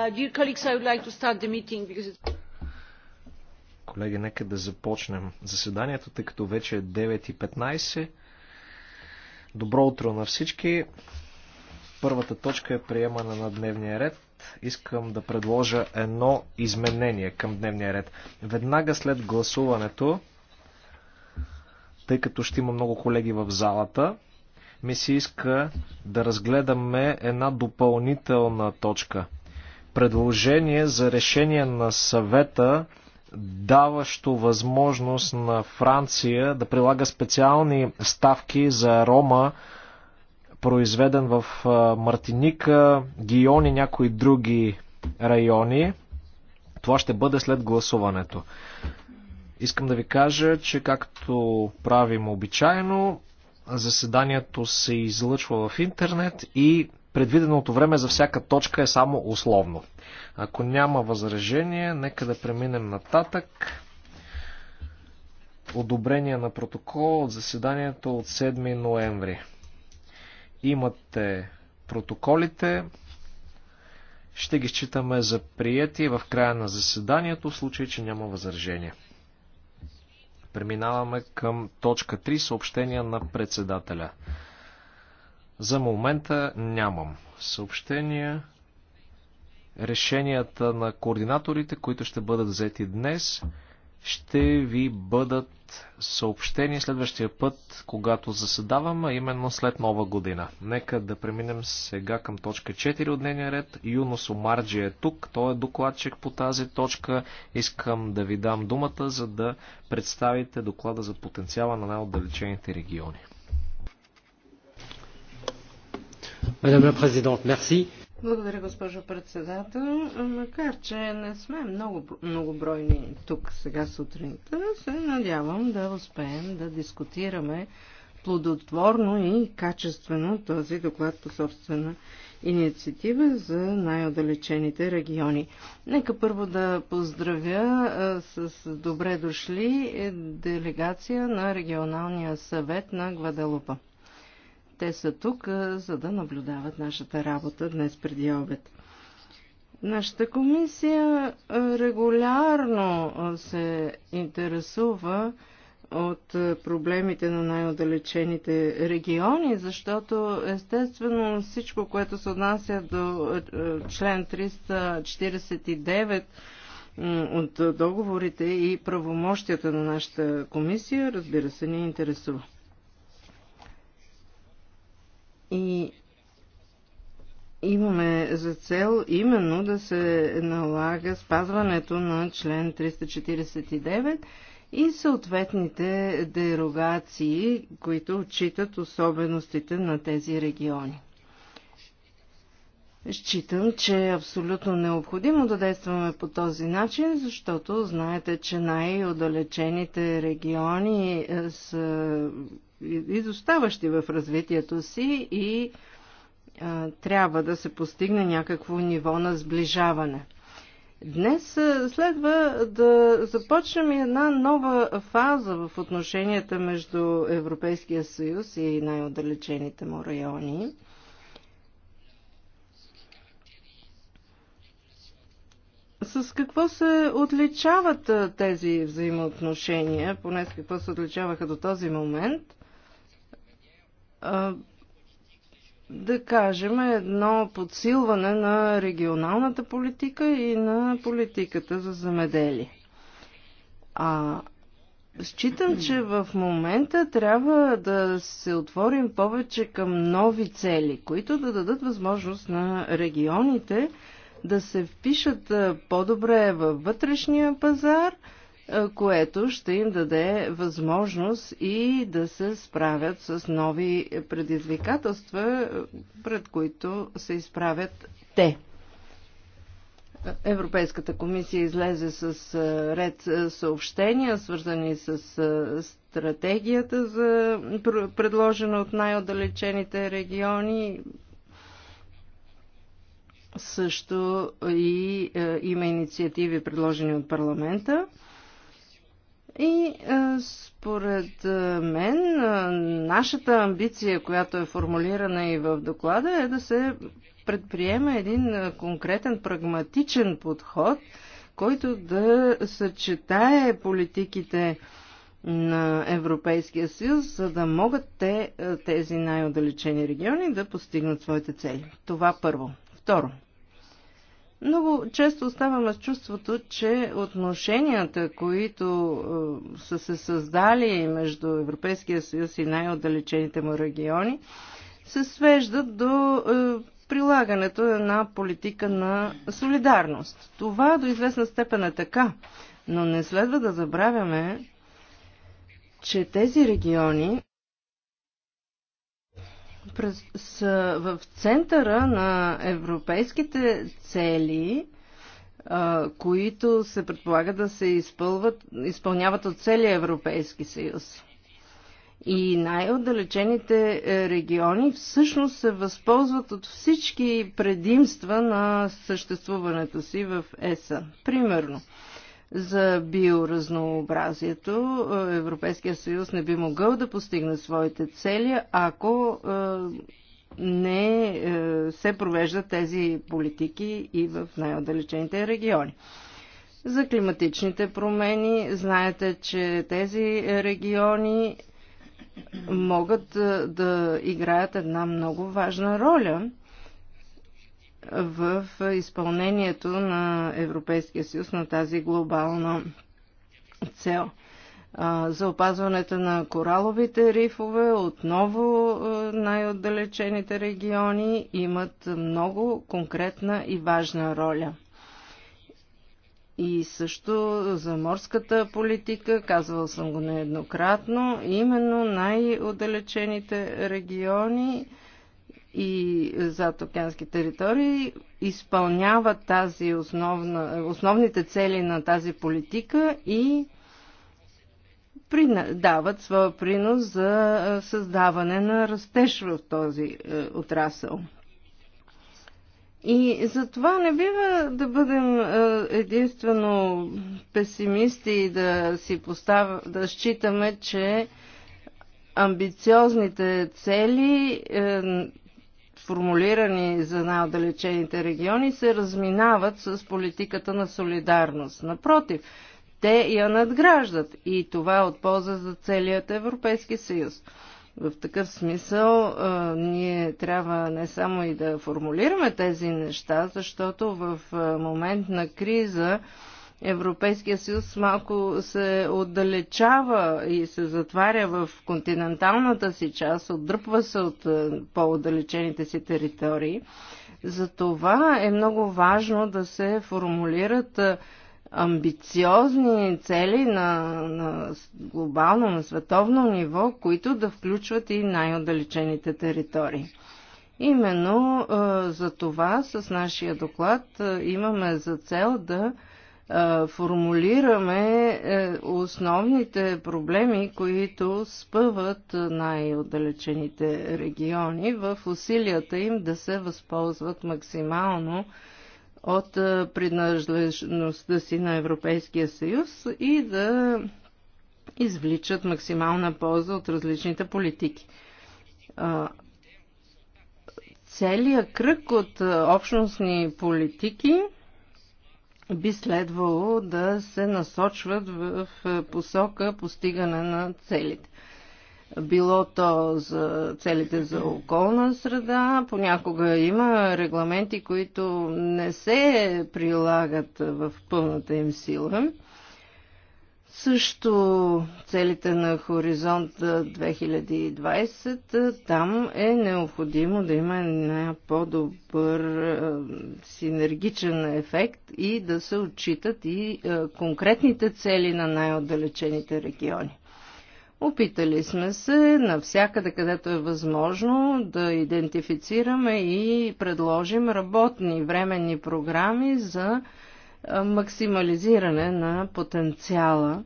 Uh, колеги, нека да започнем заседанието, тъй като вече е 9.15. Добро утро на всички. Първата точка е приемана на дневния ред. Искам да предложа едно изменение към дневния ред. Веднага след гласуването, тъй като ще има много колеги в залата, ми се иска да разгледаме една допълнителна точка – предложение за решение на съвета, даващо възможност на Франция да прилага специални ставки за Рома, произведен в Мартиника, Гион и някои други райони. Това ще бъде след гласуването. Искам да ви кажа, че както правим обичайно, заседанието се излъчва в интернет и предвиденото време за всяка точка е само условно. Ако няма възражение, нека да преминем нататък. Одобрение на протокол от заседанието от 7 ноември. Имате протоколите. Ще ги считаме за прияти в края на заседанието, в случай, че няма възражение. Преминаваме към точка 3 съобщения на председателя. За момента нямам съобщения. Решенията на координаторите, които ще бъдат взети днес, ще ви бъдат съобщени следващия път, когато заседаваме, именно след нова година. Нека да преминем сега към точка 4 от дневния ред. Юнос Омарджи е тук, той е докладчик по тази точка. Искам да ви дам думата, за да представите доклада за потенциала на най-отдалечените региони. Благодаря, госпожо председател. Макар, че не сме много, многобройни тук сега сутринта, се надявам да успеем да дискутираме плодотворно и качествено този доклад по собствена инициатива за най-отдалечените региони. Нека първо да поздравя с добре дошли е, делегация на регионалния съвет на Гваделупа. Те са тук, за да наблюдават нашата работа днес преди обед. Нашата комисия регулярно се интересува от проблемите на най-отдалечените региони, защото естествено всичко, което се отнася до член 349 от договорите и правомощията на нашата комисия, разбира се, ни интересува. И имаме за цел именно да се налага спазването на член 349 и съответните дерогации, които отчитат особеностите на тези региони. Считам, че е абсолютно необходимо да действаме по този начин, защото знаете, че най-отдалечените региони е, са изоставащи в развитието си и а, е, трябва да се постигне някакво ниво на сближаване. Днес е, следва да започнем една нова фаза в отношенията между Европейския съюз и най-отдалечените му райони – С какво се отличават тези взаимоотношения, поне с какво се отличаваха до този момент? да кажем, едно подсилване на регионалната политика и на политиката за замедели. А считам, че в момента трябва да се отворим повече към нови цели, които да дадат възможност на регионите да се впишат по-добре във вътрешния пазар, което ще им даде възможност и да се справят с нови предизвикателства, пред които се изправят те. Европейската комисия излезе с ред съобщения, свързани с стратегията за предложена от най-отдалечените региони също и е, има инициативи, предложени от парламента. И е, според е, мен, е, нашата амбиция, която е формулирана и в доклада, е да се предприема един е, конкретен прагматичен подход, който да съчетае политиките на Европейския съюз, за да могат те, е, тези най-отдалечени региони да постигнат своите цели. Това първо. Второ, много често оставаме с чувството, че отношенията, които е, са се създали между Европейския съюз и най-отдалечените му региони, се свеждат до е, прилагането на една политика на солидарност. Това до известна степен е така, но не следва да забравяме, че тези региони през, в центъра на европейските цели, които се предполага да се изпълват, изпълняват от целия Европейски съюз. И най-отдалечените е, региони всъщност се възползват от всички предимства на съществуването си в ЕСА. Примерно, за биоразнообразието. Е, Европейския съюз не би могъл да постигне своите цели, ако е, не е, се провеждат тези политики и в най-отдалечените региони. За климатичните промени знаете, че тези региони могат да играят една много важна роля в изпълнението на Европейския съюз на тази глобална цел. За опазването на кораловите рифове, отново най-отдалечените региони имат много конкретна и важна роля. И също за морската политика, казвал съм го нееднократно, именно най-отдалечените региони и за океански територии изпълняват тази основна, основните цели на тази политика и дават своя принос за създаване на растеж в този отрасъл. И за това не бива да бъдем единствено песимисти и да си поставя, да считаме, че амбициозните цели е, формулирани за най-отдалечените региони, се разминават с политиката на солидарност. Напротив, те я надграждат и това е от полза за целият Европейски съюз. В такъв смисъл а, ние трябва не само и да формулираме тези неща, защото в а, момент на криза Европейския съюз малко се отдалечава и се затваря в континенталната си част, отдръпва се от е, по-отдалечените си територии. Затова е много важно да се формулират е, амбициозни цели на, на глобално, на световно ниво, които да включват и най-отдалечените територии. Именно е, за това с нашия доклад имаме за цел да формулираме е, основните проблеми, които спъват най-отдалечените региони в усилията им да се възползват максимално от принадлежността си на Европейския съюз и да извличат максимална полза от различните политики целият кръг от общностни политики би следвало да се насочват в посока постигане на целите. Било то за целите за околна среда, понякога има регламенти, които не се прилагат в пълната им сила. Също целите на Хоризонт 2020, там е необходимо да има една по-добър е, синергичен ефект и да се отчитат и е, конкретните цели на най-отдалечените региони. Опитали сме се навсякъде, където е възможно, да идентифицираме и предложим работни временни програми за максимализиране на потенциала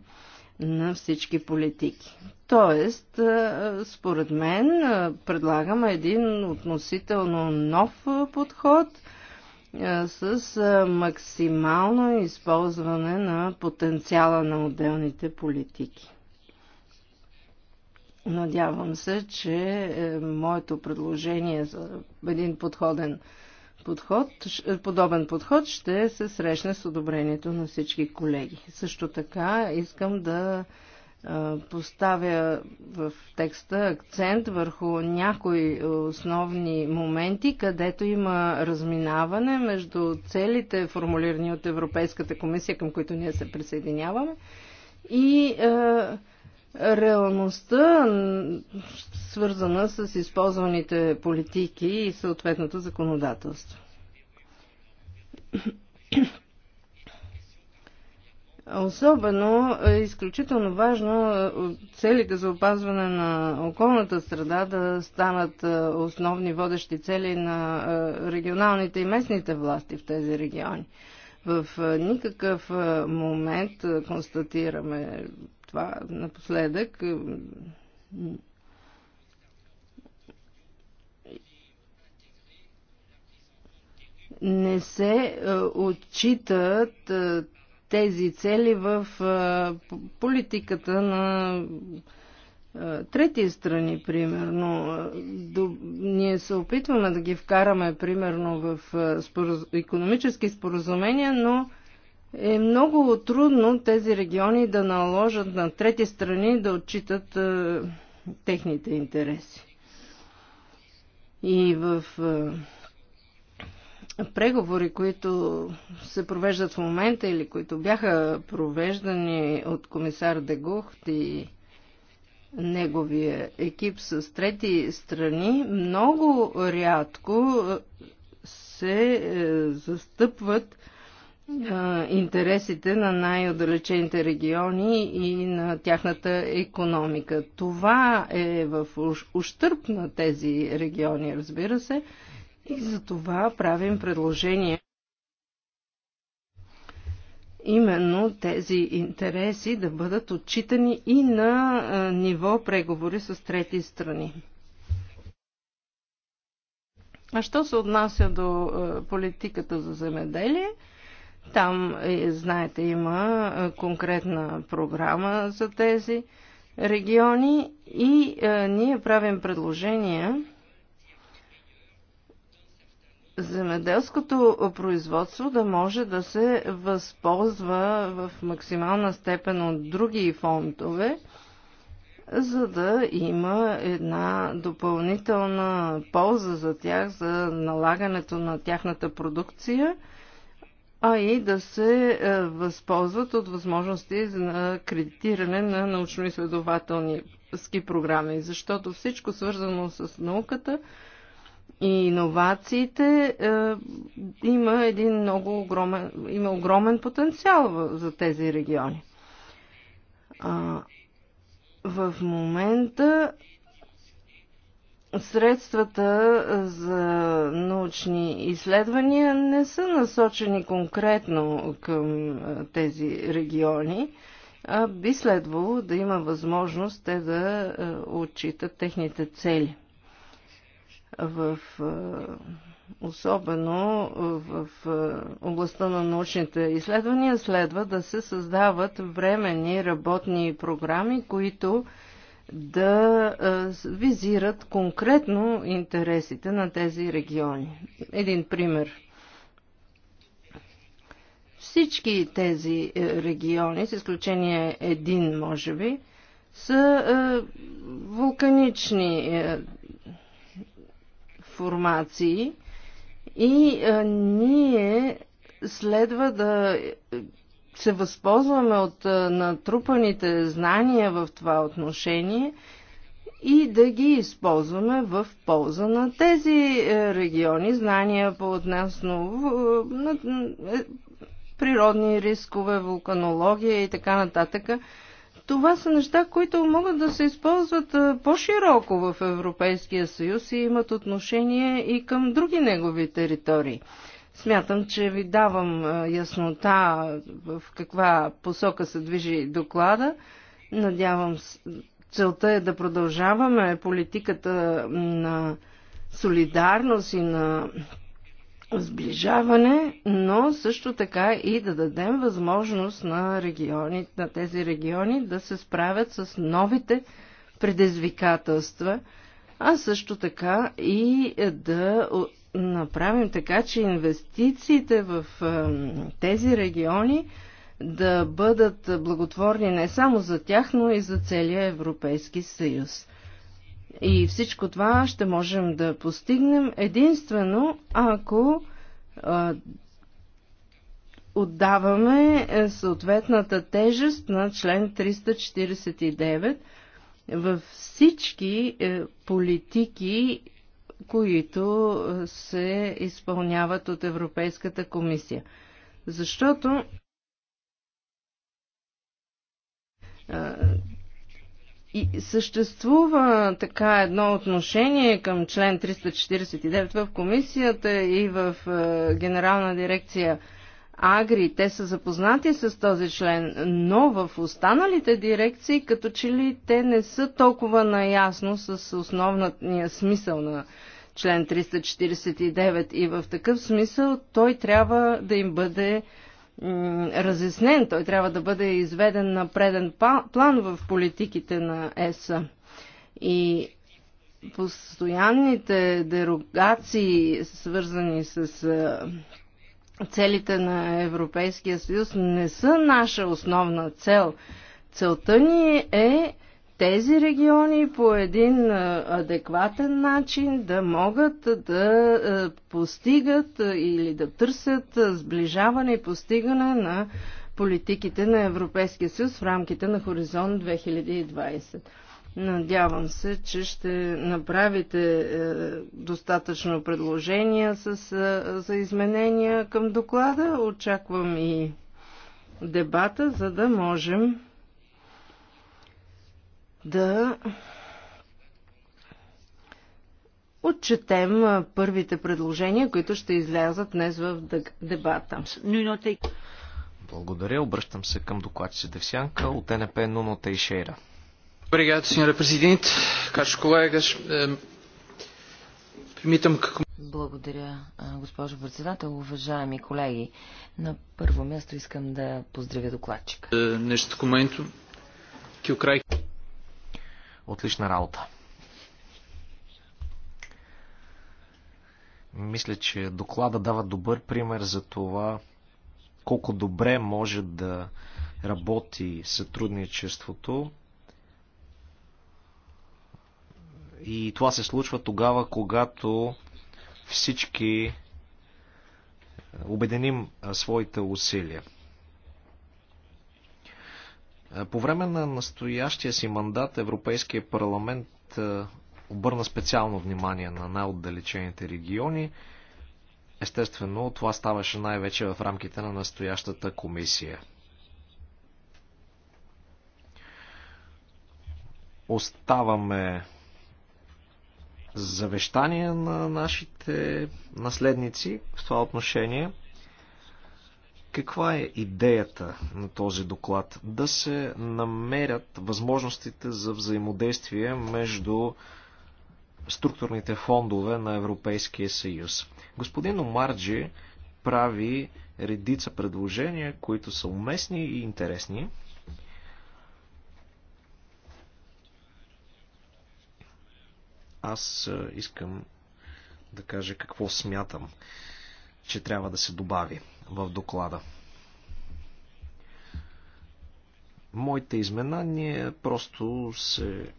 на всички политики. Тоест, според мен, предлагам един относително нов подход с максимално използване на потенциала на отделните политики. Надявам се, че е, моето предложение за един подходен подход, е, подобен подход ще се срещне с одобрението на всички колеги. Също така искам да е, поставя в текста акцент върху някои основни моменти, където има разминаване между целите, формулирани от Европейската комисия, към които ние се присъединяваме, и е, реалността, свързана с използваните политики и съответното законодателство. Особено е изключително важно е, целите за опазване на околната среда да станат е, основни водещи цели на е, регионалните и местните власти в тези региони. В никакъв момент констатираме това напоследък. Не се е, отчитат е, тези цели в е, политиката на трети страни, примерно. Ние се опитваме да ги вкараме, примерно, в економически споразумения, но е много трудно тези региони да наложат на трети страни да отчитат е, техните интереси. И в е, преговори, които се провеждат в момента или които бяха провеждани от комисар Дегухт и неговия екип с трети страни, много рядко е, се е, застъпват интересите на най-отдалечените региони и на тяхната економика. Това е в ущърп на тези региони, разбира се, и за това правим предложение именно тези интереси да бъдат отчитани и на ниво преговори с трети страни. А що се отнася до политиката за земеделие – там, е, знаете, има е, конкретна програма за тези региони и е, ние правим предложения земеделското производство да може да се възползва в максимална степен от други фондове, за да има една допълнителна полза за тях, за налагането на тяхната продукция – а и да се е, възползват от възможности за кредитиране на научно-изследователски програми, защото всичко свързано с науката и иновациите е, има един много огромен, има огромен потенциал за тези региони. в момента средствата за научни изследвания не са насочени конкретно към тези региони, а би следвало да има възможност те да отчитат техните цели. В, особено в областта на научните изследвания следва да се създават временни работни програми, които да визират конкретно интересите на тези региони. Един пример. Всички тези е, региони, с изключение един, може би, са е, вулканични е, формации и ние следва да се възползваме от натрупаните знания в това отношение и да ги използваме в полза на тези е, региони, знания по относно е, е, природни рискове, вулканология и така нататък. Това са неща, които могат да се използват по-широко в Европейския съюз и имат отношение и към други негови територии. Смятам, че ви давам яснота в каква посока се движи доклада. Надявам се, целта е да продължаваме политиката на солидарност и на сближаване, но също така и да дадем възможност на, региони, на тези региони да се справят с новите предизвикателства, а също така и да направим така, че инвестициите в тези региони да бъдат благотворни не само за тях, но и за целия Европейски съюз. И всичко това ще можем да постигнем единствено, ако отдаваме е, съответната тежест на член 349 във всички е, политики които се изпълняват от Европейската комисия. Защото и съществува така едно отношение към член 349 в комисията и в генерална дирекция Агри. Те са запознати с този член, но в останалите дирекции като че ли те не са толкова наясно с основния смисъл на член 349 и в такъв смисъл той трябва да им бъде разяснен, той трябва да бъде изведен на преден план в политиките на ЕСА. И постоянните дерогации, свързани с целите на Европейския съюз, не са наша основна цел. Целта ни е тези региони по един адекватен начин да могат да постигат или да търсят сближаване и постигане на политиките на Европейския съюз в рамките на Хоризонт 2020. Надявам се, че ще направите е, достатъчно предложения с, е, за изменения към доклада. Очаквам и дебата, за да можем да отчетем първите предложения, които ще излязат днес в дебата. Благодаря. Обръщам се към докладчица Девсянка от НП Нуно Тейшейра. Obrigado, сеньор президент, caros колега, примитам какво... Благодаря, госпожо председател. Уважаеми колеги, на първо място искам да поздравя докладчика. Е, нещо коменто. Килкрай. Отлична работа. Мисля, че доклада дава добър пример за това колко добре може да работи сътрудничеството. И това се случва тогава, когато всички обединим своите усилия. Е, по време на настоящия си мандат Европейския парламент е, обърна специално внимание на най-отдалечените региони. Естествено, това ставаше най-вече в рамките на настоящата комисия. Оставаме завещания на нашите наследници в това отношение – каква е идеята на този доклад? Да се намерят възможностите за взаимодействие между структурните фондове на Европейския съюз. Господин Омарджи прави редица предложения, които са уместни и интересни. Аз искам да кажа какво смятам, че трябва да се добави в доклада. Моите изменания просто се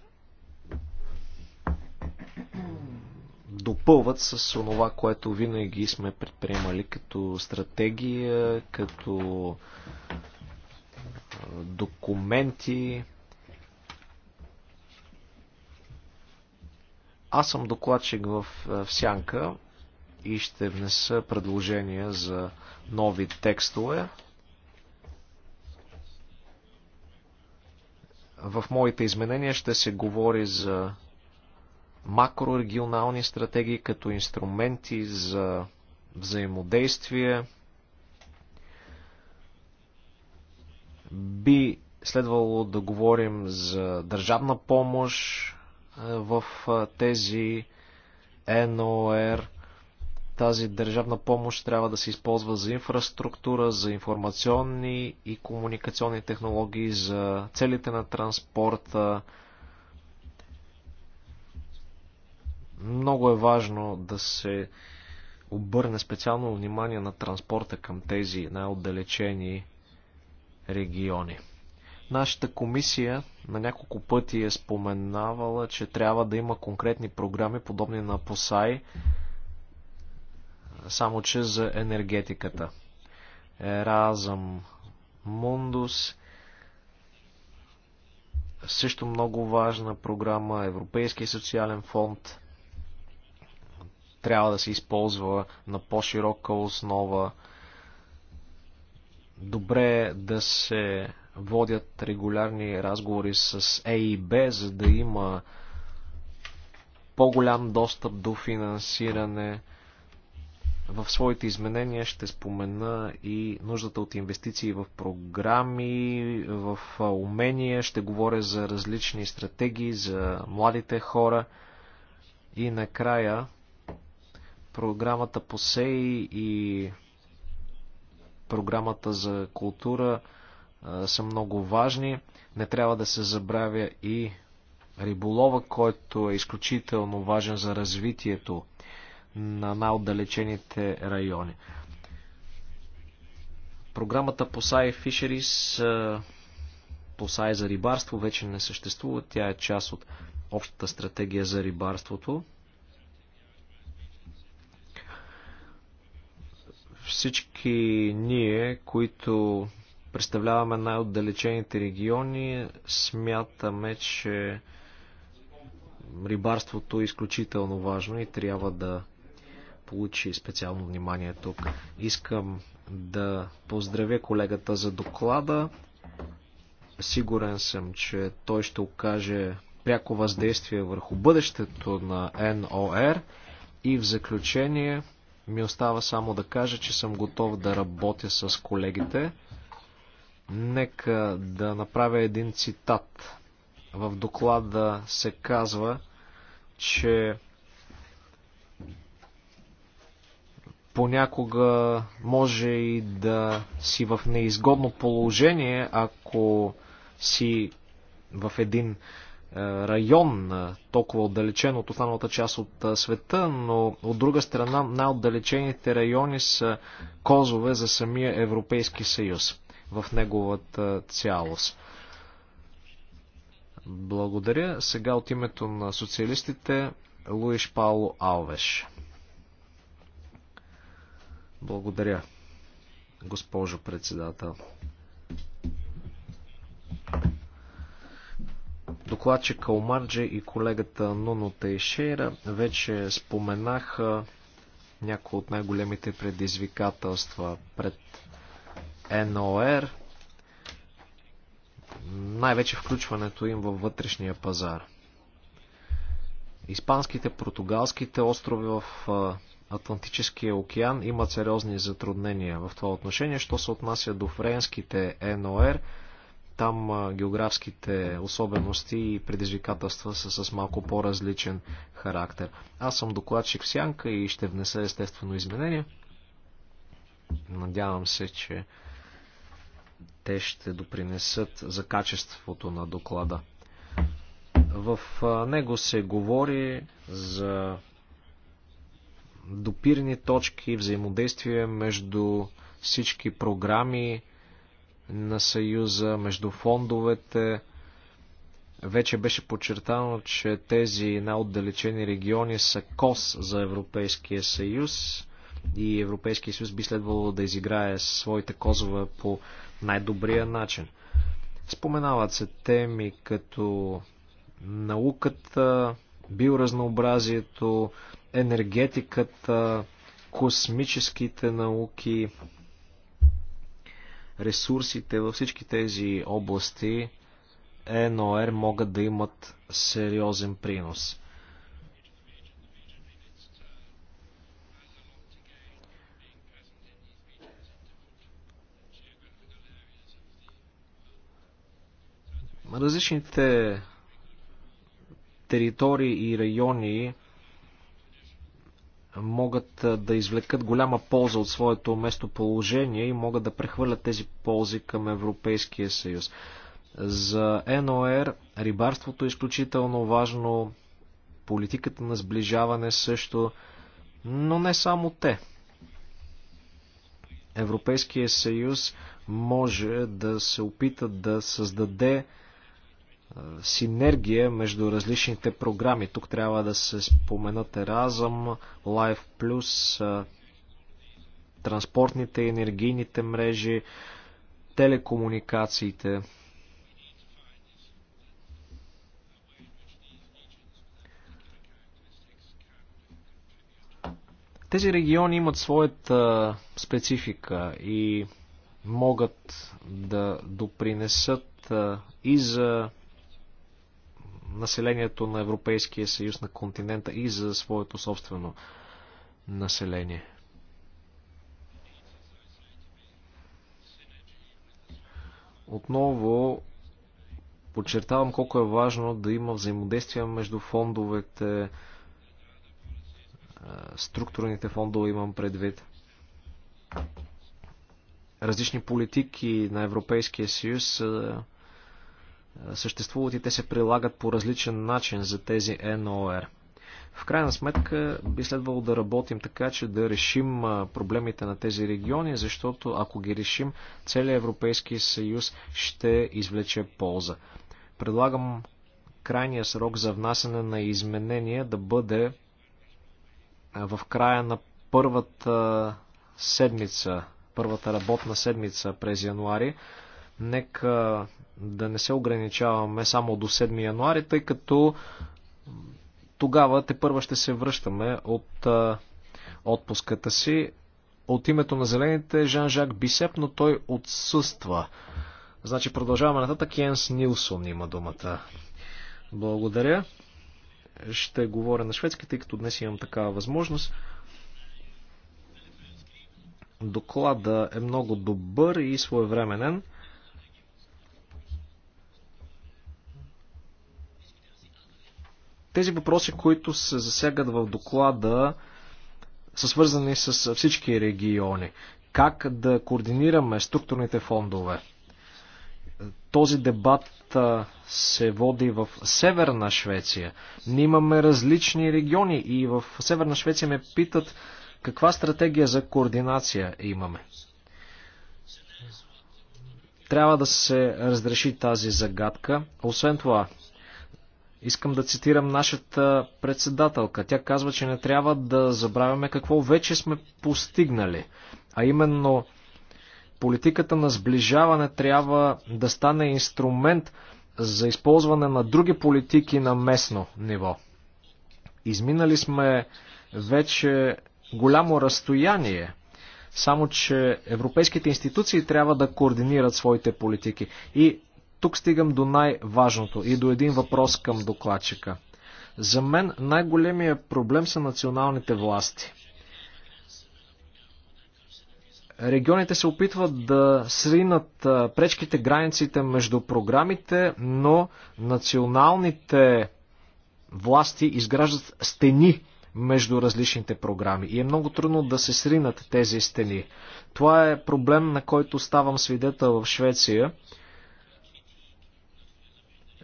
допълват с онова, което винаги сме предприемали като стратегия, като документи. Аз съм докладчик в Сянка и ще внеса предложения за нови текстове. В моите изменения ще се говори за макрорегионални стратегии като инструменти за взаимодействие. Би следвало да говорим за държавна помощ в тези НОР. Тази държавна помощ трябва да се използва за инфраструктура, за информационни и комуникационни технологии, за целите на транспорта. Много е важно да се обърне специално внимание на транспорта към тези най-отдалечени региони. Нашата комисия на няколко пъти е споменавала, че трябва да има конкретни програми, подобни на ПОСАЙ, само че за енергетиката. Еразъм Мундус също много важна програма, Европейски социален фонд трябва да се използва на по-широка основа. Добре е да се водят регулярни разговори с Е и за да има по-голям достъп до финансиране. В своите изменения ще спомена и нуждата от инвестиции в програми, в умения, ще говоря за различни стратегии, за младите хора и накрая програмата по СЕИ и програмата за култура са много важни. Не трябва да се забравя и риболова, който е изключително важен за развитието на най-отдалечените райони. Програмата Посай Фишерис, Посай за рибарство вече не съществува. Тя е част от общата стратегия за рибарството. Всички ние, които представляваме най-отдалечените региони, смятаме, че рибарството е изключително важно и трябва да получи специално внимание тук. Искам да поздравя колегата за доклада. Сигурен съм, че той ще окаже пряко въздействие върху бъдещето на НОР. И в заключение ми остава само да кажа, че съм готов да работя с колегите. Нека да направя един цитат. В доклада се казва, че понякога може и да си в неизгодно положение, ако си в един е, район, е, толкова отдалечен от останалата част от е, света, но от друга страна най-отдалечените райони са козове за самия Европейски съюз в неговата цялост. Благодаря. Сега от името на социалистите Луиш Пауло Алвеш. Благодаря, госпожо председател. Докладче Калмарджи и колегата Нуно Тейшейра вече споменаха някои от най-големите предизвикателства пред НОР, най-вече включването им във вътрешния пазар. Испанските, португалските острови в Атлантическия океан имат сериозни затруднения в това отношение. Що се отнася до френските НОР, там географските особености и предизвикателства са с малко по-различен характер. Аз съм докладчик в Сянка и ще внеса естествено изменения. Надявам се, че те ще допринесат за качеството на доклада. В него се говори за допирни точки, взаимодействие между всички програми на Съюза, между фондовете. Вече беше подчертано, че тези най-отдалечени региони са кос за Европейския съюз и Европейския съюз би следвало да изиграе своите козове по най-добрия начин. Споменават се теми като науката, биоразнообразието, енергетиката, космическите науки, ресурсите във всички тези области ЕНОР могат да имат сериозен принос. Различните територии и райони могат да извлекат голяма полза от своето местоположение и могат да прехвърлят тези ползи към Европейския съюз. За НОР рибарството е изключително важно, политиката на сближаване също, но не само те. Европейския съюз може да се опита да създаде синергия между различните програми. Тук трябва да се споменат Еразъм, Life Plus, транспортните и енергийните мрежи, телекомуникациите. Тези региони имат своята специфика и могат да допринесат и за населението на Европейския съюз, на континента и за своето собствено население. Отново подчертавам колко е важно да има взаимодействие между фондовете, е, структурните фондове имам предвид. Различни политики на Европейския съюз е, е, съществуват и те се прилагат по различен начин за тези НОР. В крайна сметка би следвало да работим така, че да решим проблемите на тези региони, защото ако ги решим, целият Европейски съюз ще извлече полза. Предлагам крайния срок за внасяне на изменения да бъде в края на първата седмица, първата работна седмица през януари. Нека да не се ограничаваме само до 7 януари, тъй като тогава те първа ще се връщаме от отпуската си. От името на зелените е Жан-Жак Бисеп, но той отсъства. Значи продължаваме нататък. Йенс Нилсон има думата. Благодаря. Ще говоря на шведски, тъй като днес имам такава възможност. Доклада е много добър и своевременен. Тези въпроси, които се засягат в доклада, са свързани с всички региони. Как да координираме структурните фондове? Този дебат се води в Северна Швеция. Ние имаме различни региони и в Северна Швеция ме питат каква стратегия за координация имаме. Трябва да се разреши тази загадка. Освен това, Искам да цитирам нашата председателка. Тя казва, че не трябва да забравяме какво вече сме постигнали. А именно, политиката на сближаване трябва да стане инструмент за използване на други политики на местно ниво. Изминали сме вече голямо разстояние, само че европейските институции трябва да координират своите политики. И тук стигам до най-важното и до един въпрос към докладчика. За мен най-големия проблем са националните власти. Регионите се опитват да сринат пречките, границите между програмите, но националните власти изграждат стени между различните програми и е много трудно да се сринат тези стени. Това е проблем, на който ставам свидетел в Швеция.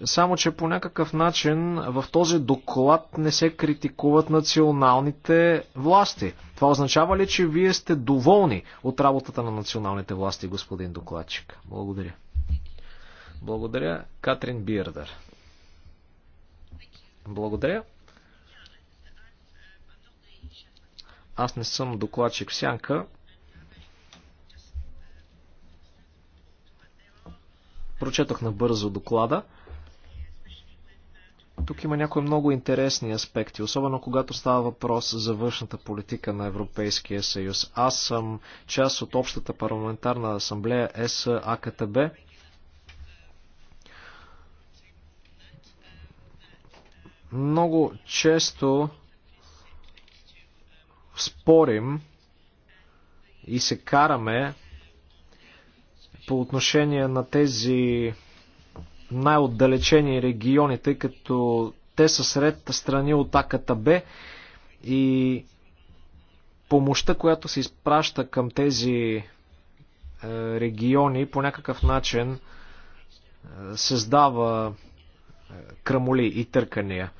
Само, че по някакъв начин в този доклад не се критикуват националните власти. Това означава ли, че вие сте доволни от работата на националните власти, господин докладчик? Благодаря. Благодаря, Катрин Бирдър. Благодаря. Аз не съм докладчик в сянка. Прочетох набързо доклада. Тук има някои много интересни аспекти, особено когато става въпрос за външната политика на Европейския съюз. Аз съм част от Общата парламентарна асамблея САКТБ. Много често спорим и се караме по отношение на тези най-отдалечени региони, тъй като те са сред страни от АКТБ и помощта, която се изпраща към тези е, региони, по някакъв начин е, създава е, крамоли и търкания.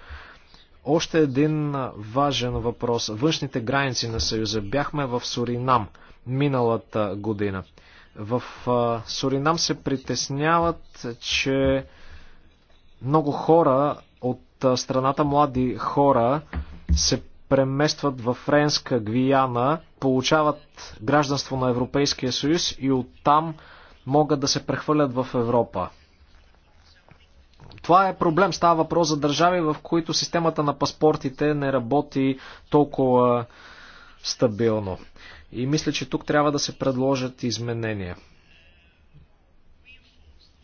Още един важен въпрос. Външните граници на Съюза. Бяхме в Суринам миналата година. В Суринам се притесняват, че много хора от страната млади хора се преместват във Френска Гвиана, получават гражданство на Европейския съюз и оттам могат да се прехвърлят в Европа. Това е проблем. Става въпрос за държави, в които системата на паспортите не работи толкова стабилно. И мисля, че тук трябва да се предложат изменения.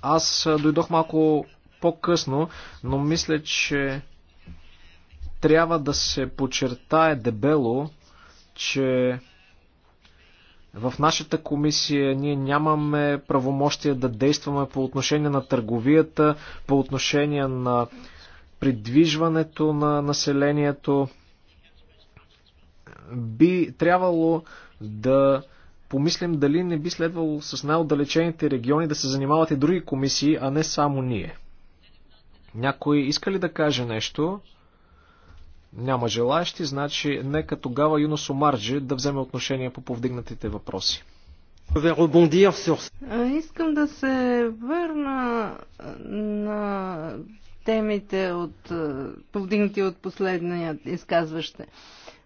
Аз дойдох малко по-късно, но мисля, че трябва да се подчертае дебело, че в нашата комисия ние нямаме правомощия да действаме по отношение на търговията, по отношение на придвижването на населението. Би трябвало да помислим дали не би следвало с най-отдалечените региони да се занимават и други комисии, а не само ние. Някой иска ли да каже нещо? Няма желаящи, значи нека тогава Юнос Омарджи да вземе отношение по повдигнатите въпроси. Искам да се върна на темите от, повдигнати от последния изказваще.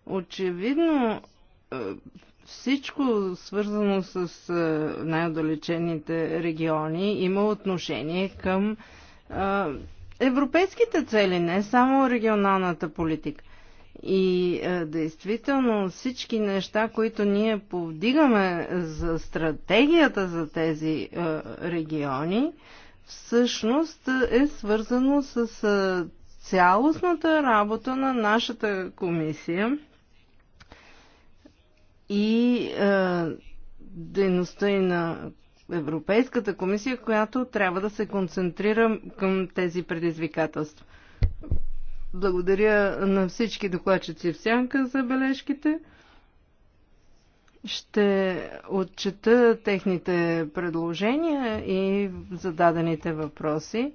Очевидно, всичко свързано с най-отдалечените региони има отношение към европейските цели, не само регионалната политика. И действително всички неща, които ние повдигаме за стратегията за тези региони, всъщност е свързано с цялостната работа на нашата комисия и е, дейността и на Европейската комисия, която трябва да се концентрира към тези предизвикателства. Благодаря на всички докладчици в сянка за бележките. Ще отчета техните предложения и зададените въпроси.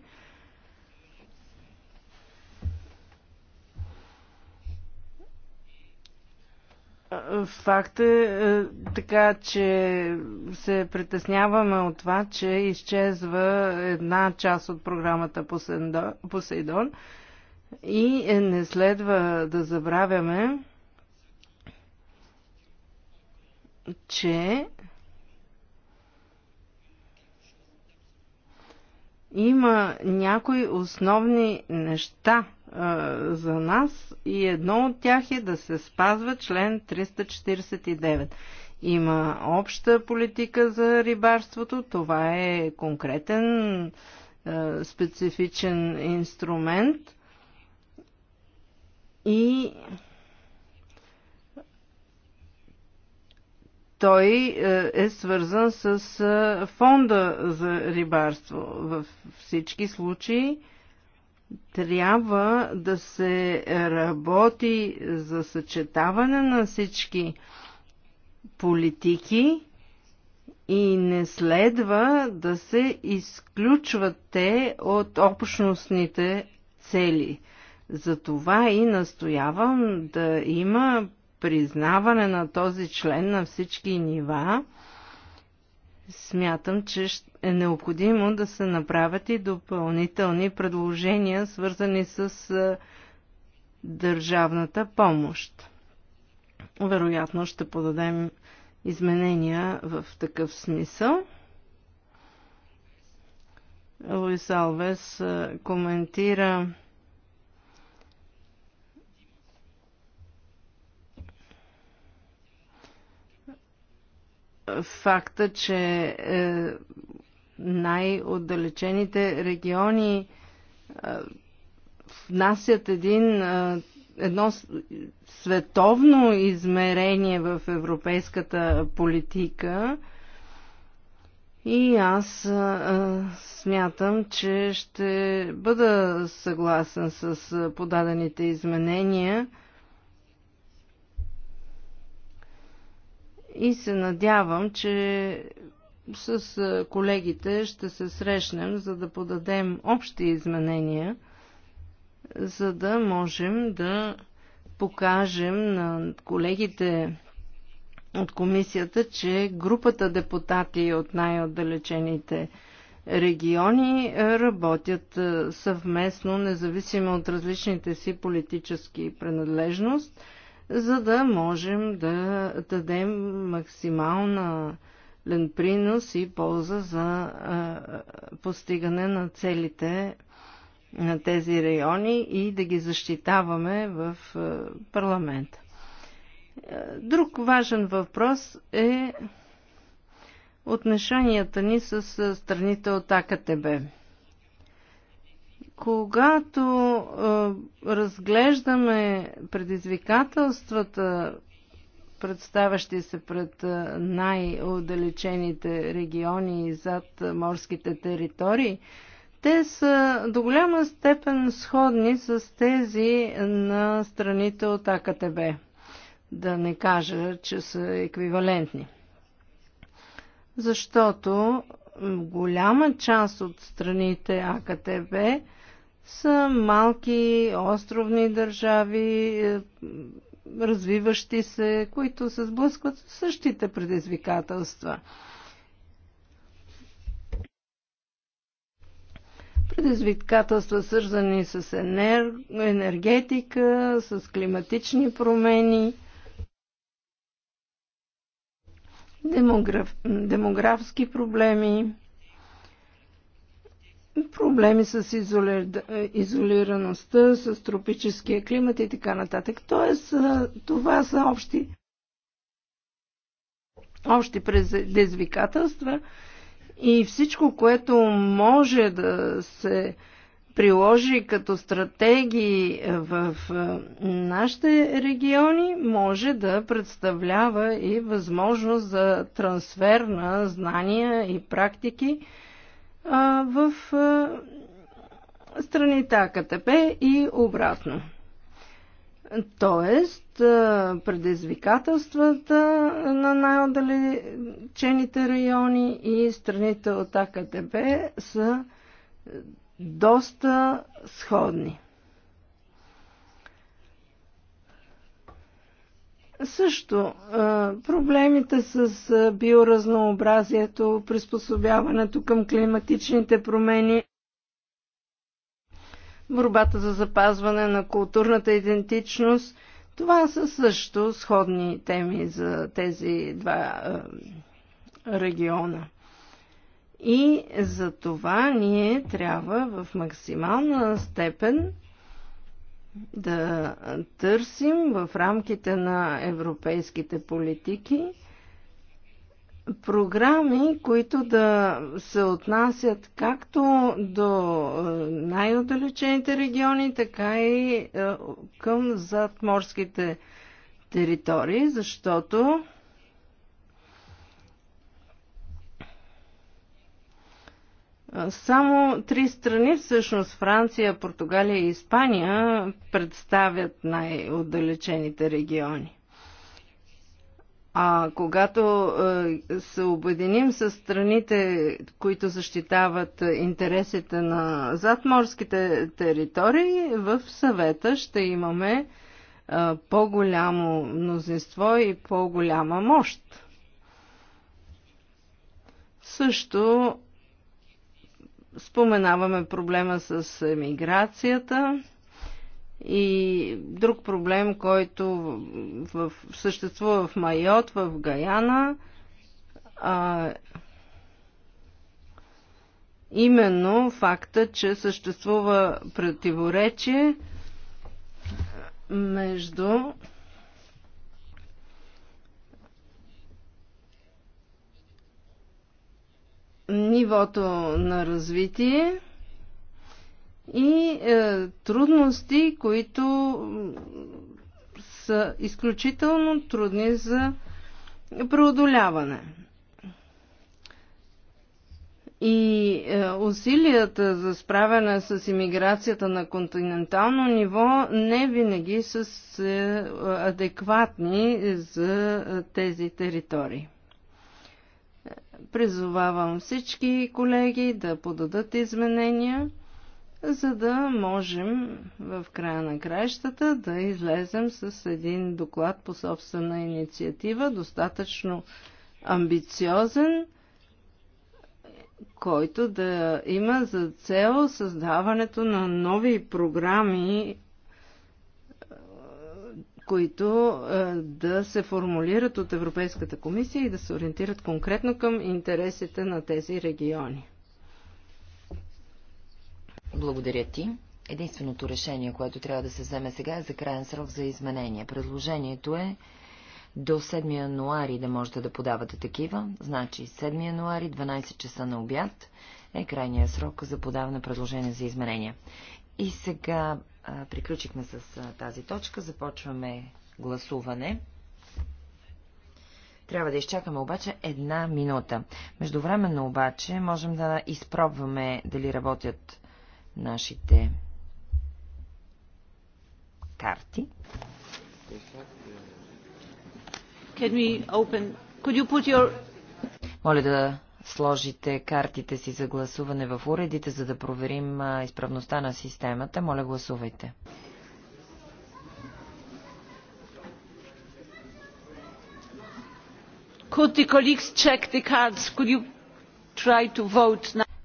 Факт е, е така, че се притесняваме от това, че изчезва една част от програмата Посейдон и не следва да забравяме, че има някои основни неща – за нас и едно от тях е да се спазва член 349. Има обща политика за рибарството, това е конкретен специфичен инструмент и той е свързан с фонда за рибарство. Във всички случаи трябва да се работи за съчетаване на всички политики и не следва да се изключват те от общностните цели. Затова и настоявам да има признаване на този член на всички нива – Смятам, че е необходимо да се направят и допълнителни предложения, свързани с държавната помощ. Вероятно ще подадем изменения в такъв смисъл. Луис Алвес коментира факта, че е, най-отдалечените региони е, внасят един, е, едно световно измерение в европейската политика. И аз а, смятам, че ще бъда съгласен с подадените изменения. и се надявам, че с колегите ще се срещнем, за да подадем общи изменения, за да можем да покажем на колегите от комисията, че групата депутати от най-отдалечените региони работят съвместно, независимо от различните си политически принадлежности за да можем да дадем максимална принос и полза за постигане на целите на тези райони и да ги защитаваме в парламента. Друг важен въпрос е отношенията ни с страните от АКТБ. Когато а, разглеждаме предизвикателствата, представящи се пред най-отдалечените региони и зад морските територии, те са до голяма степен сходни с тези на страните от АКТБ. Да не кажа, че са еквивалентни. Защото голяма част от страните АКТБ са малки островни държави, е, развиващи се, които се сблъскват с същите предизвикателства. Предизвикателства, свързани с енергетика, с климатични промени, демограф... демографски проблеми проблеми с изолир... изолираността, с тропическия климат и така нататък. Тоест, това са общи, общи предизвикателства и всичко, което може да се приложи като стратегии в нашите региони, може да представлява и възможност за трансфер на знания и практики, в страните АКТП и обратно. Тоест, предизвикателствата на най-отдалечените райони и страните от АКТП са доста сходни. Също проблемите с биоразнообразието, приспособяването към климатичните промени, борбата за запазване на културната идентичност, това са също сходни теми за тези два региона. И за това ние трябва в максимална степен да търсим в рамките на европейските политики програми, които да се отнасят както до е, най-отдалечените региони, така и е, към задморските територии, защото Само три страни, всъщност Франция, Португалия и Испания, представят най-отдалечените региони. А когато се обединим с страните, които защитават интересите на задморските територии, в съвета ще имаме по-голямо мнозинство и по-голяма мощ. Също Споменаваме проблема с миграцията и друг проблем, който в, в, съществува в Майот, в Гаяна. А, именно факта, че съществува противоречие между нивото на развитие и е, трудности, които са изключително трудни за преодоляване. И е, усилията за справяне с иммиграцията на континентално ниво не винаги са е, адекватни за е, тези територии. Призовавам всички колеги да подадат изменения, за да можем в края на краищата да излезем с един доклад по собствена инициатива, достатъчно амбициозен, който да има за цел създаването на нови програми които е, да се формулират от Европейската комисия и да се ориентират конкретно към интересите на тези региони. Благодаря ти. Единственото решение, което трябва да се вземе сега е за крайен срок за изменение. Предложението е до 7 януари да можете да подавате такива, значи 7 януари, 12 часа на обяд е крайния срок за подаване предложение за изменения. И сега приключихме с тази точка. Започваме гласуване. Трябва да изчакаме обаче една минута. Междувременно обаче можем да изпробваме дали работят нашите карти. Your... Моля да сложите картите си за гласуване в уредите, за да проверим изправността на системата. Моля, гласувайте.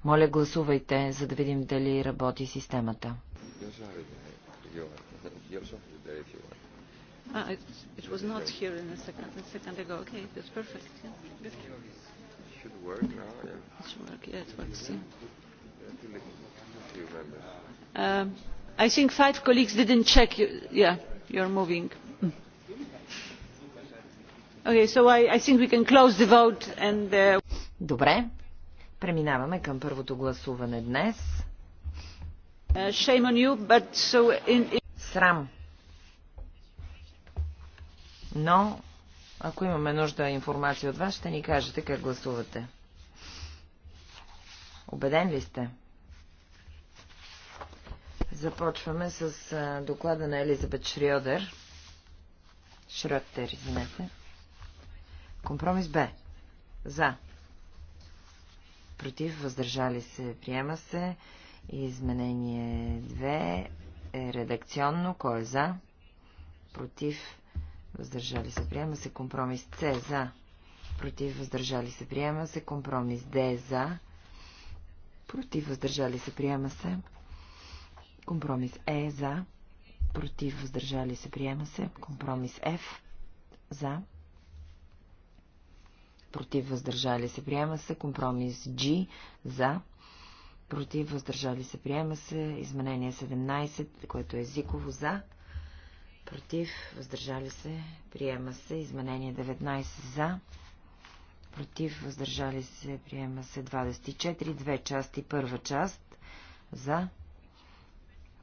Моля, гласувайте, за да видим дали работи системата. Ah, uh, it, it was not here in a second, a second ago. Okay, that's perfect. Yeah work now? Yeah. It work. Yeah, it works. Yeah. Um, I think five colleagues didn't check. You. Yeah, you're moving. Okay, so I, I think we can close the vote and. Добре. Преминаваме към първото гласуване днес. shame on you, but so in... Срам. Но ако имаме нужда информация от вас, ще ни кажете как гласувате. Обеден ли сте? Започваме с доклада на Елизабет Шриодер. Шрёттер, извинете. Компромис Б. За. Против, въздържали се, приема се. Изменение 2 е редакционно. Кой е за? Против, въздържали се, приема се. Компромис С за, против, въздържали се, приема се. Компромис Д за, против, въздържали се, приема се. Компромис Е за, против, въздържали се, приема се. Компромис Ф за, против, въздържали се, приема се. Компромис G за, против, въздържали се, приема се. Изменение 17, което е езиково за, против, въздържали се, приема се. Изменение 19 за, против, въздържали се, приема се 24, две части, първа част, за,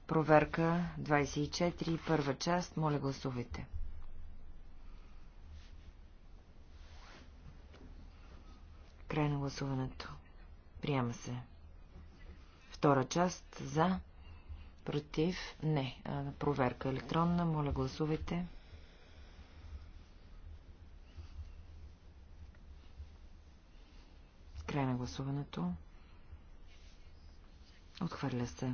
проверка 24, първа част, моля гласувайте. Край на гласуването. Приема се. Втора част за. Против? Не. Проверка електронна. Моля, гласувайте. Край на гласуването. Отхвърля се.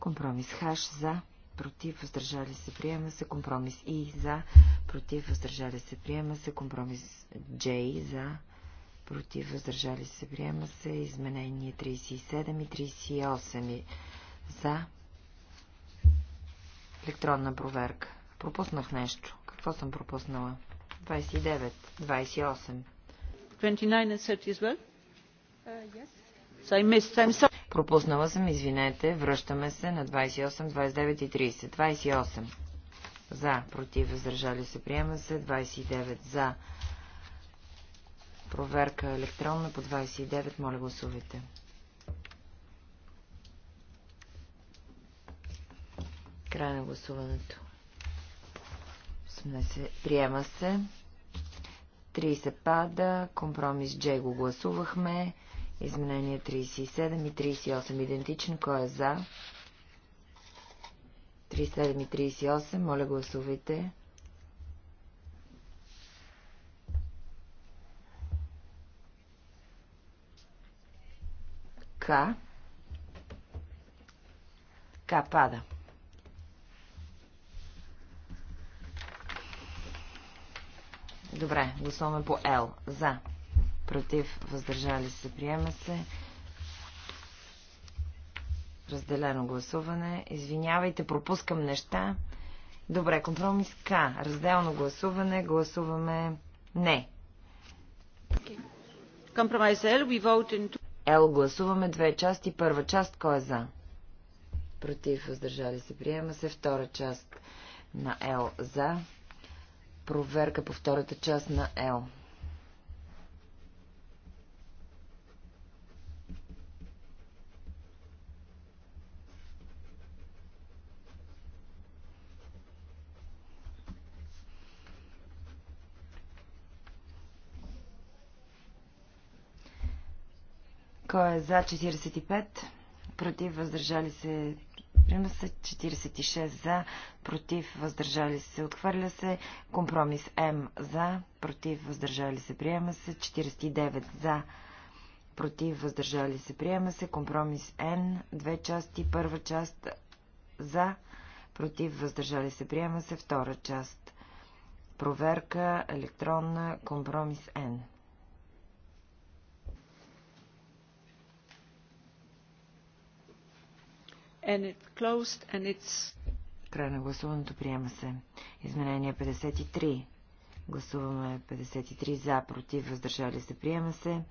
Компромис Хаш за, против, въздържали се, приема се. Компромис И за, против, въздържали се, приема се. Компромис J за, против, въздържали се, приема се. Изменение 37 и 38 за, Електронна проверка. Пропуснах нещо. Какво съм пропуснала? 29, 28. 29 and 30 as well? Uh, yes. Пропуснала съм, извинете, връщаме се на 28, 29 и 30. 28. За, против, въздържали се, приема се. 29 за. Проверка електронна по 29. Моля гласувайте. Край на гласуването. Приема се. 30 пада. Компромис J го гласувахме. Изменения 37 и 38 идентични. Кой е за? 37 и 38. Моля гласувайте. К. К пада. Добре, гласуваме по L. За. Против. Въздържали се. Приема се. Разделено гласуване. Извинявайте, пропускам неща. Добре, компромис К. Разделно гласуване. Гласуваме не. Компромис L. We L гласуваме две части. Първа част, кой е за? Против, въздържали се, приема се. Втора част на L за, проверка по втората част на L. Кой е за 45? против, въздържали се, приема се 46 за, против, въздържали се, отхвърля се, компромис М за, против, въздържали се, приема се, 49 за, против, въздържали се, приема се, компромис Н, две части, първа част за, против, въздържали се, приема се, втора част. Проверка електронна компромис Н. Край на гласуването приема се. Изменение 53. Гласуваме 53 за, против, въздържали се, приема се.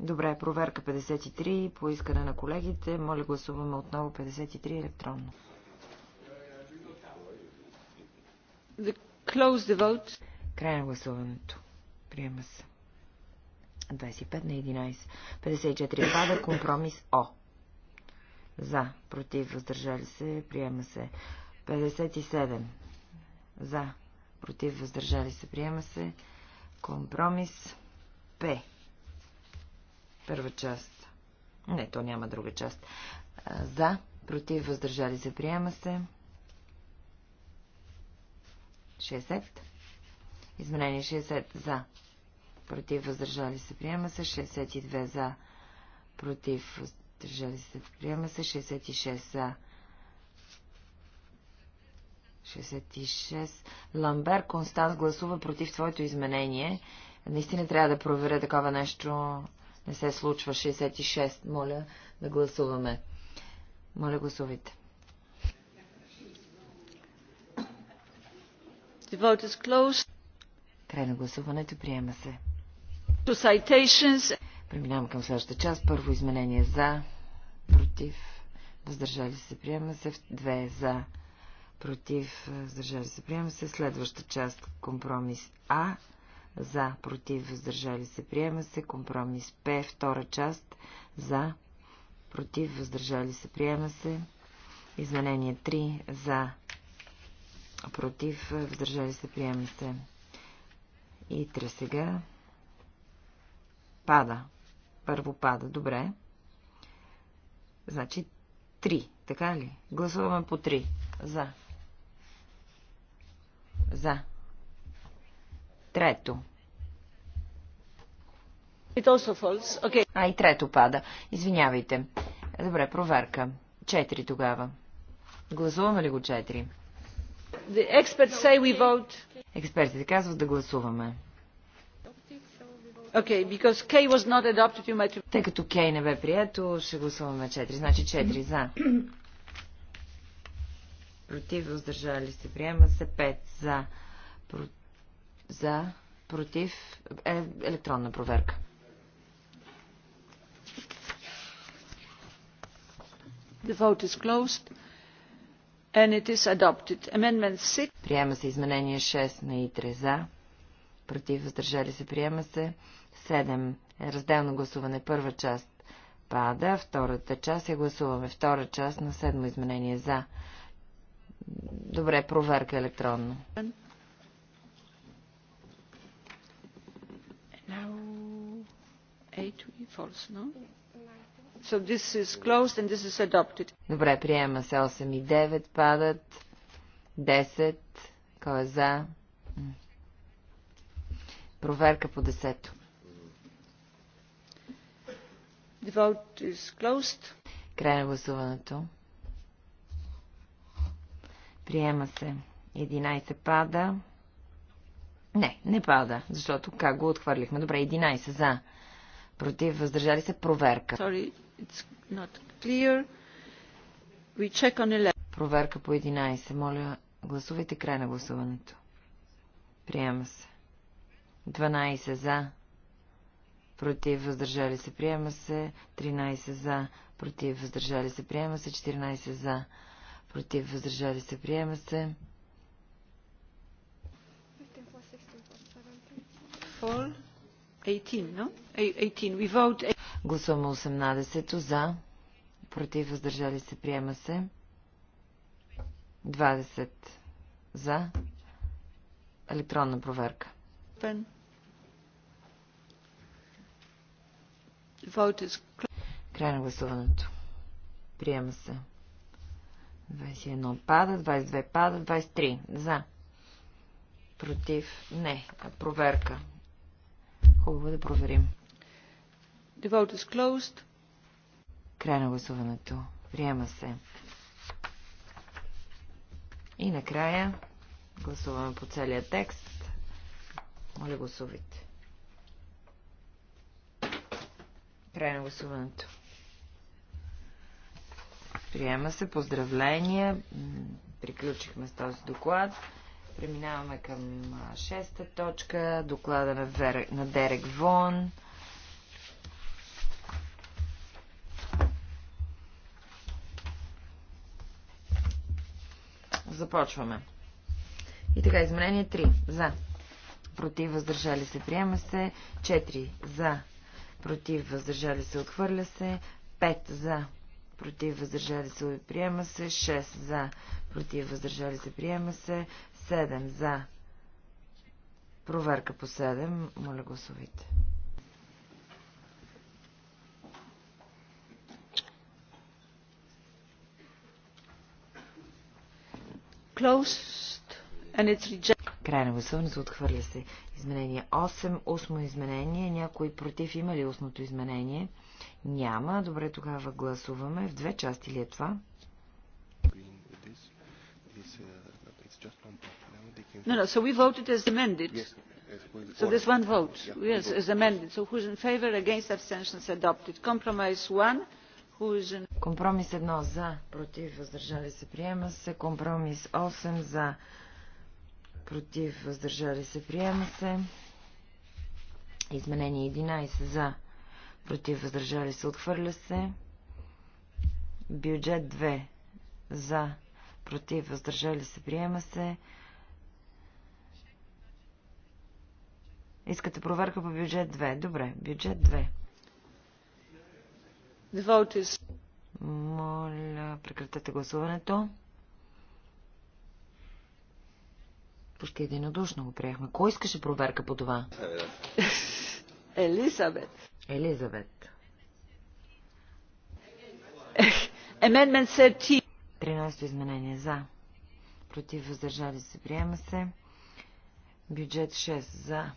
Добре, проверка 53 Поискане на колегите. Моля, гласуваме отново 53 електронно. The close the vote. Край на гласуването. Приема се. 25 на 11. 54 пада. Компромис О. За. Против. Въздържали се. Приема се. 57. За. Против. Въздържали се. Приема се. Компромис. П. Първа част. Не, то няма друга част. За. Против. Въздържали се. Приема се. 60. Изменение 60. За. Против. Въздържали се. Приема се. 62. За. Против. Въздържали Въздържали се. Приема се 66 за. 66. Ламбер Констанс гласува против твоето изменение. Наистина трябва да проверя такова нещо. Не се случва. 66. Моля да гласуваме. Моля гласувайте. The vote is closed. Край на гласуването приема се. To citations Преминавам към следващата част. Първо изменение за, против, въздържали се, приема се. Две за, против, въздържали се, приема се. Следваща част, компромис А, за, против, въздържали се, приема се. Компромис П, втора част, за, против, въздържали се, приема се. Изменение 3, за, против, въздържали се, приема се. И 3 сега. Пада. Първо пада. Добре. Значи три, Така ли? Гласуваме по три. За. За. Трето. Okay. А, и трето пада. Извинявайте. Добре, проверка. Четири тогава. Гласуваме ли го vote. Експертите казват да гласуваме. Okay, Тъй като Кей не бе прието, ще гласуваме 4. Значи 4 за. Против, въздържали се. Приема се 5 за. Про... За. Против. Е, електронна проверка. The vote is closed. And it is adopted. Amendment 6. Приема се изменение 6 на ИТРЕ за. Против, въздържали се. Приема се. 7. Разделно гласуване. Първа част пада. Втората част я гласуваме. Втора част на седмо изменение. За. Добре, проверка електронно. So this is closed and this is adopted. Добре, приема се 8 и 9, падат 10, кой е за? Проверка по 10. Край на гласуването. Приема се. 11 пада. Не, не пада, защото как го отхвърлихме. Добре, 11 за. Против, въздържали се, проверка. Sorry, it's not clear. We check on 11. Проверка по 11. Моля, гласувайте край на гласуването. Приема се. 12 за против, въздържали се, приема се, 13 за, против, въздържали се, приема се, 14 за, против, въздържали се, приема се. Гласуваме 18 за, против, въздържали се, приема се. 20 за. Електронна проверка. Край на гласуването. Приема се. 21 пада, 22 пада, 23. За. Против. Не. проверка. Хубаво е да проверим. The vote is closed. Край на гласуването. Приема се. И накрая гласуваме по целия текст. Моля гласувайте. Край на гласуването. Приема се. Поздравления. Приключихме с този доклад. Преминаваме към шеста точка. Доклада на, Вер... на Дерек Вон. Започваме. И така, изменение 3. За. Против, въздържали се, приема се. 4. За против, въздържали се, отхвърля се, 5 за, против, въздържали се, приема се, 6 за, против, въздържали се, приема се, 7 за. Проверка по 7, моля гласовите. Closed and it's rejected. Край на гласуването отхвърля се. Изменение 8, устно изменение. Някой против има ли устното изменение? Няма. Добре, тогава гласуваме. В две части ли е това? No, no, so we voted as amended. Yes, so there's one vote. Yeah, yes, as amended. So who's in favor, against, abstentions adopted. Compromise one. Компромис 1 за, против, въздържали се, приема се. Компромис 8 за, против, въздържали се, приема се. Изменение 11 за, против, въздържали се, отхвърля се. Бюджет 2 за, против, въздържали се, приема се. Искате проверка по бюджет 2. Добре, бюджет 2. Моля, прекратете гласуването. Почти единодушно го приехме. Кой искаше проверка по това? Е, Елизабет. Елизабет. Amendment 13. 13 изменение за. Против въздържали се. Приема се. Бюджет 6 за.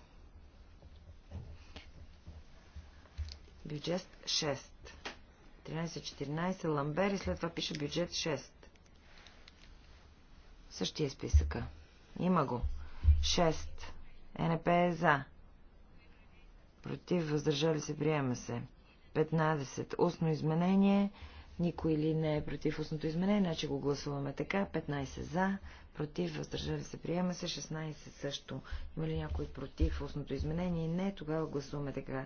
Бюджет 6. 13-14 Ламбер и след това пише бюджет 6. Същия е списъка. Има го. 6. НП е за. Против, въздържали се, приема се. 15. Устно изменение. Никой ли не е против устното изменение, значи го гласуваме така. 15 за, против, въздържали се, приема се. 16 също. Има ли някой против устното изменение? Не, тогава гласуваме така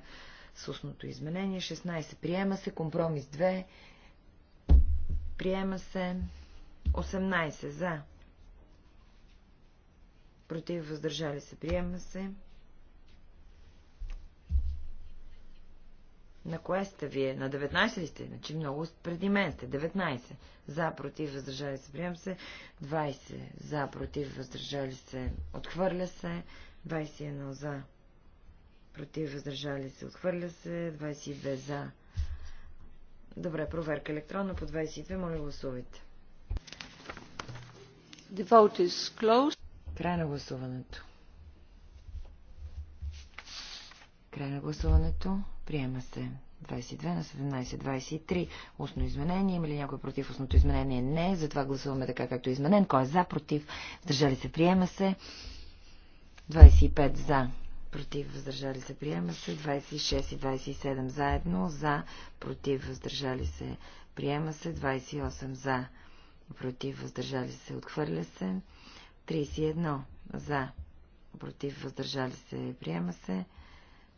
с устното изменение. 16 приема се. Компромис 2 приема се. 18 за, против, въздържали се, приема се. На кое сте вие? На 19 ли сте? Значи много преди мен сте. 19. За, против, въздържали се, приема се. 20. За, против, въздържали се, отхвърля се. 21. За, против, въздържали се, отхвърля се. 22. За. Добре, проверка електронно по 22. Моля, гласувайте. The vote is closed. Край на гласуването. Край на гласуването. Приема се. 22 на 17, 23. Устно изменение. Има ли някой против устното изменение? Не. Затова гласуваме така, както е изменен. Кой е за, против? Въздържали се. Приема се. 25 за. Против. Въздържали се. Приема се. 26 и 27 заедно. За. Против. Въздържали се. Приема се. 28 за. Против. Въздържали се. Отхвърля се. 31 за, против, въздържали се, приема се.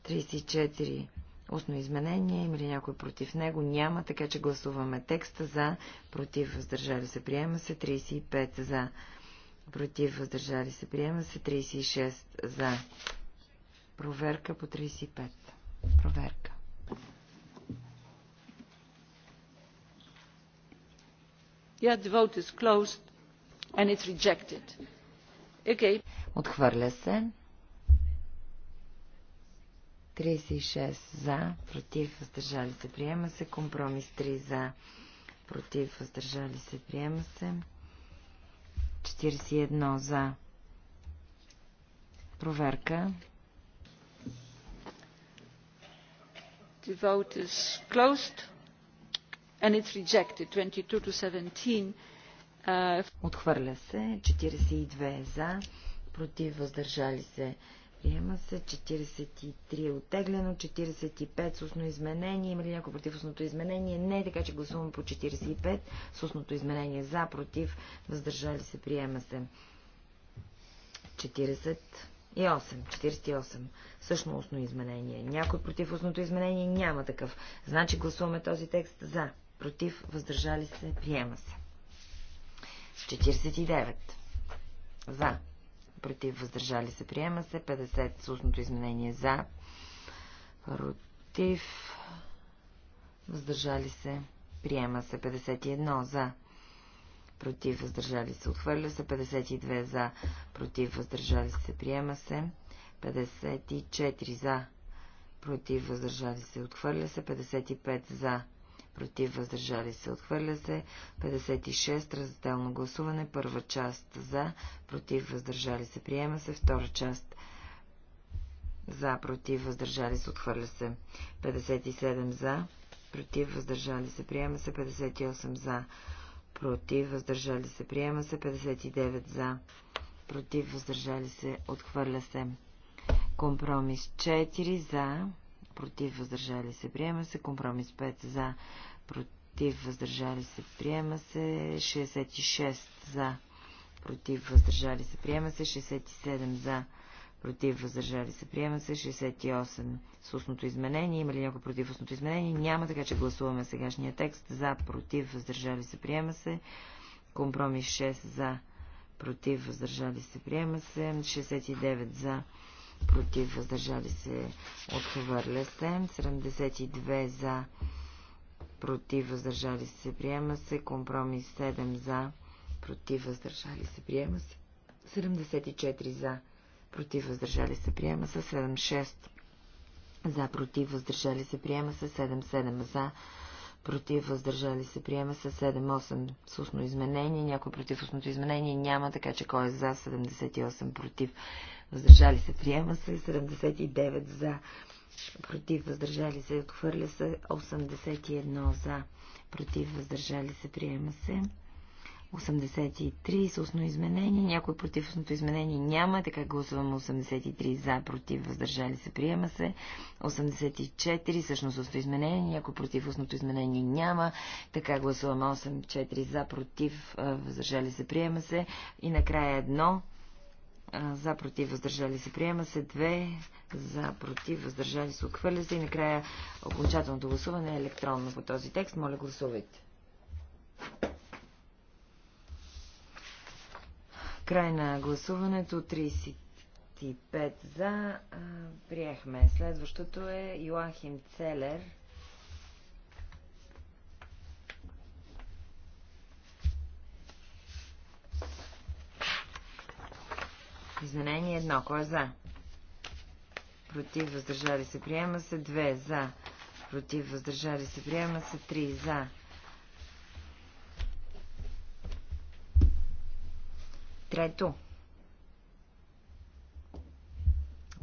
34 устно изменение, има ли някой против него? Няма, така че гласуваме текста за, против, въздържали се, приема се. 35 за, против, въздържали се, приема се. 36 за. Проверка по 35. Проверка. Yeah, the vote is closed and it's rejected. Okay. Отхвърля се. 36 за, против, въздържали се, приема се. Компромис 3 за, против, въздържали се, приема се. 41 за. Проверка. The vote is closed and it's rejected 22 to 17. Отхвърля се. 42 за. Против. Въздържали се. Приема се 43 е оттеглено, 45 с устно изменение. Има ли някой против устното изменение? Не, така че гласуваме по 45 с устното изменение. За, против, въздържали се, приема се. 48, 48. Също устно изменение. Някой против устното изменение? Няма такъв. Значи гласуваме този текст за, против, въздържали се, приема се. 49. За. Против. Въздържали се. Приема се. 50. Сусното изменение. За. Против. Въздържали се. Приема се. 51. За против въздържали се, отхвърля се, 52 за, против въздържали се, приема се, 54 за, против въздържали се, отхвърля се, 55 за, против, въздържали се, отхвърля се. 56. Разделно гласуване. Първа част за, против, въздържали се, приема се. Втора част за, против, въздържали се, отхвърля се. 57 за, против, въздържали се, приема се. 58 за, против, въздържали се, приема се. 59 за, против, въздържали се, отхвърля се. Компромис 4 за, против, въздържали се, приема се. Компромис 5 за, против, въздържали се, приема се. 66 за, против, въздържали се, приема се. 67 за, против, въздържали се, приема се. 68 с устното изменение. Има ли някой против устното изменение? Няма, така че гласуваме сегашния текст. За, против, въздържали се, приема се. Компромис 6 за, против, въздържали се, приема се. 69 за, против, въздържали се, отхвърля се. 72 за, против, въздържали се, приема се. Компромис 7 за, против, въздържали се, приема се. 74 за, против, въздържали се, приема се. 76 за, против, въздържали се, приема се. 77 за, против, въздържали се, приема се. 7-8 с устно изменение, някой против устното изменение няма, така че кой е за, 78 против въздържали се, приема се, 79 за, против, въздържали се, отхвърля се, 81 за, против, въздържали се, приема се. 83 с устно изменение, някой против устното изменение няма, така гласуваме 83 за, против, въздържали се, приема се. 84 всъщност устно изменение, някой против устното изменение няма, така гласуваме 84 за, против, въздържали се, приема се. И накрая едно за против въздържали се приема се, 2 за против въздържали се отхвърля се и накрая окончателното гласуване е електронно по този текст. Моля гласувайте. Край на гласуването 35 за. Приехме. Следващото е Йоахим Целер. Изменение едно, Кой е за? Против, въздържали се, приема се две За. Против, въздържали се, приема се три За. Трето.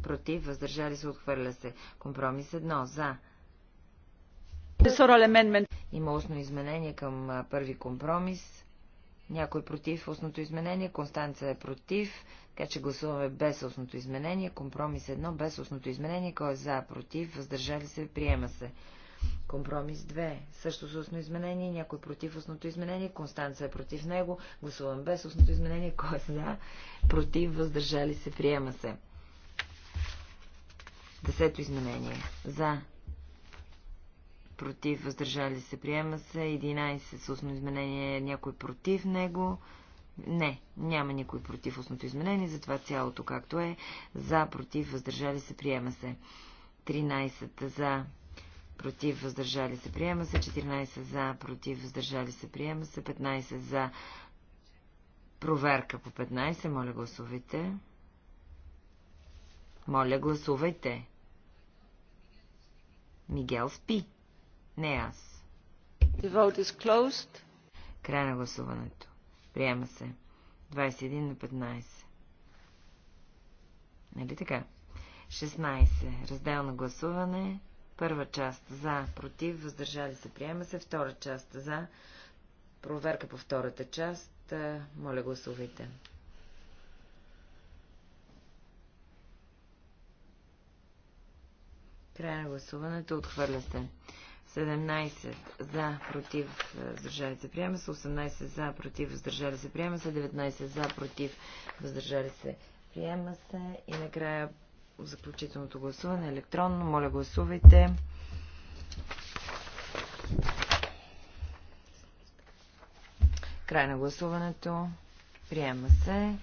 Против, въздържали се, отхвърля се. Компромис едно За. Има устно изменение към първи компромис. Някой против устното изменение. Констанца е против. Така че гласуваме без устното изменение. Компромис 1 без устното изменение. Кой е за, против, въздържали се, приема се. Компромис 2. Също с устно изменение. Някой против устното изменение. Констанца е против него. Гласувам без устното изменение. Кой е за, против, въздържали се, приема се. Десето изменение. За, против, въздържали се, приема се. 11 с устно изменение, някой против него. Не, няма никой против устното изменение, затова цялото както е. За, против, въздържали се, приема се. 13 за, против, въздържали се, приема се. 14 за, против, въздържали се, приема се. 15 за, проверка по 15. Моля, гласувайте. Моля, гласувайте. Мигел спи. Не аз. The vote is closed. Край на гласуването. Приема се. 21 на 15. Нали така? 16. Раздел на гласуване. Първа част за, против, въздържали се, приема се. Втора част за. Проверка по втората част. Е, моля, гласувайте. Край на гласуването. Отхвърля се. 17 за, против, въздържали се, приема се. 18 за, против, въздържали се, приема се. 19 за, против, въздържали се, приема се. И накрая заключителното гласуване електронно. Моля, гласувайте. Край на гласуването. Приема се.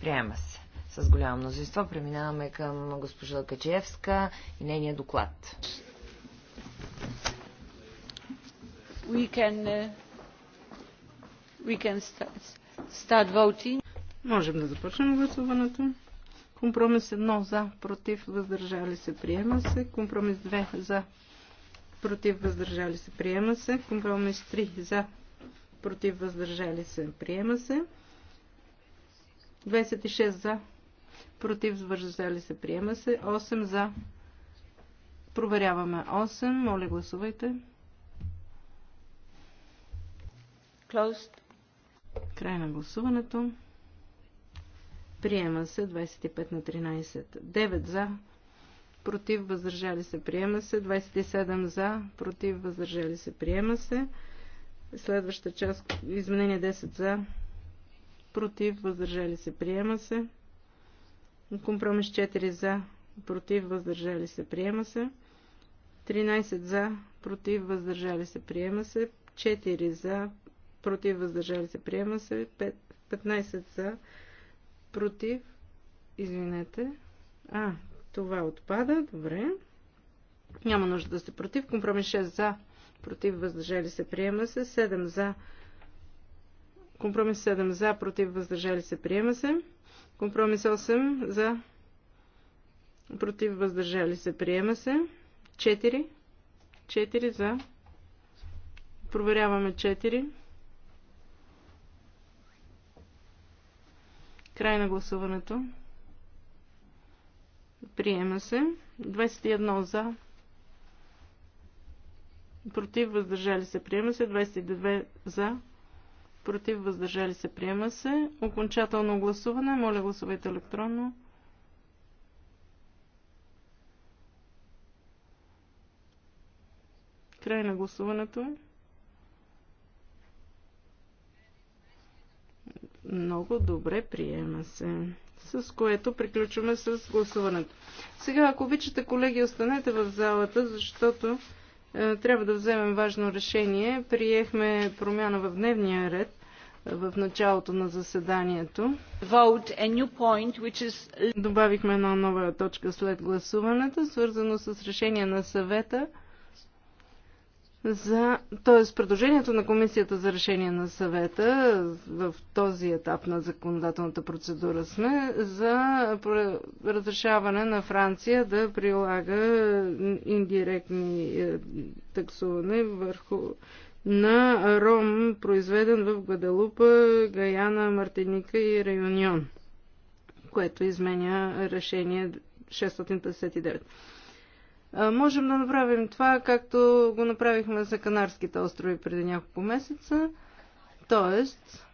Приема се. С голямо мнозинство преминаваме към госпожа Качеевска и нейния доклад. Uh, Можем да започнем гласуването. Компромис 1 за, против, въздържали се, приема се. Компромис 2 за, против, въздържали се, приема се. Компромис 3 за, против, въздържали се, приема се. 26 за, против, въздържали се, приема се. 8 за, проверяваме 8. Моля, гласувайте. Closed. Край на гласуването. Приема се 25 на 13. 9 за, против, въздържали се, приема се. 27 за, против, въздържали се, приема се. Следваща част, изменение 10 за, против, въздържали се, приема се. Компромис 4 за, против, въздържали се, приема се. 13 за, против, въздържали се, приема се. 4 за, против, въздържали се, приема се. 15 за, против, извинете. А, това отпада, добре. Няма нужда да сте против. Компромис 6 за, против, въздържали се, приема се. 7 за, компромис 7 за, против, въздържали се, приема се. Компромис 8 за, против, въздържали се, приема се. 4, 4 за, проверяваме 4. Край на гласуването. Приема се. 21 за. Против въздържали се. Приема се. 22 за. Против въздържали се. Приема се. Окончателно гласуване. Моля гласувайте електронно. Край на гласуването. Много добре приема се. С което приключваме с гласуването. Сега, ако обичате, колеги, останете в залата, защото е, трябва да вземем важно решение. Приехме промяна в дневния ред е, в началото на заседанието. Point, is... Добавихме една нова точка след гласуването, свързано с решение на съвета за, т.е. предложението на Комисията за решение на съвета в този етап на законодателната процедура сме за разрешаване на Франция да прилага индиректни е, таксуване върху на ром, произведен в Гваделупа, Гаяна, Мартиника и Районион, което изменя решение 659. Можем да направим това, както го направихме за Канарските острови преди няколко месеца. Тоест,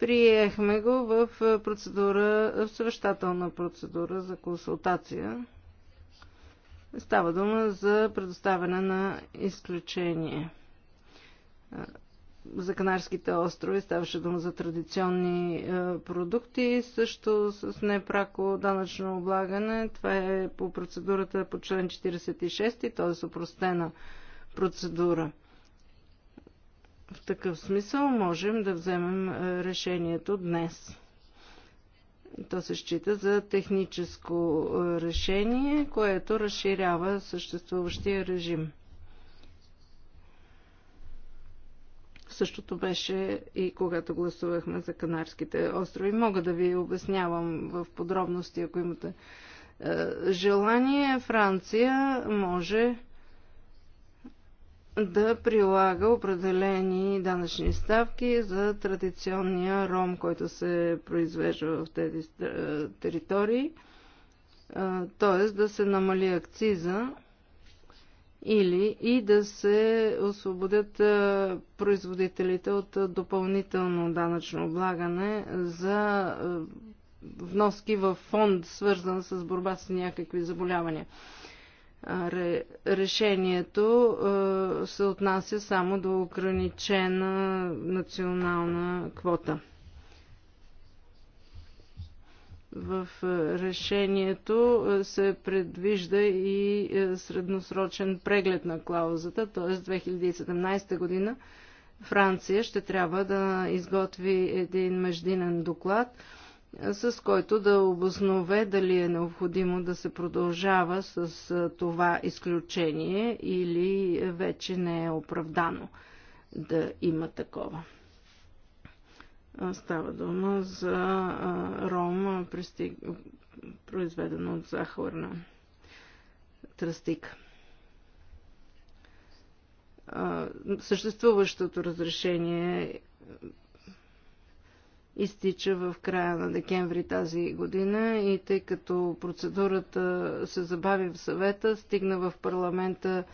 приехме го в процедура, в съвещателна процедура за консултация. Става дума за предоставяне на изключение за Канарските острови ставаше дума за традиционни е, продукти, също с непрако данъчно облагане. Това е по процедурата по член 46, т.е. упростена процедура. В такъв смисъл можем да вземем е, решението днес. То се счита за техническо е, решение, което разширява съществуващия режим. Същото беше и когато гласувахме за Канарските острови. Мога да ви обяснявам в подробности, ако имате е, желание. Франция може да прилага определени данъчни ставки за традиционния ром, който се произвежда в тези е, територии. Е, Тоест да се намали акциза или и да се освободят производителите от допълнително данъчно облагане за вноски в фонд, свързан с борба с някакви заболявания. Решението се отнася само до ограничена национална квота. В е, решението е, се предвижда и е, средносрочен преглед на клаузата, т.е. 2017 година Франция ще трябва да изготви един междинен доклад, с който да обоснове дали е необходимо да се продължава с това изключение или вече не е оправдано да има такова. Става дума за ром, произведен от захарна тръстика. Съществуващото разрешение изтича в края на декември тази година и тъй като процедурата се забави в съвета, стигна в парламента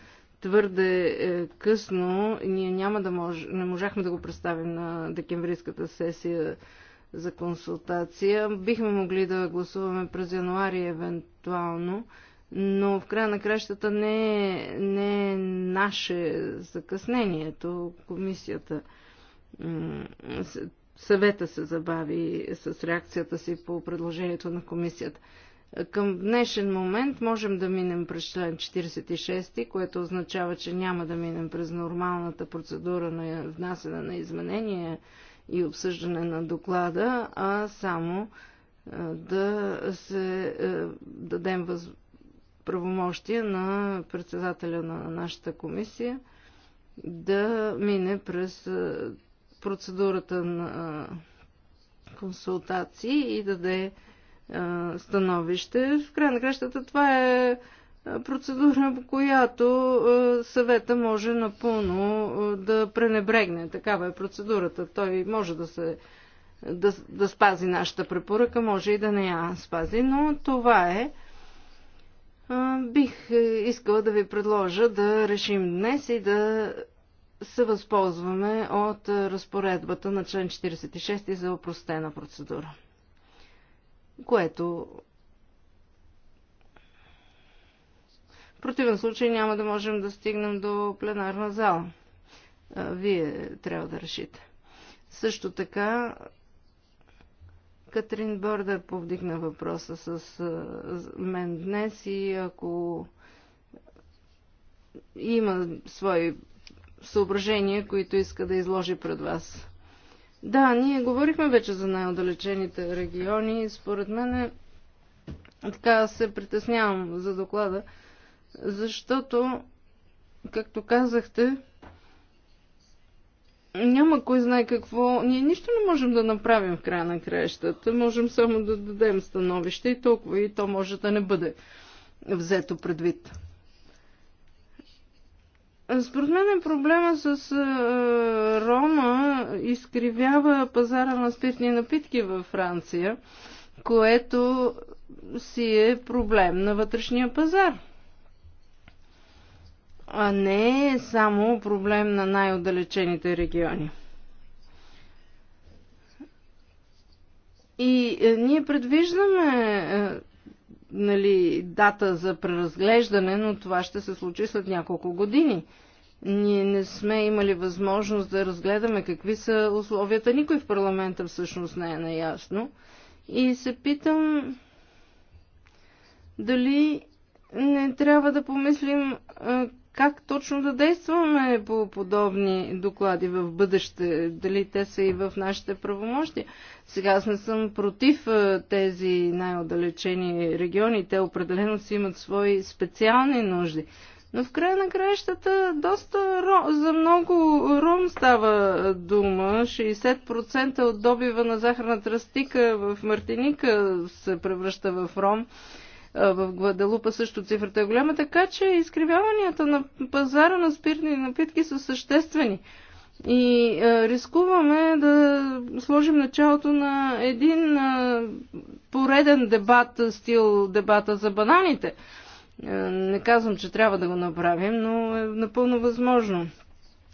твърде е, късно. Ние няма да мож... не можахме да го представим на декемврийската сесия за консултация. Бихме могли да гласуваме през януари евентуално, но в края на кращата не е, не е наше закъснението. Комисията съвета се забави с реакцията си по предложението на комисията. Към днешен момент можем да минем през член 46, което означава, че няма да минем през нормалната процедура на внасяне на изменения и обсъждане на доклада, а само да се дадем въз... правомощие на председателя на нашата комисия да мине през процедурата на консултации и да даде становище. В край на кращата това е процедура, по която съвета може напълно да пренебрегне. Такава е процедурата. Той може да се да, да спази нашата препоръка, може и да не я спази, но това е. Бих искала да ви предложа да решим днес и да се възползваме от разпоредбата на член 46 за опростена процедура което в противен случай няма да можем да стигнем до пленарна зала. Вие трябва да решите. Също така Катрин Бърдър повдигна въпроса с мен днес и ако има свои съображения, които иска да изложи пред вас. Да, ние говорихме вече за най-отдалечените региони според мен така се притеснявам за доклада, защото, както казахте, няма кой знае какво. Ние нищо не можем да направим в края на краищата. Можем само да дадем становище и толкова и то може да не бъде взето предвид. Според мен е проблема с Рома изкривява пазара на спиртни напитки във Франция, което си е проблем на вътрешния пазар. А не е само проблем на най-отдалечените региони. И е, ние предвиждаме е, нали, дата за преразглеждане, но това ще се случи след няколко години. Ние не сме имали възможност да разгледаме какви са условията. Никой в парламента всъщност не е наясно. И се питам дали не трябва да помислим как точно да действаме по подобни доклади в бъдеще, дали те са и в нашите правомощи. Сега аз не съм против е, тези най-отдалечени региони. Те определено си имат свои специални нужди. Но в края на краищата доста за много ром става е, дума. 60% от добива на захарна тръстика в Мартиника се превръща в ром. Е, в Гваделупа също цифрата е голяма, така че изкривяванията на пазара на спиртни напитки са съществени. И а, е, рискуваме да сложим началото на един а, е, пореден дебат, стил дебата за бананите. А, е, не казвам, че трябва да го направим, но е напълно възможно.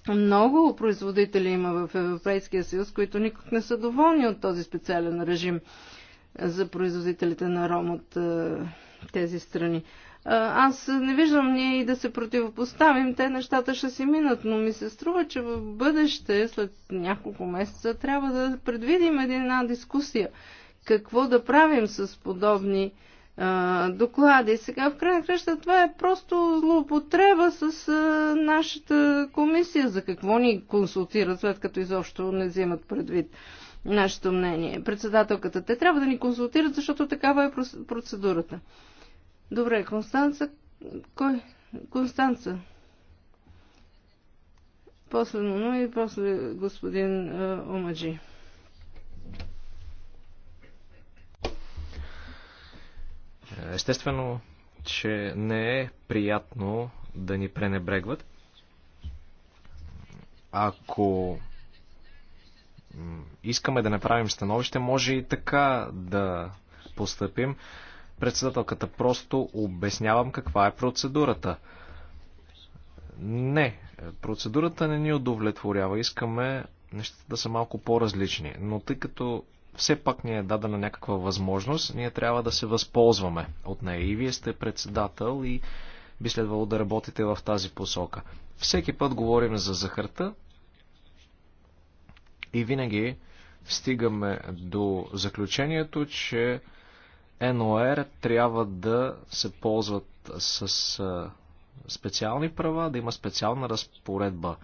Много производители има в Европейския съюз, които никак не са доволни от този специален режим за производителите на ром от тези страни. Аз не виждам ние и да се противопоставим, те нещата ще си минат, но ми се струва, че в бъдеще, след няколко месеца, трябва да предвидим една дискусия. Какво да правим с подобни а, доклади. Сега в крайна краща това е просто злоупотреба с а, нашата комисия. За какво ни консултират, след като изобщо не взимат предвид нашето мнение. Председателката, те трябва да ни консултират, защото такава е процедурата. Добре, Констанца. Кой? Констанца. После Нуно и после господин е, Омаджи. Естествено, че не е приятно да ни пренебрегват. Ако искаме да направим становище, може и така да постъпим. Председателката просто обяснявам каква е процедурата. Не, процедурата не ни удовлетворява. Искаме нещата да са малко по-различни. Но тъй като все пак ни е дадена някаква възможност, ние трябва да се възползваме от нея. И вие сте председател и би следвало да работите в тази посока. Всеки път говорим за захарта и винаги стигаме до заключението, че НОР трябва да се ползват с специални права, да има специална разпоредба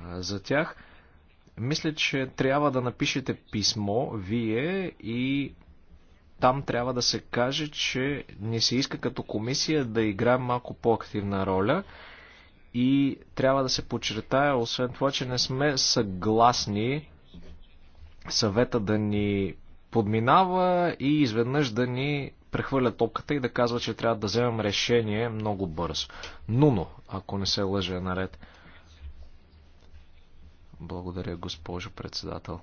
за тях. Мисля, че трябва да напишете писмо вие и там трябва да се каже, че не се иска като комисия да играем малко по-активна роля и трябва да се подчертая, освен това, че не сме съгласни съвета да ни подминава и изведнъж да ни прехвърля топката и да казва, че трябва да вземем решение много бързо. Нуно, ако не се лъжа наред. Благодаря, госпожо председател.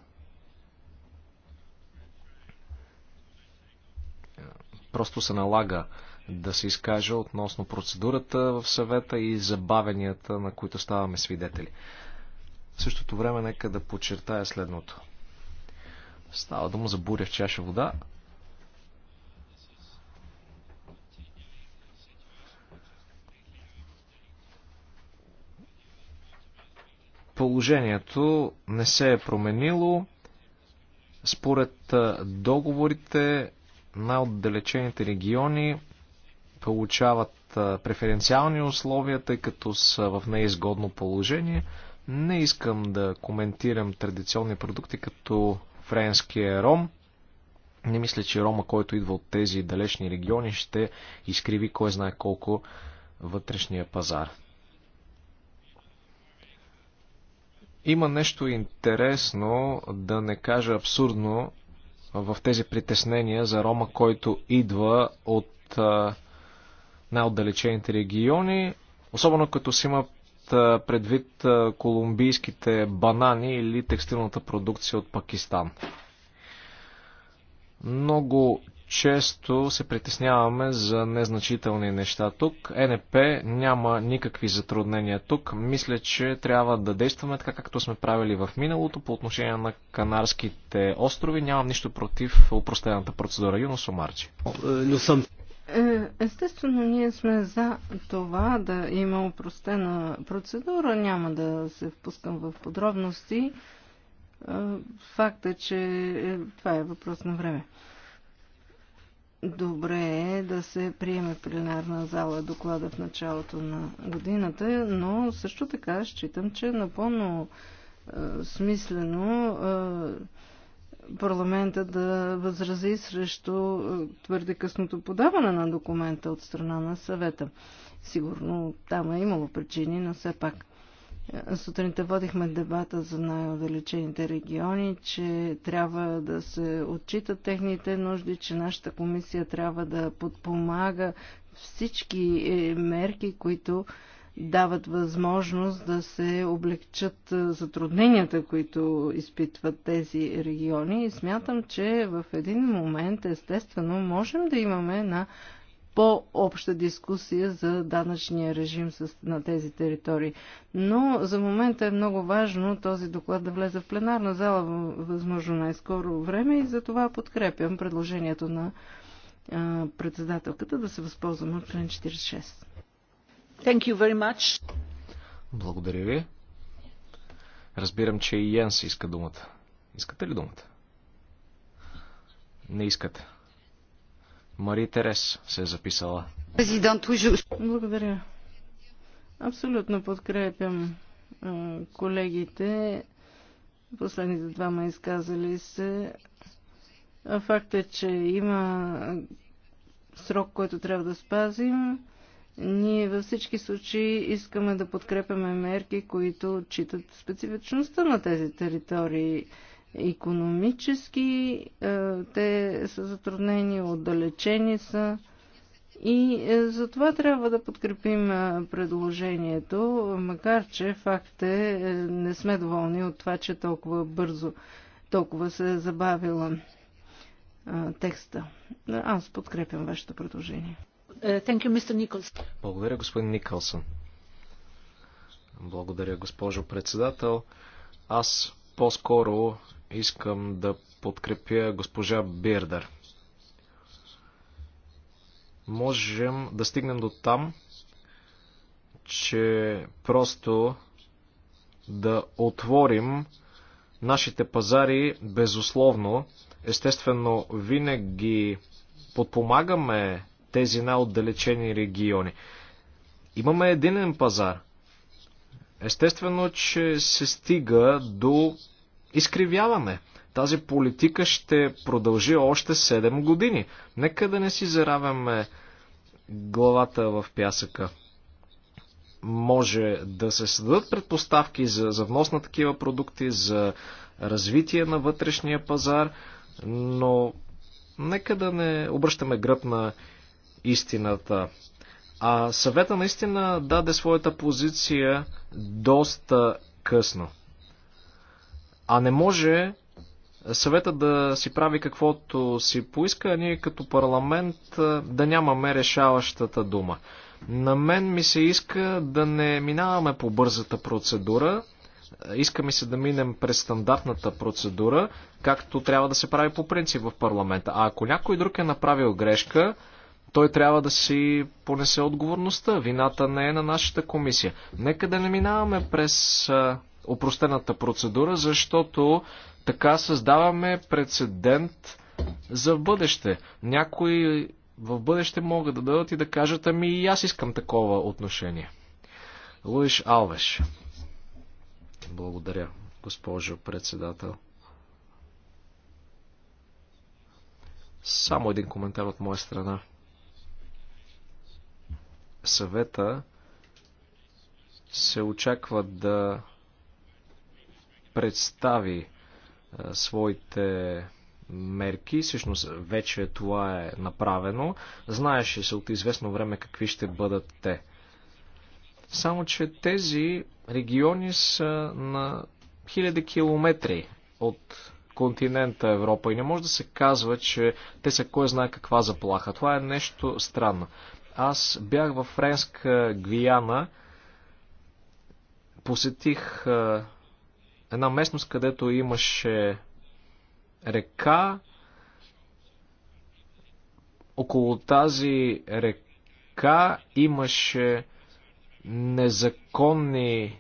Просто се налага да се изкажа относно процедурата в съвета и забавенията, на които ставаме свидетели. В същото време нека да подчертая следното – Става дума за буря в чаша вода. Положението не се е променило. Според договорите най-отдалечените региони получават преференциални условия, тъй като са в неизгодно положение. Не искам да коментирам традиционни продукти като френския ром. Не мисля, че рома, който идва от тези далечни региони, ще изкриви кой знае колко вътрешния пазар. Има нещо интересно, да не кажа абсурдно, в тези притеснения за рома, който идва от най-отдалечените региони, особено като си има предвид колумбийските банани или текстилната продукция от Пакистан. Много често се притесняваме за незначителни неща тук. Е НП няма никакви затруднения тук. Мисля, че трябва да действаме така, както сме правили в миналото по отношение на Канарските острови. Нямам нищо против упростената процедура. Юно е, Сомарчи. Е, естествено, ние сме за това да има упростена процедура. Няма да се впускам в подробности. Е, факт е, че е, това е въпрос на време. Добре е да се приеме пленарна зала доклада в началото на годината, но също така считам, че напълно смислено парламента да възрази срещу е, твърде късното подаване на документа от страна на съвета. Сигурно там е имало причини, но все пак. Е, сутринта водихме дебата за най-отдалечените региони, че трябва да се отчитат техните нужди, че нашата комисия трябва да подпомага всички е, мерки, които дават възможност да се облегчат затрудненията, които изпитват тези региони. И смятам, че в един момент, естествено, можем да имаме на по-обща дискусия за данъчния режим на тези територии. Но за момента е много важно този доклад да влезе в пленарна зала възможно най-скоро време и за това подкрепям предложението на председателката да се възползваме от член 46. Thank you very much. Благодаря ви. Разбирам, че и Янс иска думата. Искате ли думата? Не искате. Мари Терес се е записала. Президент Благодаря. Абсолютно подкрепям колегите. Последните двама изказали се. Факт е, че има срок, който трябва да спазим. Ние във всички случаи искаме да подкрепяме мерки, които отчитат специфичността на тези територии. Економически е, те са затруднени, отдалечени са. И е, затова трябва да подкрепим е, предложението, макар че факт е, не сме доволни от това, че толкова бързо, толкова се е забавила текста. Аз подкрепям вашето предложение. Uh, Благодаря, господин Никълсън. Благодаря, госпожо председател. Аз по-скоро искам да подкрепя госпожа Бирдър. Можем да стигнем до там, че просто да отворим нашите пазари безусловно. Естествено, винаги подпомагаме тези на отдалечени региони. Имаме единен пазар. Естествено, че се стига до изкривяване. Тази политика ще продължи още 7 години. Нека да не си заравяме главата в пясъка. Може да се създадат предпоставки за, за внос на такива продукти, за развитие на вътрешния пазар, но нека да не обръщаме гръб на истината. А съвета наистина даде своята позиция доста късно. А не може съвета да си прави каквото си поиска, а ние като парламент да нямаме решаващата дума. На мен ми се иска да не минаваме по бързата процедура, иска ми се да минем през стандартната процедура, както трябва да се прави по принцип в парламента. А ако някой друг е направил грешка, той трябва да си понесе отговорността. Вината не е на нашата комисия. Нека да не минаваме през опростената процедура, защото така създаваме прецедент за бъдеще. Някои в бъдеще могат да дадат и да кажат, ами и аз искам такова отношение. Луиш Алвеш. Благодаря, госпожо председател. Само един коментар от моя страна съвета се очаква да представи своите мерки. Всъщност вече това е направено. Знаеше се от известно време какви ще бъдат те. Само, че тези региони са на хиляди километри от континента Европа и не може да се казва, че те са кой знае каква заплаха. Това е нещо странно. Аз бях във Френска Гвиана, посетих една местност, където имаше река. Около тази река имаше незаконни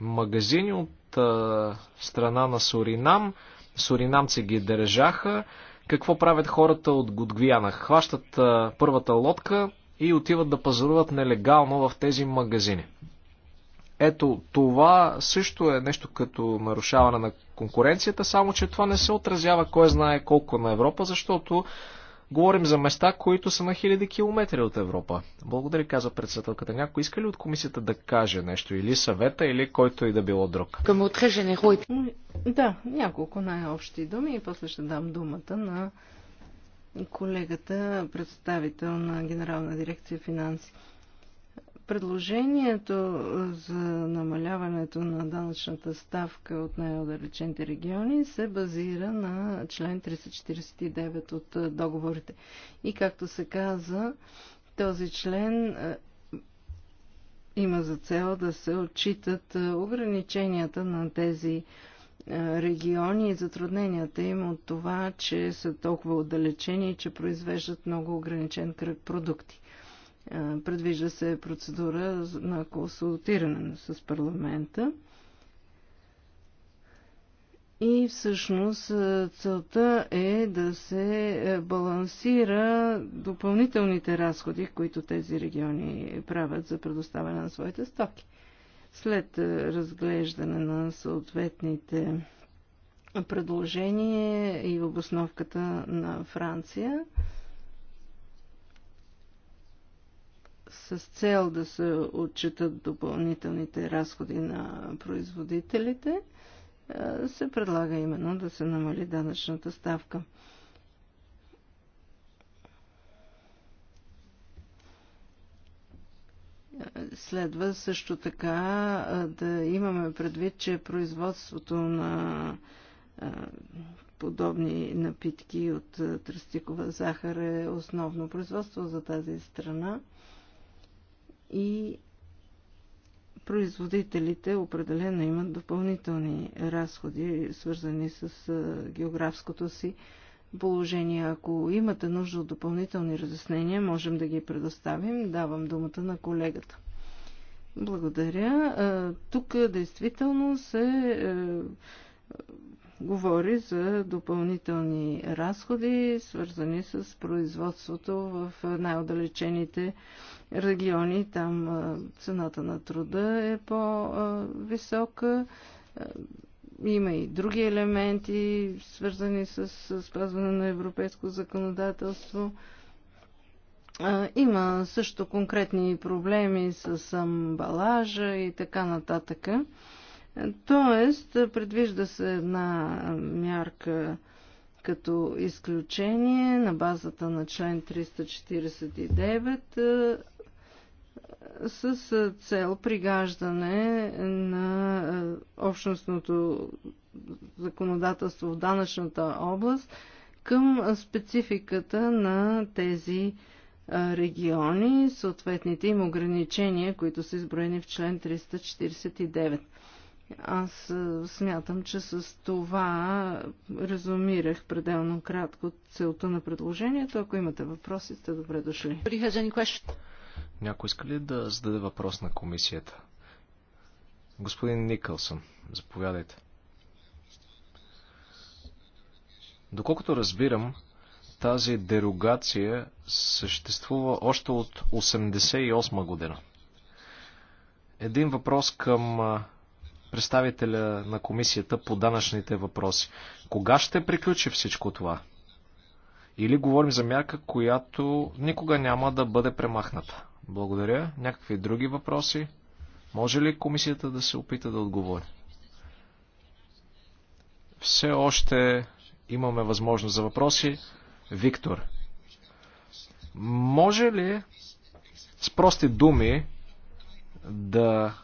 магазини от а, страна на Суринам. Суринамци ги държаха. Какво правят хората от Гудгвияна? Хващат а, първата лодка, и отиват да пазаруват нелегално в тези магазини. Ето, това също е нещо като нарушаване на конкуренцията, само че това не се отразява кой знае колко на Европа, защото говорим за места, които са на хиляди километри от Европа. Благодаря, каза председателката. Някой иска ли от комисията да каже нещо? Или съвета, или който и да било друг? Към отрежене хуй. Да, няколко най-общи думи и после ще дам думата на колегата, представител на Генерална дирекция финанси. Предложението за намаляването на данъчната ставка от най-отдалечените региони се базира на член 349 от е, договорите. И както се каза, този член е, има за цел да се отчитат е, ограниченията на тези региони и затрудненията им от това, че са толкова отдалечени и че произвеждат много ограничен кръг продукти. Предвижда се процедура на консултиране с парламента. И всъщност целта е да се балансира допълнителните разходи, които тези региони правят за предоставяне на своите стоки. След е, разглеждане на съответните предложения и обосновката на Франция, с цел да се отчитат допълнителните разходи на производителите, е, се предлага именно да се намали данъчната ставка. Следва също така да имаме предвид, че производството на подобни напитки от тръстикова захар е основно производство за тази страна и производителите определено имат допълнителни разходи, свързани с географското си положение. Ако имате нужда от допълнителни разяснения, можем да ги предоставим. Давам думата на колегата. Благодаря. Тук действително се е, говори за допълнителни разходи, свързани с производството в най-отдалечените региони. Там цената на труда е по-висока. Има и други елементи, свързани с спазване на европейско законодателство. Има също конкретни проблеми с амбалажа и така нататък. Тоест, предвижда се една мярка като изключение на базата на член 349 с цел пригаждане на общностното законодателство в данъчната област към спецификата на тези региони, съответните им ограничения, които са изброени в член 349. Аз смятам, че с това резумирах пределно кратко целта на предложението. Ако имате въпроси, сте добре дошли. Някой иска ли да зададе въпрос на комисията? Господин Никълсън, заповядайте. Доколкото разбирам, тази дерогация съществува още от 1988 година. Един въпрос към представителя на комисията по данъчните въпроси. Кога ще приключи всичко това? Или говорим за мярка, която никога няма да бъде премахната? Благодаря. Някакви други въпроси? Може ли комисията да се опита да отговори? Все още имаме възможност за въпроси. Виктор, може ли с прости думи да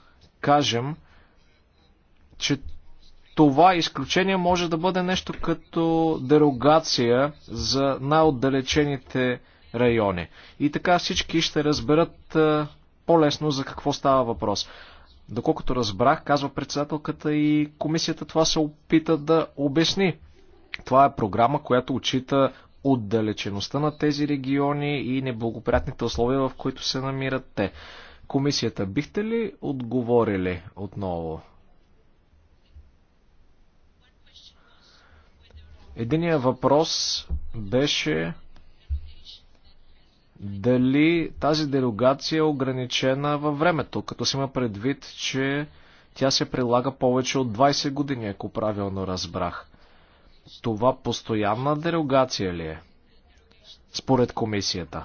кажем, че това изключение може да бъде нещо като дерогация за най-отдалечените райони. И така всички ще разберат по-лесно за какво става въпрос. Доколкото разбрах, казва председателката и комисията това се опита да обясни. Това е програма, която отчита отдалечеността на тези региони и неблагоприятните условия, в които се намират те. Комисията, бихте ли отговорили отново? Единият въпрос беше дали тази дерогация е ограничена във времето, като си има предвид, че тя се прилага повече от 20 години, ако правилно разбрах. Това постоянна дерогация ли е? Според комисията.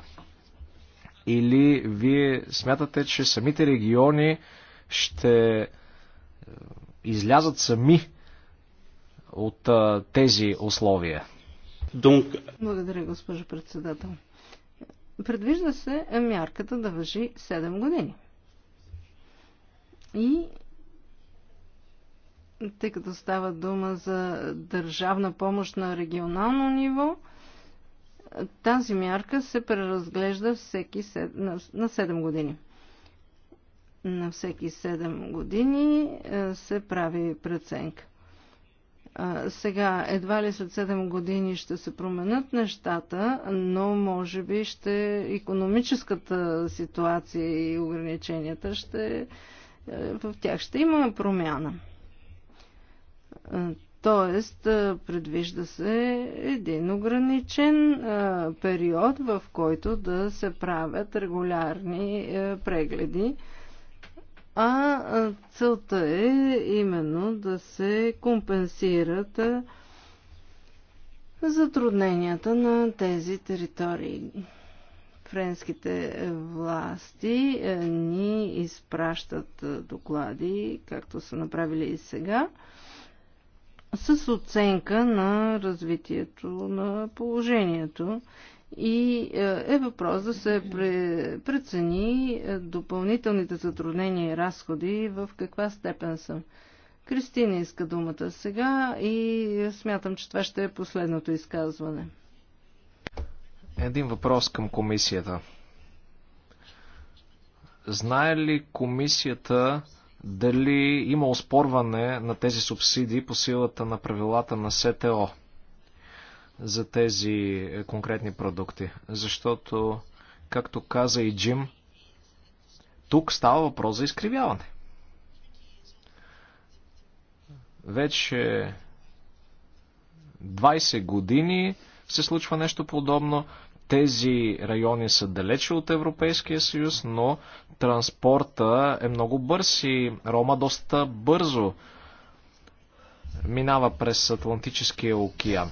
Или вие смятате, че самите региони ще е, излязат сами от е, тези условия? Благодаря, госпожо председател. Предвижда се мярката да въжи 7 години. И тъй като става дума за държавна помощ на регионално ниво, тази мярка се преразглежда всеки 7, на 7 години. На всеки 7 години е, се прави преценка. А, сега, едва ли след 7 години ще се променят нещата, но може би ще економическата ситуация и ограниченията ще е, в тях ще има промяна. Тоест, предвижда се един ограничен период, в който да се правят регулярни прегледи а целта е именно да се компенсират затрудненията на тези територии. Френските власти е, ни изпращат е, доклади, както са направили и сега, с оценка на развитието на положението и е, е въпрос да се прецени е, допълнителните затруднения и разходи в каква степен са. Кристина иска думата сега и смятам, че това ще е последното изказване. Един въпрос към комисията. Знае ли комисията дали има оспорване на тези субсидии по силата на правилата на СТО? за тези е, конкретни продукти. Защото, както каза и Джим, тук става въпрос за изкривяване. Вече 20 години се случва нещо подобно. Тези райони са далече от Европейския съюз, но транспорта е много бърз и Рома доста бързо минава през Атлантическия океан.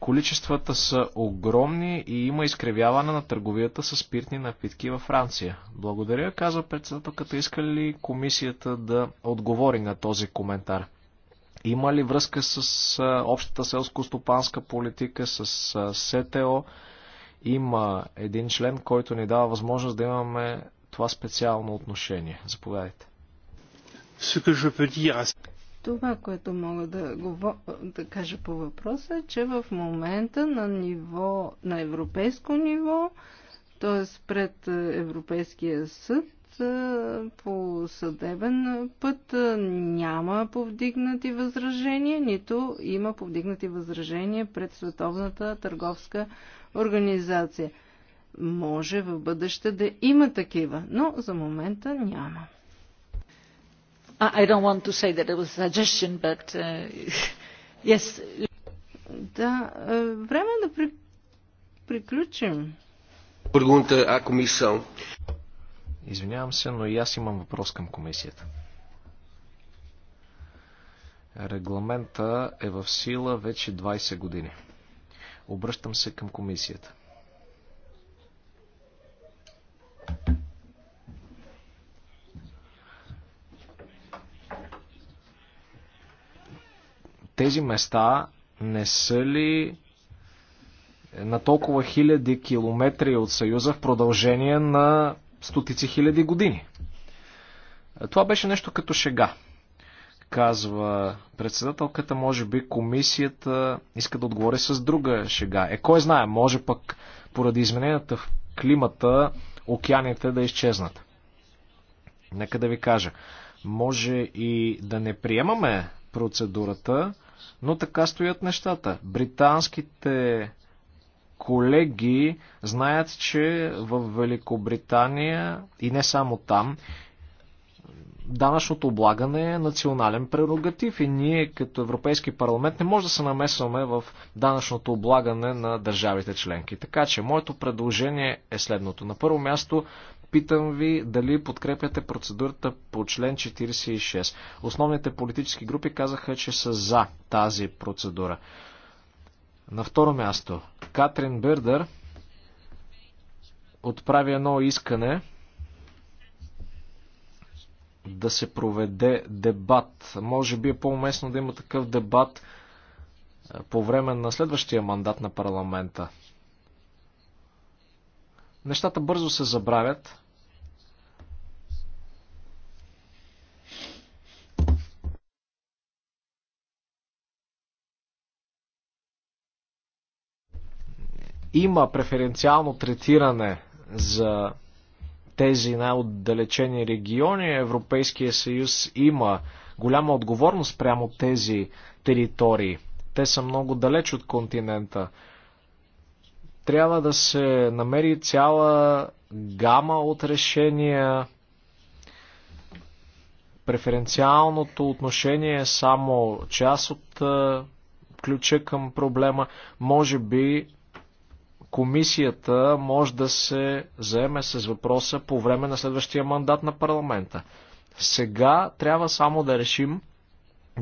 Количествата са огромни и има изкривяване на търговията с спиртни напитки във Франция. Благодаря, казва председателката. Иска ли комисията да отговори на този коментар? Има ли връзка с общата селско-стопанска политика, с СТО? Има един член, който ни дава възможност да имаме това специално отношение. Заповядайте. Това, което мога да, говор... да кажа по въпроса е, че в момента на ниво, на европейско ниво, т.е. пред е, Европейския съд, е, по съдебен път е, няма повдигнати възражения, нито има повдигнати възражения пред Световната търговска организация. Може в бъдеще да има такива, но за момента няма. I don't want to say that it was a suggestion, but uh, yes. Да, е, време да при... приключим. Пъргунта, а комисъл? Извинявам се, но и аз имам въпрос към комисията. Регламента е в сила вече 20 години. Обръщам се към комисията. Тези места не са ли на толкова хиляди километри от Съюза в продължение на стотици хиляди години? Това беше нещо като шега, казва председателката. Може би комисията иска да отговори с друга шега. Е, кой знае, може пък поради измененията в климата океаните да изчезнат. Нека да ви кажа, може и да не приемаме процедурата, но така стоят нещата. Британските колеги знаят, че в Великобритания и не само там, данъчното облагане е национален прерогатив и ние като Европейски парламент не може да се намесваме в данъчното облагане на държавите членки. Така че моето предложение е следното. На първо място Питам ви дали подкрепяте процедурата по член 46. Основните политически групи казаха, че са за тази процедура. На второ място, Катрин Бърдър отправи едно искане да се проведе дебат. Може би е по-уместно да има такъв дебат по време на следващия мандат на парламента. Нещата бързо се забравят. Има преференциално третиране за тези най-отдалечени региони. Европейския съюз има голяма отговорност прямо тези територии. Те са много далеч от континента. Трябва да се намери цяла гама от решения. Преференциалното отношение е само част от ключа към проблема. Може би комисията може да се заеме с въпроса по време на следващия мандат на парламента. Сега трябва само да решим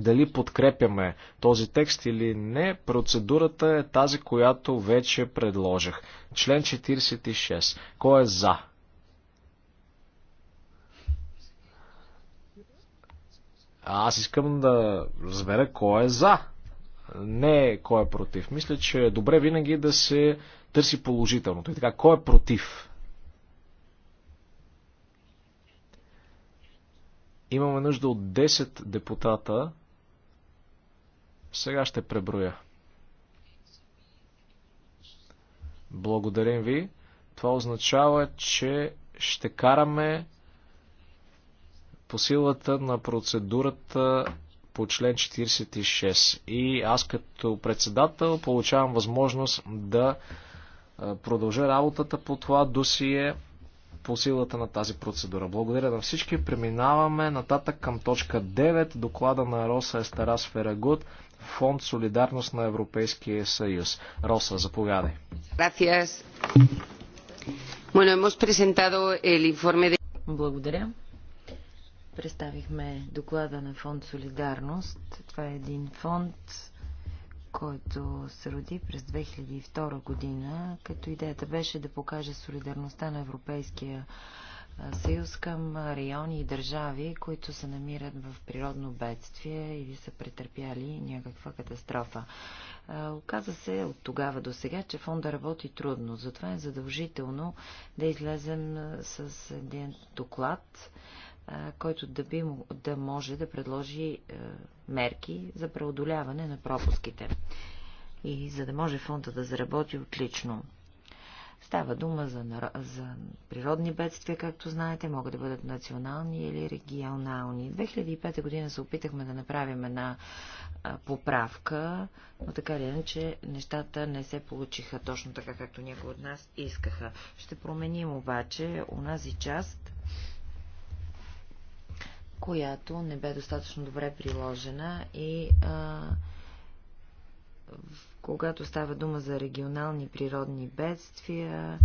дали подкрепяме този текст или не, процедурата е тази, която вече предложих. Член 46. Кой е за? Аз искам да разбера кой е за, не кой е против. Мисля, че е добре винаги да се търси положителното. И така, кой е против? Имаме нужда от 10 депутата, сега ще преброя. Благодарим ви. Това означава, че ще караме по силата на процедурата по член 46. И аз като председател получавам възможност да продължа работата по това досие по силата на тази процедура. Благодаря на всички. Преминаваме нататък към точка 9, доклада на Роса Естерас Ферагут. Фонд Солидарност на Европейския съюз. Роса, заповядай. Благодаря. Представихме доклада на фонд Солидарност. Това е един фонд, който се роди през 2002 година, като идеята беше да покаже солидарността на Европейския съюз съюз към райони и държави, които се намират в природно бедствие или са претърпяли някаква катастрофа. Оказа се от тогава до сега, че фонда работи трудно. Затова е задължително да излезем с един доклад, който да, би, да може да предложи мерки за преодоляване на пропуските. И за да може фонда да заработи отлично. Става дума за, за природни бедствия, както знаете, могат да бъдат национални или регионални. 2005 година се опитахме да направим една а, поправка, но така ли иначе нещата не се получиха точно така, както някои от нас искаха. Ще променим обаче унази част, която не бе достатъчно добре приложена и а, когато става дума за регионални природни бедствия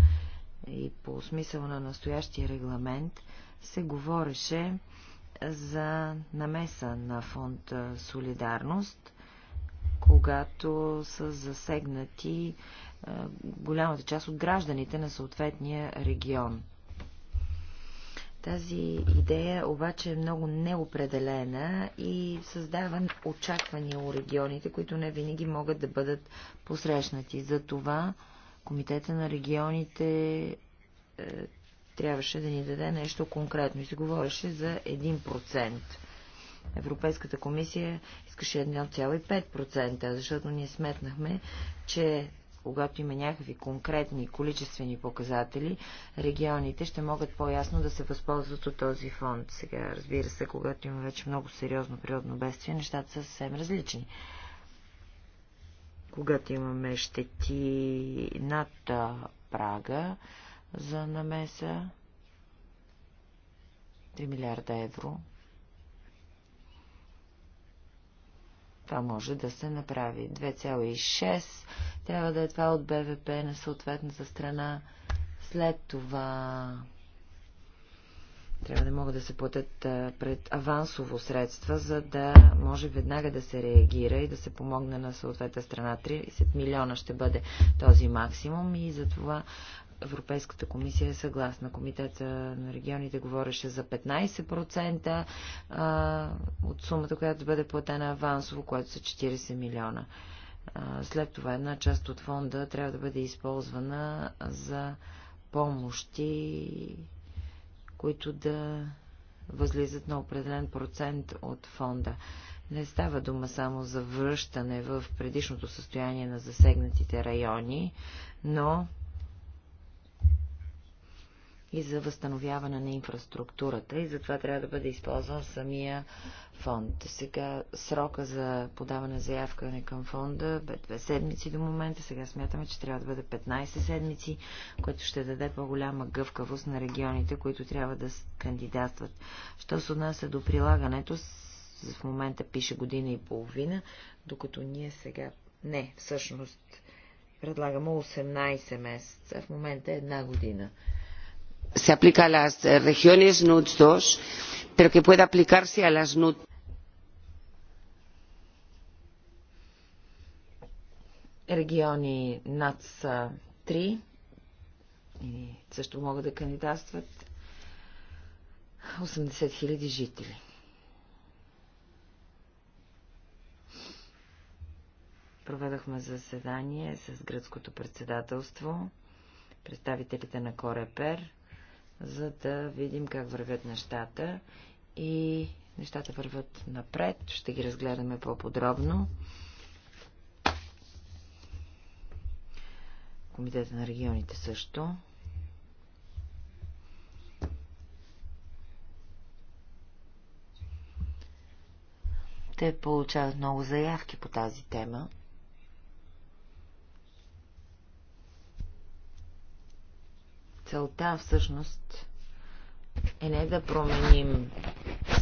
и по смисъл на настоящия регламент, се говореше за намеса на фонд Солидарност, когато са засегнати голямата част от гражданите на съответния регион. Тази идея обаче е много неопределена и създава очаквания у регионите, които не винаги могат да бъдат посрещнати. Затова Комитета на регионите е, трябваше да ни даде нещо конкретно и се говореше за 1%. Европейската комисия искаше 1,5%, защото ние сметнахме, че когато има някакви конкретни количествени показатели, регионите ще могат по-ясно да се възползват от този фонд. Сега, разбира се, когато има вече много сериозно природно бедствие, нещата са съвсем различни. Когато имаме щети над прага за намеса, 3 милиарда евро, Това може да се направи. 2,6 трябва да е това от БВП на съответната страна. След това трябва да могат да се платят пред авансово средства, за да може веднага да се реагира и да се помогне на съответната страна. 30 милиона ще бъде този максимум и затова Европейската комисия е съгласна. Комитета на регионите говореше за 15% от сумата, която бъде платена авансово, което са 40 милиона. След това една част от фонда трябва да бъде използвана за помощи, които да възлизат на определен процент от фонда. Не става дума само за връщане в предишното състояние на засегнатите райони, но и за възстановяване на инфраструктурата и затова трябва да бъде използван самия фонд. Сега срока за подаване заявка е към фонда бе две седмици до момента, сега смятаме, че трябва да бъде 15 седмици, което ще даде по-голяма гъвкавост на регионите, които трябва да кандидатстват. Що се отнася до прилагането, в момента пише година и половина, докато ние сега... Не, всъщност предлагаме 18 месеца, в момента е една година se aplica a las regiones NUTS 2, pero que pueda aplicarse a las NUTS. Региони НАЦ 3 и също могат да кандидатстват 80 000 жители. Проведохме заседание с гръцкото председателство, представителите на Корепер за да видим как вървят нещата и нещата върват напред. Ще ги разгледаме по-подробно. Комитета на регионите също. Те получават много заявки по тази тема. целта всъщност е не да променим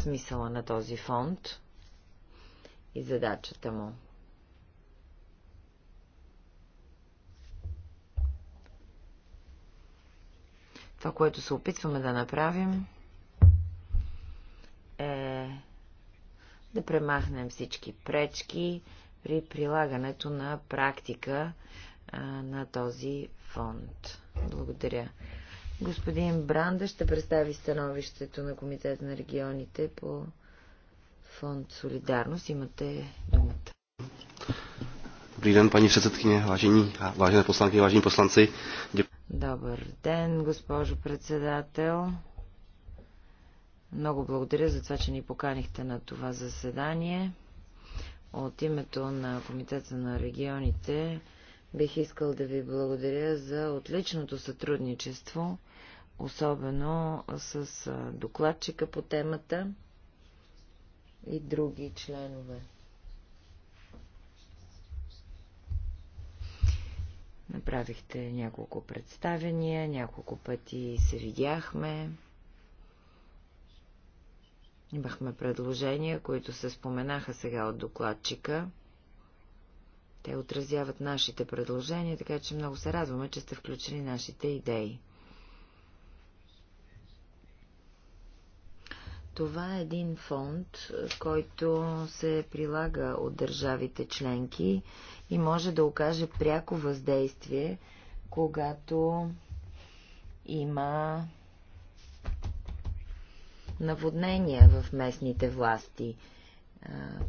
смисъла на този фонд и задачата му. Това, което се опитваме да направим, е да премахнем всички пречки при прилагането на практика а, на този фонд. Благодаря. Господин Бранда ще представи становището на Комитет на регионите по фонд Солидарност. Имате думата. Dobrý ден, пани předsedkyně, важени vážené посланки, vážení посланци, Добър ден, госпожо председател. Много благодаря за това, че ни поканихте на това заседание. От името на Комитета на регионите бих искал да ви благодаря за отличното сътрудничество особено с докладчика по темата и други членове. Направихте няколко представения, няколко пъти се видяхме. Имахме предложения, които се споменаха сега от докладчика. Те отразяват нашите предложения, така че много се радваме, че сте включили нашите идеи. Това е един фонд, който се прилага от държавите членки и може да окаже пряко въздействие, когато има наводнения в местните власти,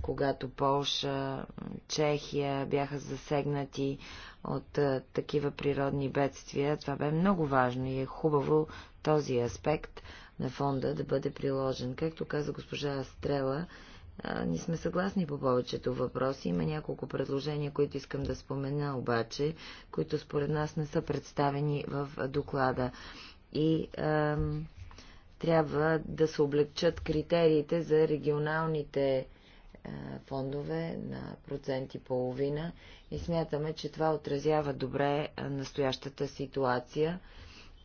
когато Полша, Чехия бяха засегнати от такива природни бедствия. Това бе много важно и е хубаво този аспект на фонда да бъде приложен. Както каза госпожа Стрела, ние сме съгласни по повечето въпроси. Има няколко предложения, които искам да спомена обаче, които според нас не са представени в доклада. И ам, трябва да се облегчат критериите за регионалните фондове на проценти половина и смятаме, че това отразява добре настоящата ситуация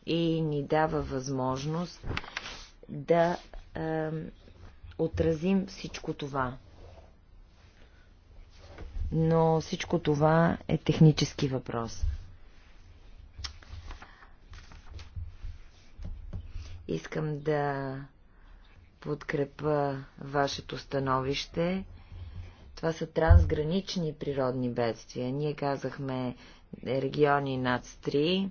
и ни дава възможност да е, отразим всичко това. Но всичко това е технически въпрос. Искам да подкрепа вашето становище. Това са трансгранични природни бедствия. Ние казахме региони над 3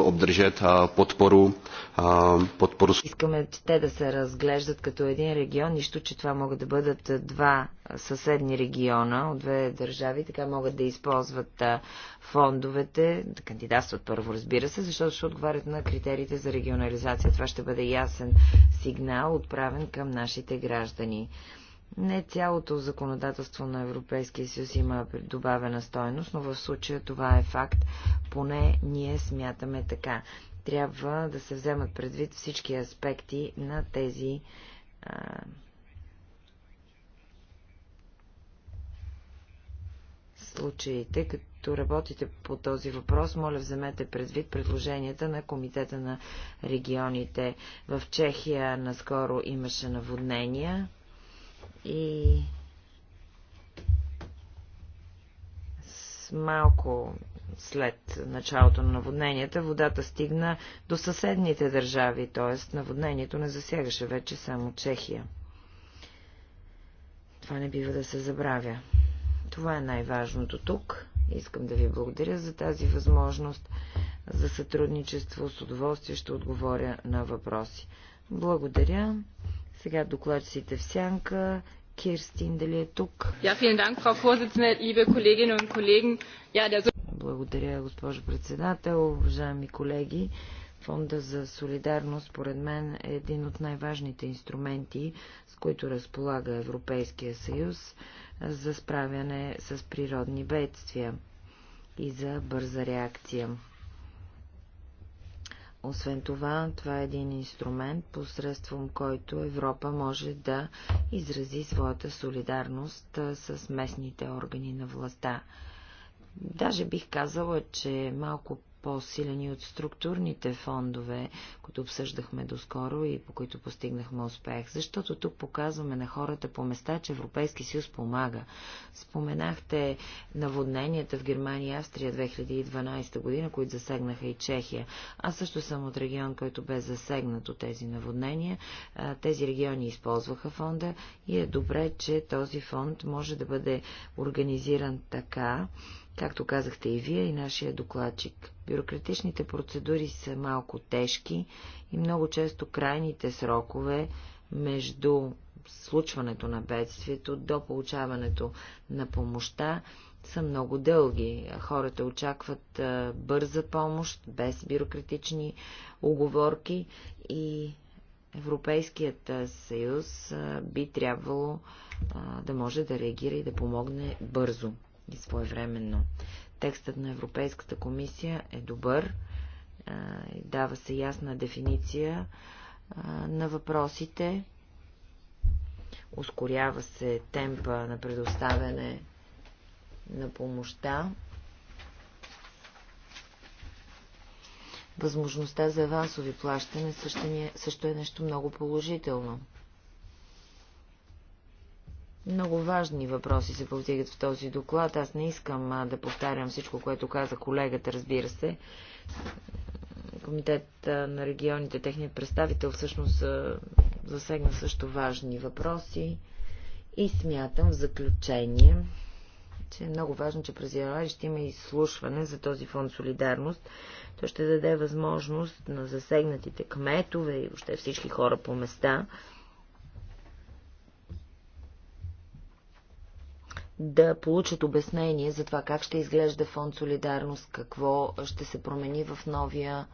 обдържат подпору, подпору. Искаме те да се разглеждат като един регион, нищо, че това могат да бъдат два съседни региона от две държави, така могат да използват фондовете, да кандидатстват първо, разбира се, защото ще отговарят на критериите за регионализация. Това ще бъде ясен сигнал, отправен към нашите граждани. Не цялото законодателство на Европейския съюз има добавена стойност, но в случая това е факт. Поне ние смятаме така. Трябва да се вземат предвид всички аспекти на тези а, случаите, като работите по този въпрос, моля вземете предвид предложенията на Комитета на регионите. В Чехия наскоро имаше наводнения и с малко след началото на наводненията водата стигна до съседните държави, т.е. наводнението не засягаше вече само Чехия. Това не бива да се забравя. Това е най-важното тук. Искам да ви благодаря за тази възможност за сътрудничество. С удоволствие ще отговоря на въпроси. Благодаря. Сега докладчиците в сянка. Кирстин, дали е тук? Благодаря, госпожо председател, уважаеми колеги. Фонда за солидарност, според мен, е един от най-важните инструменти, с които разполага Европейския съюз за справяне с природни бедствия и за бърза реакция. Освен това, това е един инструмент, посредством който Европа може да изрази своята солидарност с местните органи на властта. Даже бих казала, че малко по-силен и от структурните фондове, които обсъждахме доскоро и по които постигнахме успех, защото тук показваме на хората по места, че Европейски съюз помага. Споменахте наводненията в Германия и Австрия 2012 година, които засегнаха и Чехия. Аз също съм от регион, който бе засегнат от тези наводнения. Тези региони използваха фонда и е добре, че този фонд може да бъде организиран така, Както казахте и вие, и нашия докладчик. Бюрократичните процедури са малко тежки и много често крайните срокове между случването на бедствието до получаването на помощта са много дълги. Хората очакват бърза помощ, без бюрократични оговорки и Европейският съюз би трябвало да може да реагира и да помогне бързо и своевременно. Текстът на Европейската комисия е добър, дава се ясна дефиниция на въпросите, ускорява се темпа на предоставяне на помощта, Възможността за авансови плащане също е-, е нещо много положително. Много важни въпроси се повдигат в този доклад. Аз не искам а, да повтарям всичко, което каза колегата, разбира се. Комитет на регионите, техният представител всъщност засегна също важни въпроси и смятам в заключение, че е много важно, че през януари ще има изслушване за този фонд Солидарност. Той ще даде възможност на засегнатите кметове и въобще всички хора по места да получат обяснение за това как ще изглежда фонд Солидарност, какво ще се промени в новия.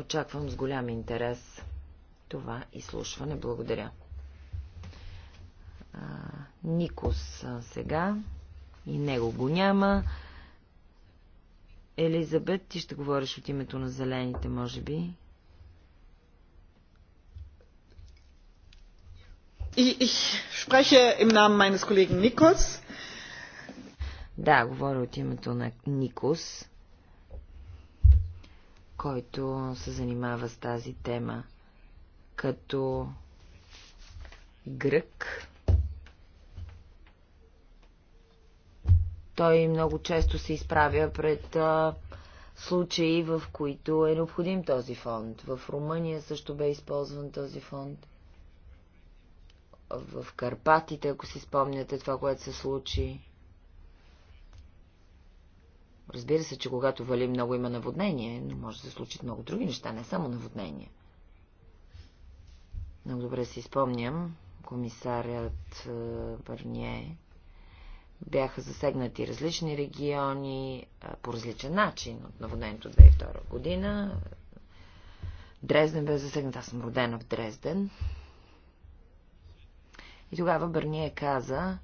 Очаквам с голям интерес това изслушване. Благодаря. Никос сега и него го няма. Елизабет, ти ще говориш от името на зелените, може би. Ich spreche im Namen meines Kollegen Nikos. Да, говоря от името на Никос, който се занимава с тази тема като грък. Той много често се изправя пред а, случаи, в които е необходим този фонд. В Румъния също бе използван този фонд в Карпатите, ако си спомняте това, което се случи. Разбира се, че когато вали много има наводнение, но може да се случат много други неща, не само наводнение. Много добре си спомням, комисарят е, Бърние бяха засегнати различни региони е, по различен начин от наводнението 2002 година. Дрезден бе засегнат. Аз съм родена в Дрезден. И тогава Бърние каза,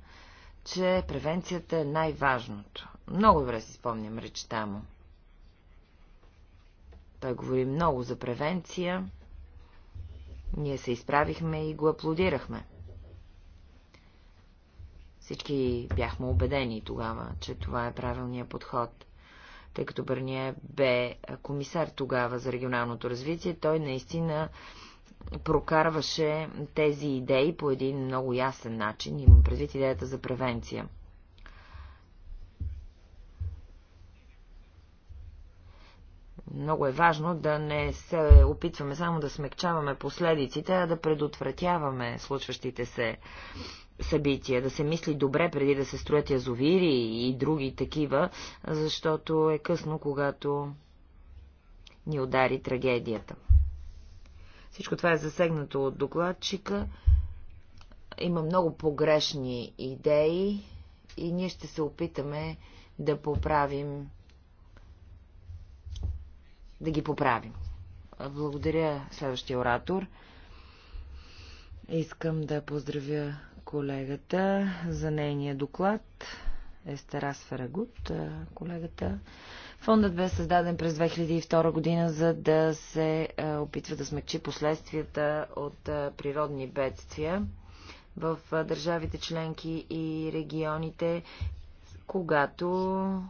че превенцията е най-важното. Много добре си спомням речта му. Той говори много за превенция. Ние се изправихме и го аплодирахме. Всички бяхме убедени тогава, че това е правилният подход. Тъй като Бърния бе комисар тогава за регионалното развитие, той наистина прокарваше тези идеи по един много ясен начин, имам предвид идеята за превенция. Много е важно да не се опитваме само да смекчаваме последиците, а да предотвратяваме случващите се събития, да се мисли добре преди да се строят язовири и други такива, защото е късно, когато ни удари трагедията. Всичко това е засегнато от докладчика. Има много погрешни идеи и ние ще се опитаме да поправим да ги поправим. Благодаря следващия оратор. Искам да поздравя колегата за нейния доклад. Естерас Ферагут, колегата. Фондът бе създаден през 2002 година, за да се е, опитва да смекчи последствията от е, природни бедствия в е, държавите членки и регионите, когато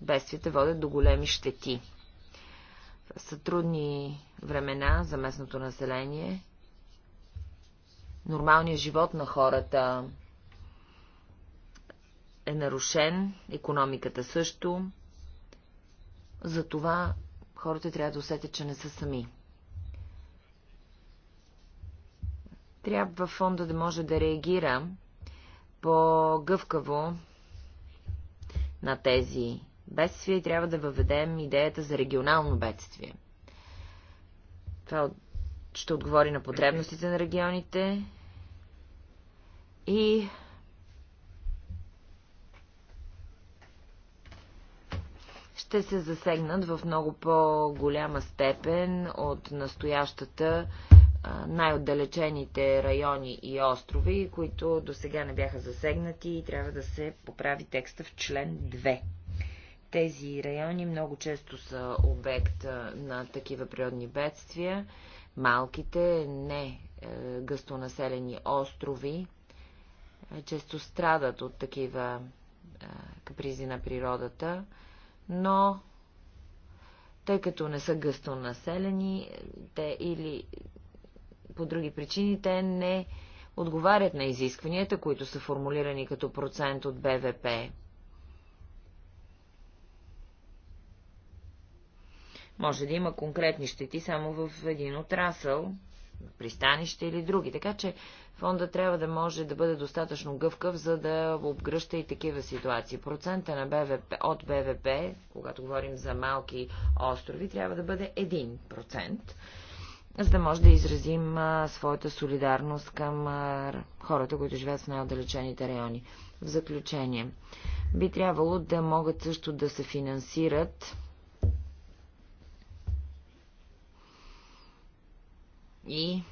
бедствията водят до големи щети. Са трудни времена за местното население. Нормалният живот на хората е нарушен, економиката също. Затова хората трябва да усетят, че не са сами. Трябва фонда да може да реагира по-гъвкаво на тези бедствия и трябва да въведем идеята за регионално бедствие. Това ще отговори на потребностите на регионите и ще се засегнат в много по-голяма степен от настоящата най-отдалечените райони и острови, които до сега не бяха засегнати и трябва да се поправи текста в член 2. Тези райони много често са обект на такива природни бедствия. Малките, не е, гъстонаселени острови е, често страдат от такива е, капризи на природата но тъй като не са гъсто населени, те или по други причини, те не отговарят на изискванията, които са формулирани като процент от БВП. Може да има конкретни щети само в един отрасъл, пристанище или други. Така че фонда трябва да може да бъде достатъчно гъвкав, за да обгръща и такива ситуации. Процента на БВП, от БВП, когато говорим за малки острови, трябва да бъде 1%, за да може да изразим а, своята солидарност към а, хората, които живеят в най-отдалечените райони. В заключение, би трябвало да могат също да се финансират и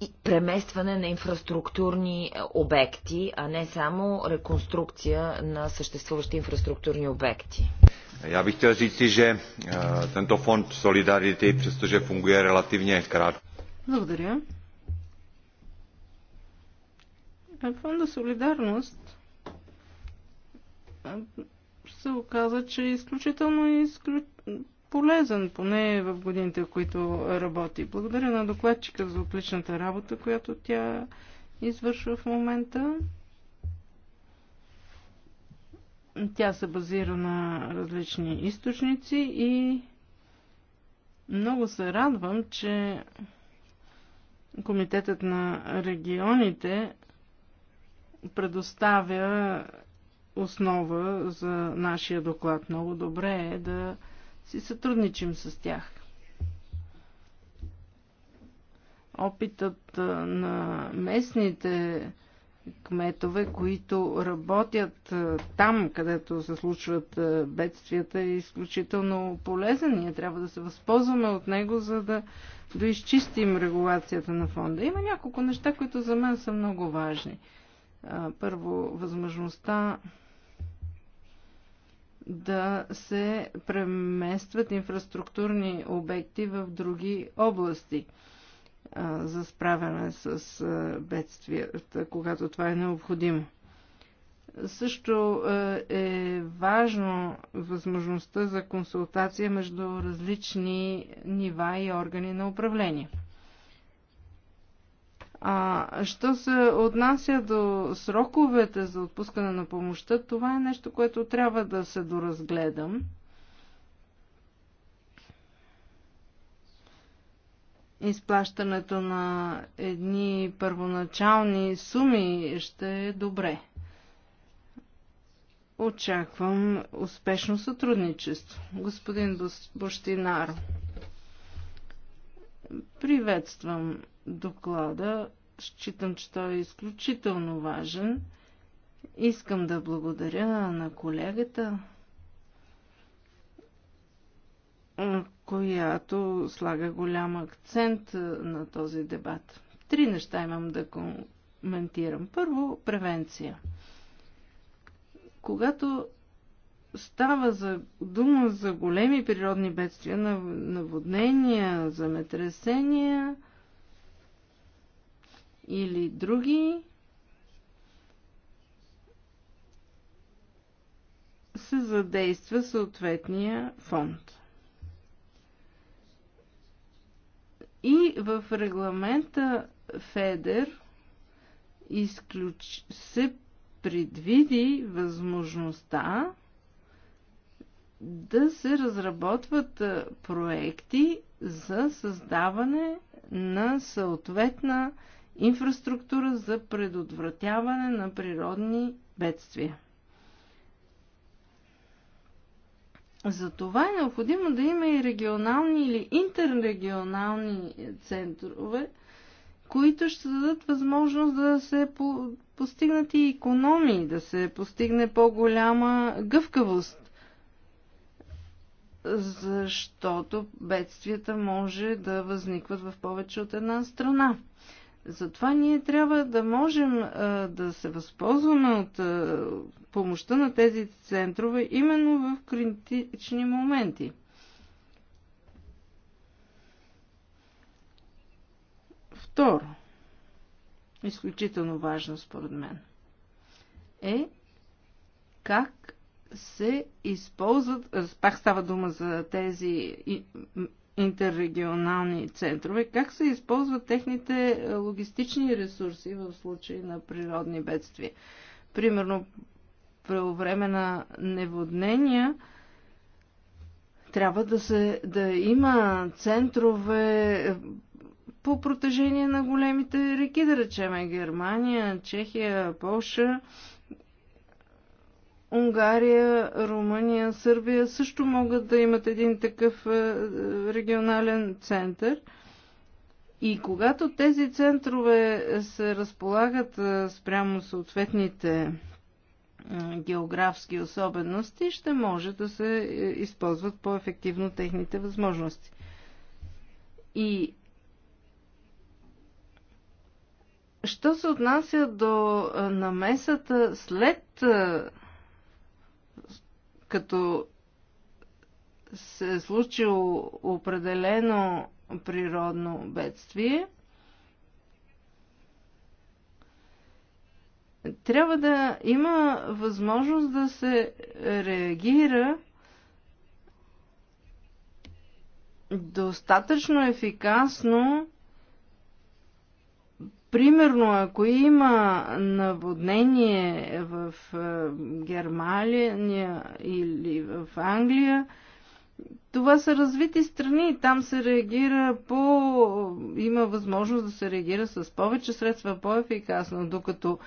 И преместване на инфраструктурни е, обекти, а не само реконструкция на съществуващи инфраструктурни обекти. Já bych chtěl říci, že е, tento fond Solidarity, přestože funguje relativně krátko. Благодаря. Е, фонда Солидарност се оказа, че е изключително изклю... полезен, поне в годините, в които работи. Благодаря на докладчика за отличната работа, която тя извършва в момента. Тя се базира на различни източници и много се радвам, че Комитетът на регионите предоставя основа за нашия доклад. Много добре е да си сътрудничим с тях. Опитът на местните кметове, които работят там, където се случват бедствията, е изключително полезен. Ние трябва да се възползваме от него, за да доизчистим регулацията на фонда. Има няколко неща, които за мен са много важни. Първо, възможността да се преместват инфраструктурни обекти в други области за справяне с бедствията, когато това е необходимо. Също е важно възможността за консултация между различни нива и органи на управление. А, що се отнася до сроковете за отпускане на помощта, това е нещо, което трябва да се доразгледам. Изплащането на едни първоначални суми ще е добре. Очаквам успешно сътрудничество. Господин Бощинар. Приветствам доклада. Считам, че той е изключително важен. Искам да благодаря на колегата, която слага голям акцент на този дебат. Три неща имам да коментирам. Първо, превенция. Когато става за дума за големи природни бедствия, наводнения, земетресения или други, се задейства съответния фонд. И в регламента ФЕДЕР изключ... се предвиди възможността да се разработват проекти за създаване на съответна инфраструктура за предотвратяване на природни бедствия. За това е необходимо да има и регионални или интеррегионални центрове, които ще дадат възможност да се постигнат и економии, да се постигне по-голяма гъвкавост защото бедствията може да възникват в повече от една страна. Затова ние трябва да можем а, да се възползваме от а, помощта на тези центрове именно в критични моменти. Второ, изключително важно според мен, е как се използват, пак става дума за тези интеррегионални центрове, как се използват техните логистични ресурси в случай на природни бедствия. Примерно, по време на неводнения, трябва да, се, да има центрове по протежение на големите реки, да речеме Германия, Чехия, Полша, Унгария, Румъния, Сърбия също могат да имат един такъв е, регионален център. И когато тези центрове се разполагат е, спрямо съответните е, географски особености, ще може да се използват по-ефективно техните възможности. И що се отнася до намесата след като се е случило определено природно бедствие, трябва да има възможност да се реагира достатъчно ефикасно Примерно, ако има наводнение в е, Германия или в Англия, това са развити страни, там се реагира по... има възможност да се реагира с повече средства, по-ефикасно, докато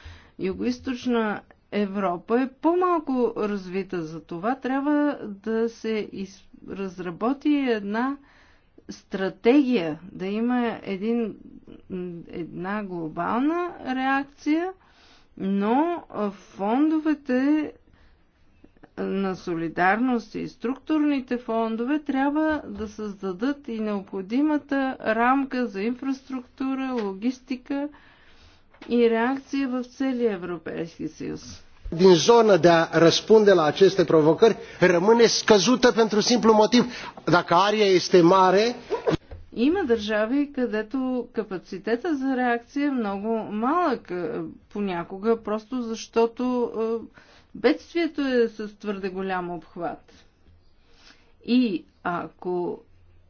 Юго-Источна Европа е по-малко развита. За това трябва да се из... разработи една стратегия, да има един, една глобална реакция, но фондовете на солидарност и структурните фондове трябва да създадат и необходимата рамка за инфраструктура, логистика и реакция в целия Европейски съюз din zonă de a răspunde la aceste provocări rămâne scăzută pentru simplul motiv. Dacă aria este mare, има държави, където капацитета за реакция е много малък е, понякога, просто защото е, бедствието е с твърде голям обхват. И ако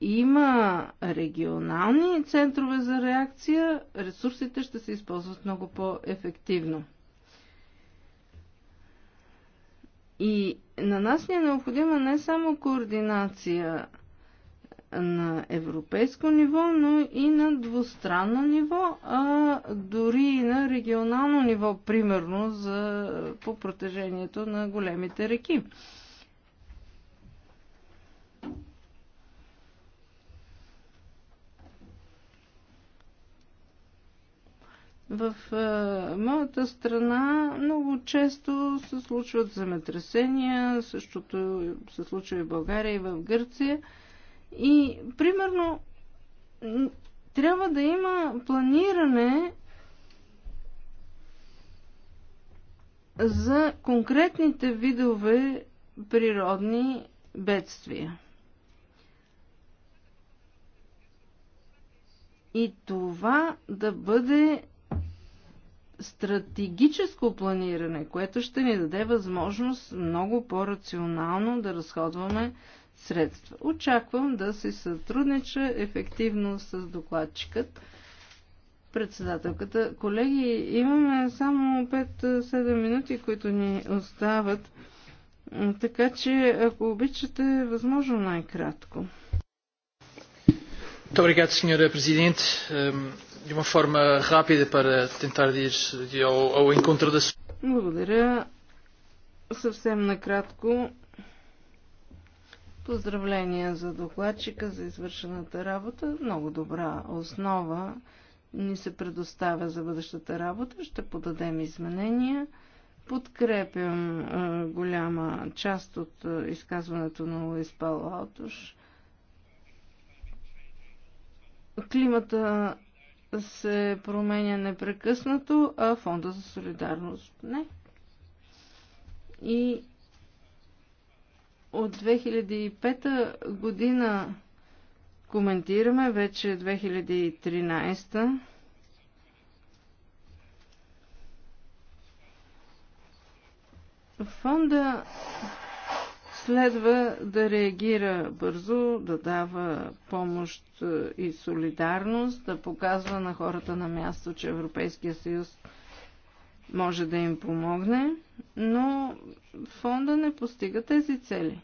има регионални центрове за реакция, ресурсите ще се използват много по-ефективно. И на нас ни е необходима не само координация на европейско ниво, но и на двустранно ниво, а дори и на регионално ниво, примерно за, по протежението на големите реки. В а, е, моята страна много често се случват земетресения, същото се случва и в България, и в Гърция. И примерно трябва да има планиране за конкретните видове природни бедствия. И това да бъде стратегическо планиране, което ще ни даде възможност много по-рационално да разходваме средства. Очаквам да се сътруднича ефективно с докладчикът, председателката. Колеги, имаме само 5-7 минути, които ни остават, така че ако обичате, възможно най-кратко. Добре, господин президент de uma forma rápida para tentar ir ao, ao encontro da Благодаря. Съвсем накратко. Поздравления за докладчика, за извършената работа. Много добра основа ни се предоставя за бъдещата работа. Ще подадем изменения. Подкрепям е, голяма част от е, изказването на Луис Пало Климата се променя непрекъснато, а фонда за солидарност не. И от 2005 година коментираме, вече 2013 е Фонда следва да реагира бързо, да дава помощ е, и солидарност, да показва на хората на място, че Европейския съюз може да им помогне, но фонда не постига тези цели.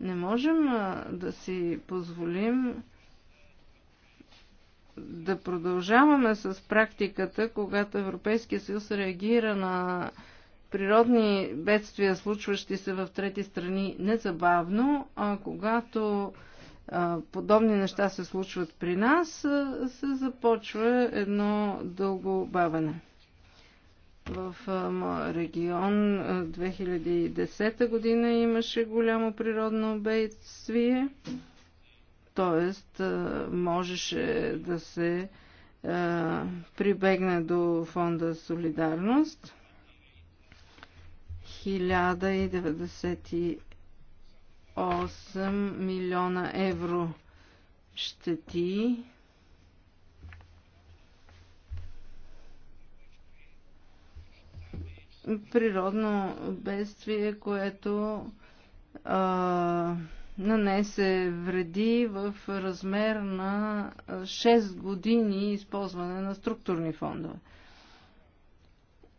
Не можем е, да си позволим да продължаваме с практиката, когато Европейския съюз реагира на природни бедствия, случващи се в трети страни, незабавно, а когато подобни неща се случват при нас, се започва едно дълго бавене. В моя регион 2010 година имаше голямо природно бедствие, т.е. можеше да се прибегне до фонда Солидарност – 1098 милиона евро щети. Природно бедствие, което а, нанесе вреди в размер на 6 години използване на структурни фондове.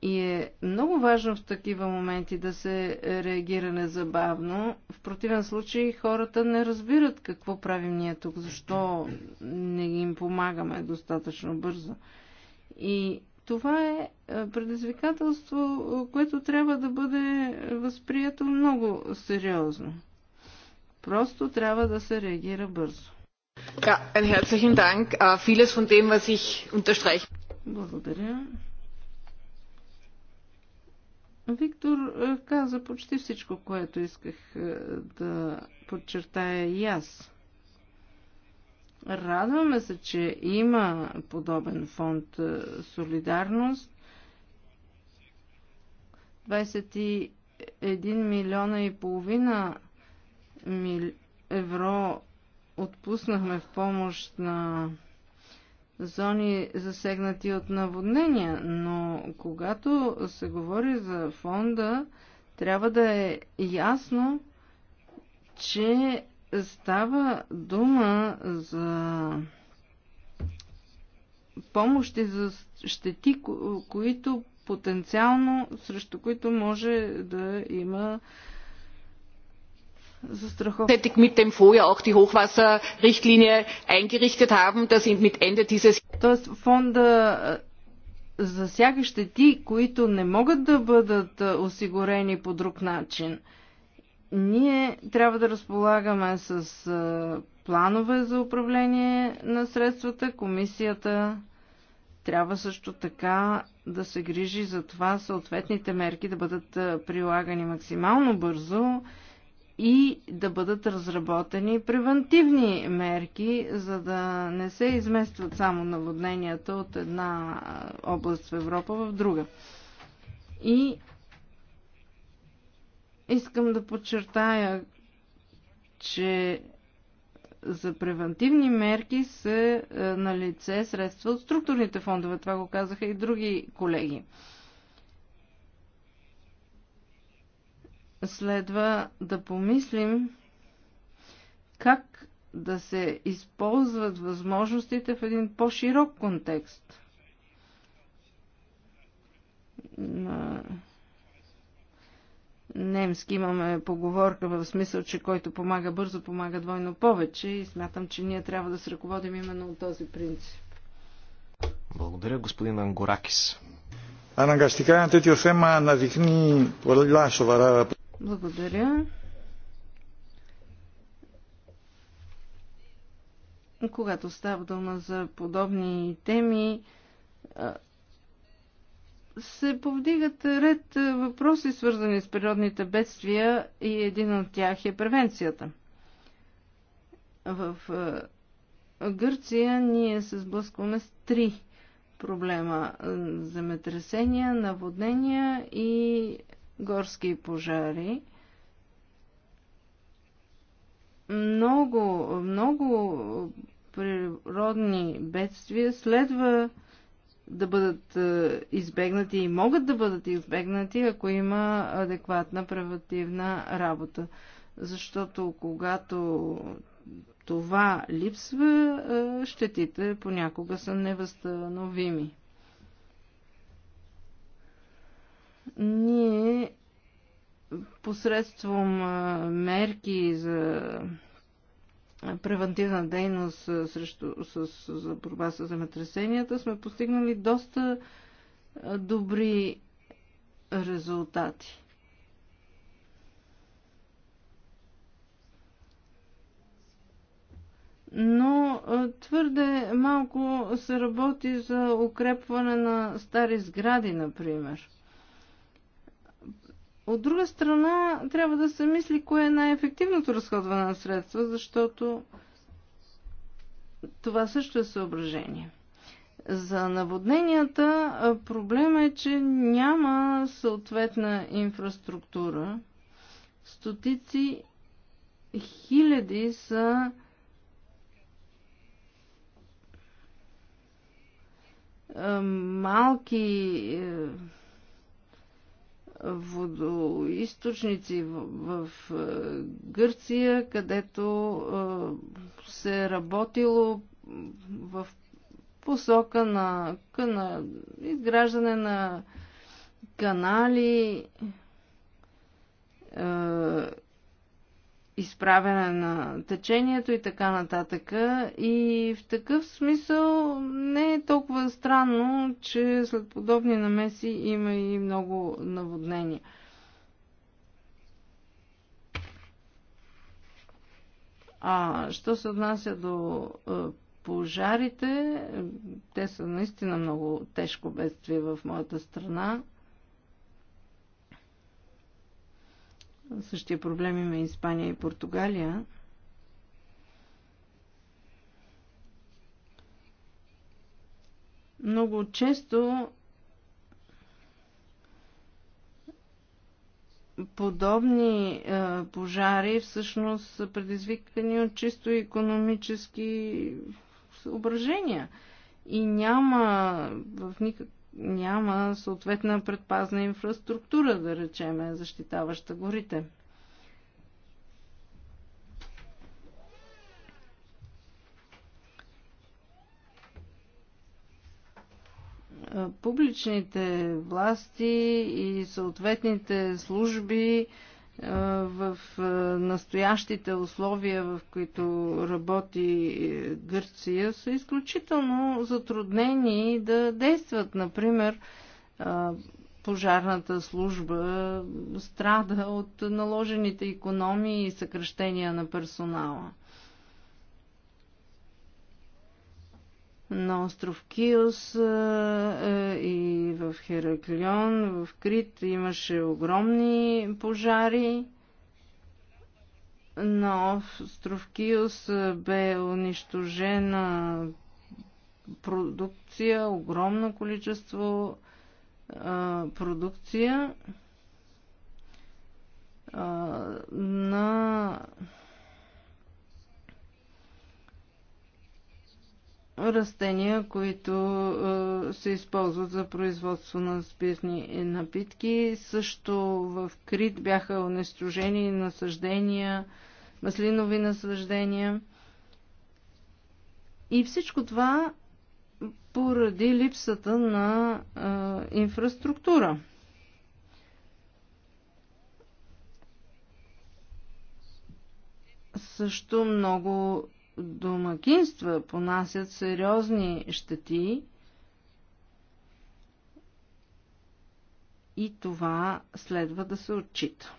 И е много важно в такива моменти да се реагира незабавно. В противен случай хората не разбират какво правим ние тук, защо не им помагаме достатъчно бързо. И това е, е предизвикателство, което трябва да бъде възприето много сериозно. Просто трябва да се реагира бързо. Ja, ein herzlichen Dank. Vieles von dem, was ich unterstreiche. Благодаря. Виктор е, каза почти всичко, което исках е, да подчертая и аз. Радваме се, че има подобен фонд е, Солидарност. 21 милиона и половина евро отпуснахме в помощ на зони засегнати от наводнения, но когато се говори за фонда, трябва да е ясно, че става дума за помощи за щети, които потенциално срещу които може да има hätte ich mit dem fonds ja auch die hochwasserrichtlinie eingerichtet haben dass mit ende dieses засяга щети, които не могат да бъдат осигурени по друг начин. Ние трябва да разполагаме с планове за управление на средствата. Комисията трябва също така да се грижи за това съответните мерки да бъдат прилагани максимално бързо и да бъдат разработени превентивни мерки, за да не се изместват само наводненията от една област в Европа в друга. И искам да подчертая, че за превентивни мерки са е, на лице средства от структурните фондове. Това го казаха и други колеги. следва да помислим как да се използват възможностите в един по-широк контекст. На немски имаме поговорка в смисъл, че който помага бързо, помага двойно повече и смятам, че ние трябва да се ръководим именно от този принцип. Благодаря, господин Ангоракис. Αναγκαστικά ένα τέτοιο θέμα αναδεικνύει πολλά благодаря. Когато става дума за подобни теми, се повдигат ред въпроси, свързани с природните бедствия и един от тях е превенцията. В Гърция ние се сблъскваме с три проблема. Земетресения, наводнения и горски пожари. Много, много природни бедствия следва да бъдат е, избегнати и могат да бъдат избегнати, ако има адекватна превативна работа. Защото когато това липсва, е, щетите понякога са невъзстановими. Ние посредством мерки за превентивна дейност срещу, с, за борба с земетресенията сме постигнали доста добри резултати. но твърде малко се работи за укрепване на стари сгради, например. От друга страна, трябва да се мисли кое е най-ефективното разходване на средства, защото това също е съображение. За наводненията проблема е, че няма съответна инфраструктура. Стотици хиляди са малки водоисточници в, в е, Гърция, където е, се е работило в посока на, на изграждане на канали е, изправяне на течението и така нататък. И в такъв смисъл не е толкова странно, че след подобни намеси има и много наводнения. А що се отнася до пожарите, те са наистина много тежко бедствие в моята страна. Същия проблем има и Испания и Португалия. Много често подобни е, пожари всъщност са предизвикани от чисто економически съображения. И няма в никакъв няма съответна предпазна инфраструктура, да речеме, защитаваща горите. Публичните власти и съответните служби в настоящите условия, в които работи е, Гърция, са изключително затруднени да действат. Например, пожарната служба страда от наложените економии и съкръщения на персонала. на остров Киос и в Хераклион, в Крит имаше огромни пожари. На остров Киос бе унищожена продукция, огромно количество продукция на растения, които се използват за производство на спиртни напитки. Също в Крит бяха унищожени насъждения, маслинови насъждения. И всичко това поради липсата на е, инфраструктура. Също много домакинства понасят сериозни щети и това следва да се отчита.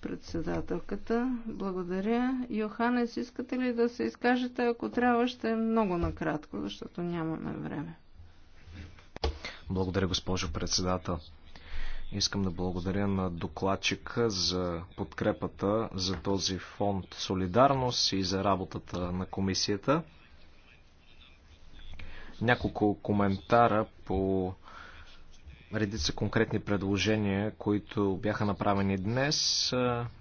Председателката, благодаря. Йоханес, искате ли да се изкажете? Ако трябва, ще е много накратко, защото нямаме време. Благодаря, госпожо председател. Искам да благодаря на докладчика за подкрепата за този фонд Солидарност и за работата на комисията. Няколко коментара по редица конкретни предложения, които бяха направени днес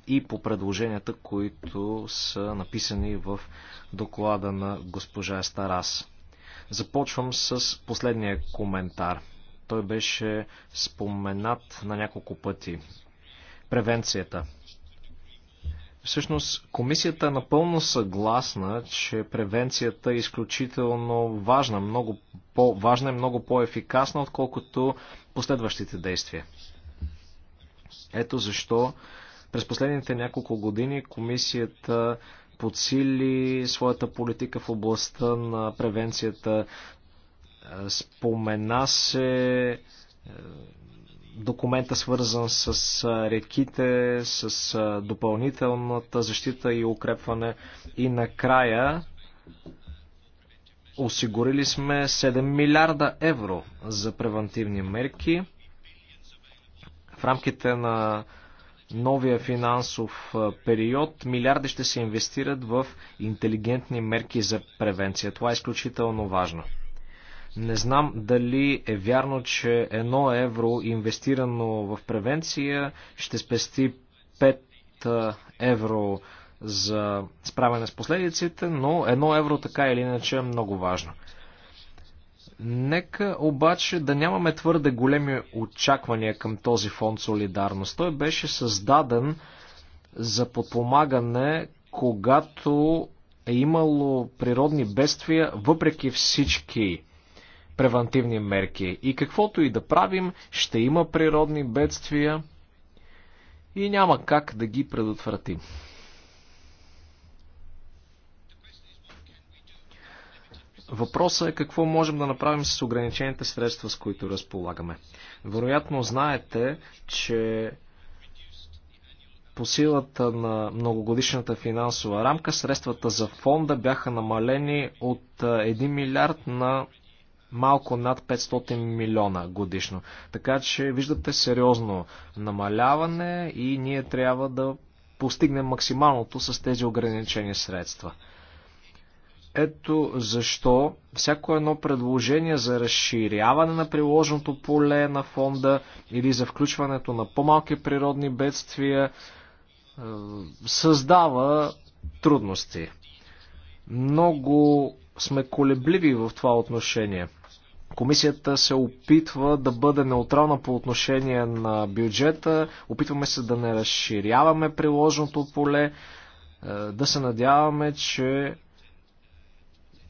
и по предложенията, които са написани в доклада на госпожа Старас. Започвам с последния коментар – той беше споменат на няколко пъти. Превенцията. Всъщност, комисията е напълно съгласна, че превенцията е изключително важна, много по-важна и много по-ефикасна, отколкото последващите действия. Ето защо през последните няколко години комисията подсили своята политика в областта на превенцията, Спомена се е, документа свързан с е, реките, с е, допълнителната защита и укрепване. И накрая осигурили сме 7 милиарда евро за превентивни мерки в рамките на новия финансов период милиарди ще се инвестират в интелигентни мерки за превенция. Това е изключително важно. Не знам дали е вярно, че едно евро инвестирано в превенция ще спести 5 евро за справяне с последиците, но едно евро така или иначе е много важно. Нека обаче да нямаме твърде големи очаквания към този фонд Солидарност. Той беше създаден за подпомагане, когато е имало природни бедствия, въпреки всички превантивни мерки. И каквото и да правим, ще има природни бедствия и няма как да ги предотвратим. Въпросът е какво можем да направим с ограничените средства, с които разполагаме. Вероятно знаете, че по силата на многогодишната финансова рамка средствата за фонда бяха намалени от 1 милиард на малко над 500 милиона годишно. Така че виждате сериозно намаляване и ние трябва да постигнем максималното с тези ограничени средства. Ето защо всяко едно предложение за разширяване на приложеното поле на фонда или за включването на по-малки природни бедствия е, създава трудности. Много сме колебливи в това отношение. Комисията се опитва да бъде неутрална по отношение на бюджета, опитваме се да не разширяваме приложното поле, е, да се надяваме, че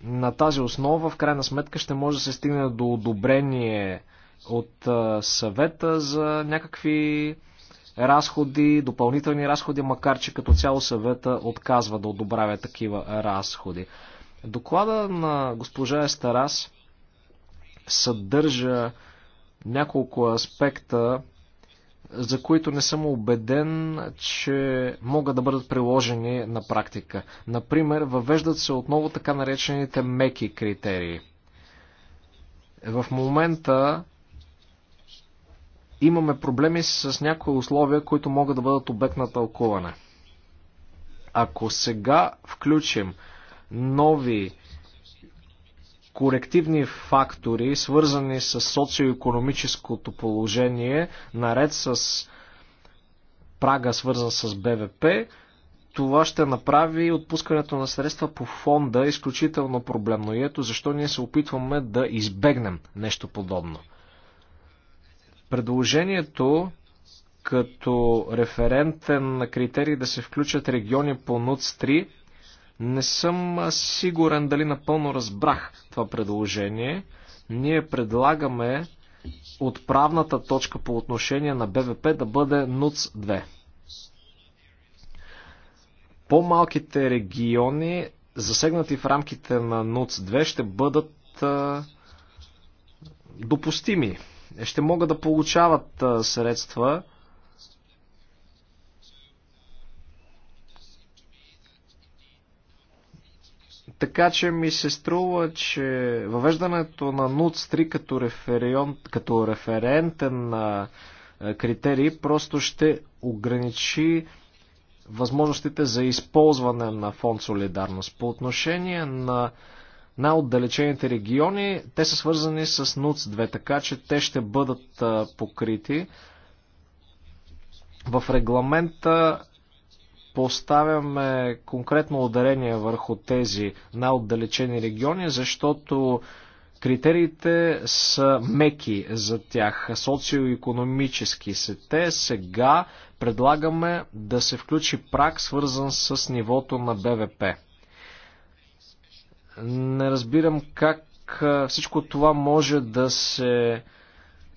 на тази основа в крайна сметка ще може да се стигне до одобрение от е, съвета за някакви разходи, допълнителни разходи, макар че като цяло съвета отказва да одобравя такива разходи. Доклада на госпожа Естарас съдържа няколко аспекта, за които не съм убеден, че могат да бъдат приложени на практика. Например, въвеждат се отново така наречените меки критерии. В момента имаме проблеми с някои условия, които могат да бъдат обект на тълкуване. Ако сега включим нови корективни фактори, свързани с социо-економическото положение, наред с прага, свързан с БВП, това ще направи отпускането на средства по фонда изключително проблемно. И ето защо ние се опитваме да избегнем нещо подобно. Предложението като референтен на критерий да се включат региони по НУЦ 3 не съм сигурен дали напълно разбрах това предложение. Ние предлагаме отправната точка по отношение на БВП да бъде НУЦ 2. По-малките региони, засегнати в рамките на НУЦ 2, ще бъдат допустими. Ще могат да получават средства Така че ми се струва, че въвеждането на НУЦ-3 като, референ, като референтен на критерии просто ще ограничи възможностите за използване на фонд Солидарност. По отношение на най-отдалечените региони, те са свързани с НУЦ-2, така че те ще бъдат покрити. В регламента поставяме конкретно ударение върху тези най-отдалечени региони, защото критериите са меки за тях, социо-економически се те. Сега предлагаме да се включи прак, свързан с нивото на БВП. Не разбирам как всичко това може да се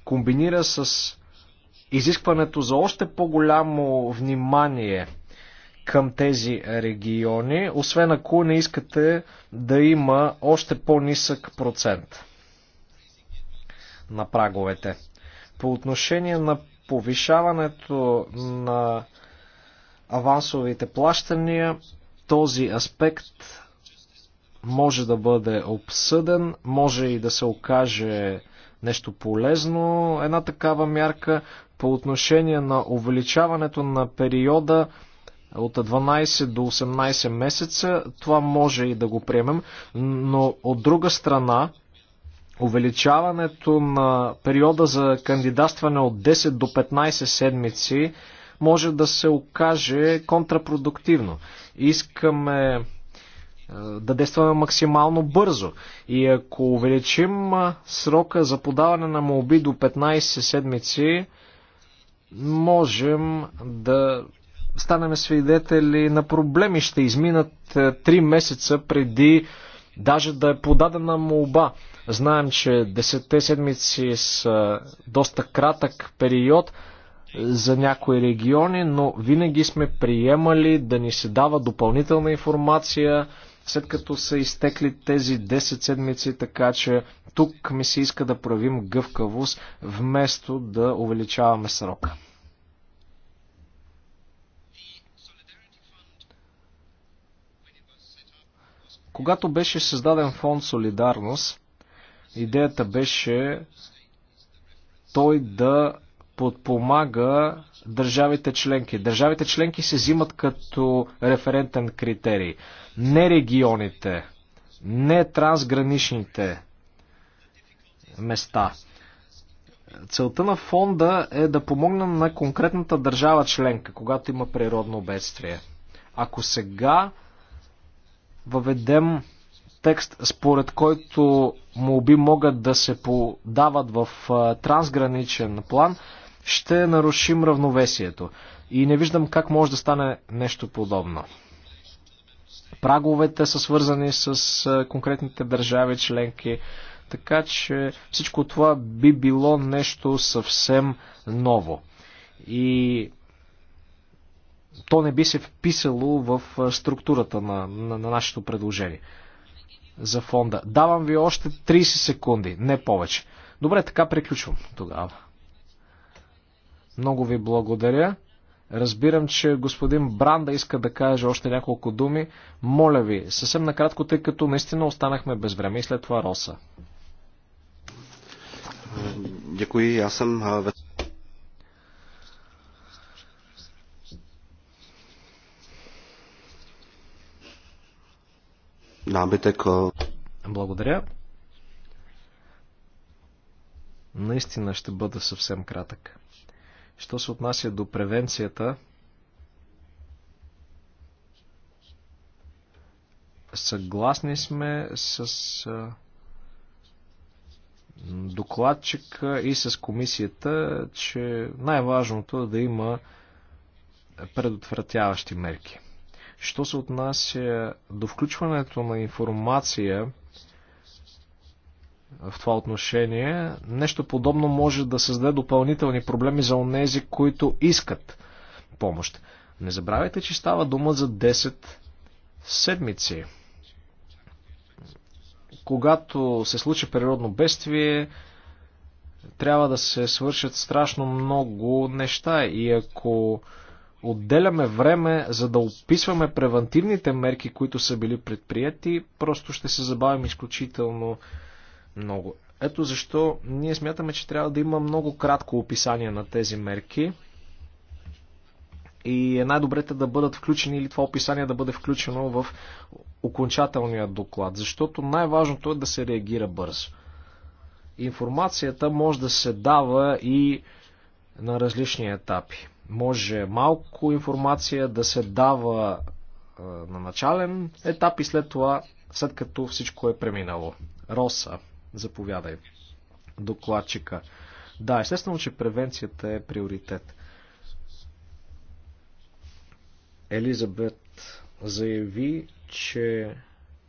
комбинира с изискването за още по-голямо внимание – към тези региони, освен ако не искате да има още по-нисък процент на праговете. По отношение на повишаването на авансовите плащания, този аспект може да бъде обсъден, може и да се окаже нещо полезно, една такава мярка по отношение на увеличаването на периода от 12 до 18 месеца, това може и да го приемем, но от друга страна, увеличаването на периода за кандидатстване от 10 до 15 седмици може да се окаже контрапродуктивно. Искаме е, да действаме максимално бързо. И ако увеличим е, срока за подаване на молби до 15 седмици, можем да станем свидетели на проблеми. Ще изминат 3 е, месеца преди даже да е подадена молба. Знаем, че 10 седмици са доста кратък период за някои региони, но винаги сме приемали да ни се дава допълнителна информация, след като са изтекли тези 10 седмици, така че тук ми се иска да правим гъвкавост, вместо да увеличаваме срока. Когато беше създаден фонд Солидарност, идеята беше той да подпомага държавите членки. Държавите членки се взимат като референтен критерий. Не регионите, не трансграничните места. Целта на фонда е да помогне на конкретната държава членка, когато има природно бедствие. Ако сега въведем текст, според който молби могат да се подават в трансграничен план, ще нарушим равновесието. И не виждам как може да стане нещо подобно. Праговете са свързани с конкретните държави членки, така че всичко това би било нещо съвсем ново. И то не би се вписало в структурата на, на, на нашето предложение за фонда. Давам ви още 30 секунди, не повече. Добре, така приключвам тогава. Много ви благодаря. Разбирам, че господин Бранда иска да каже още няколко думи. Моля ви, съвсем накратко, тъй като наистина останахме без време и след това Роса. Дякую, já съм... набитък. Благодаря. Наистина ще бъда съвсем кратък. Що се отнася до превенцията, съгласни сме с докладчика и с комисията, че най-важното е да има предотвратяващи мерки. Що се отнася до включването на информация в това отношение, нещо подобно може да създаде допълнителни проблеми за онези, които искат помощ. Не забравяйте, че става дума за 10 седмици. Когато се случи природно бедствие, трябва да се свършат страшно много неща и ако отделяме време, за да описваме превентивните мерки, които са били предприяти, просто ще се забавим изключително много. Ето защо ние смятаме, че трябва да има много кратко описание на тези мерки и е най-добре да бъдат включени или това описание да бъде включено в окончателния доклад, защото най-важното е да се реагира бързо. Информацията може да се дава и на различни етапи. Може малко информация да се дава на начален етап и след това, след като всичко е преминало. Роса, заповядай. Докладчика. Да, естествено, че превенцията е приоритет. Елизабет заяви, че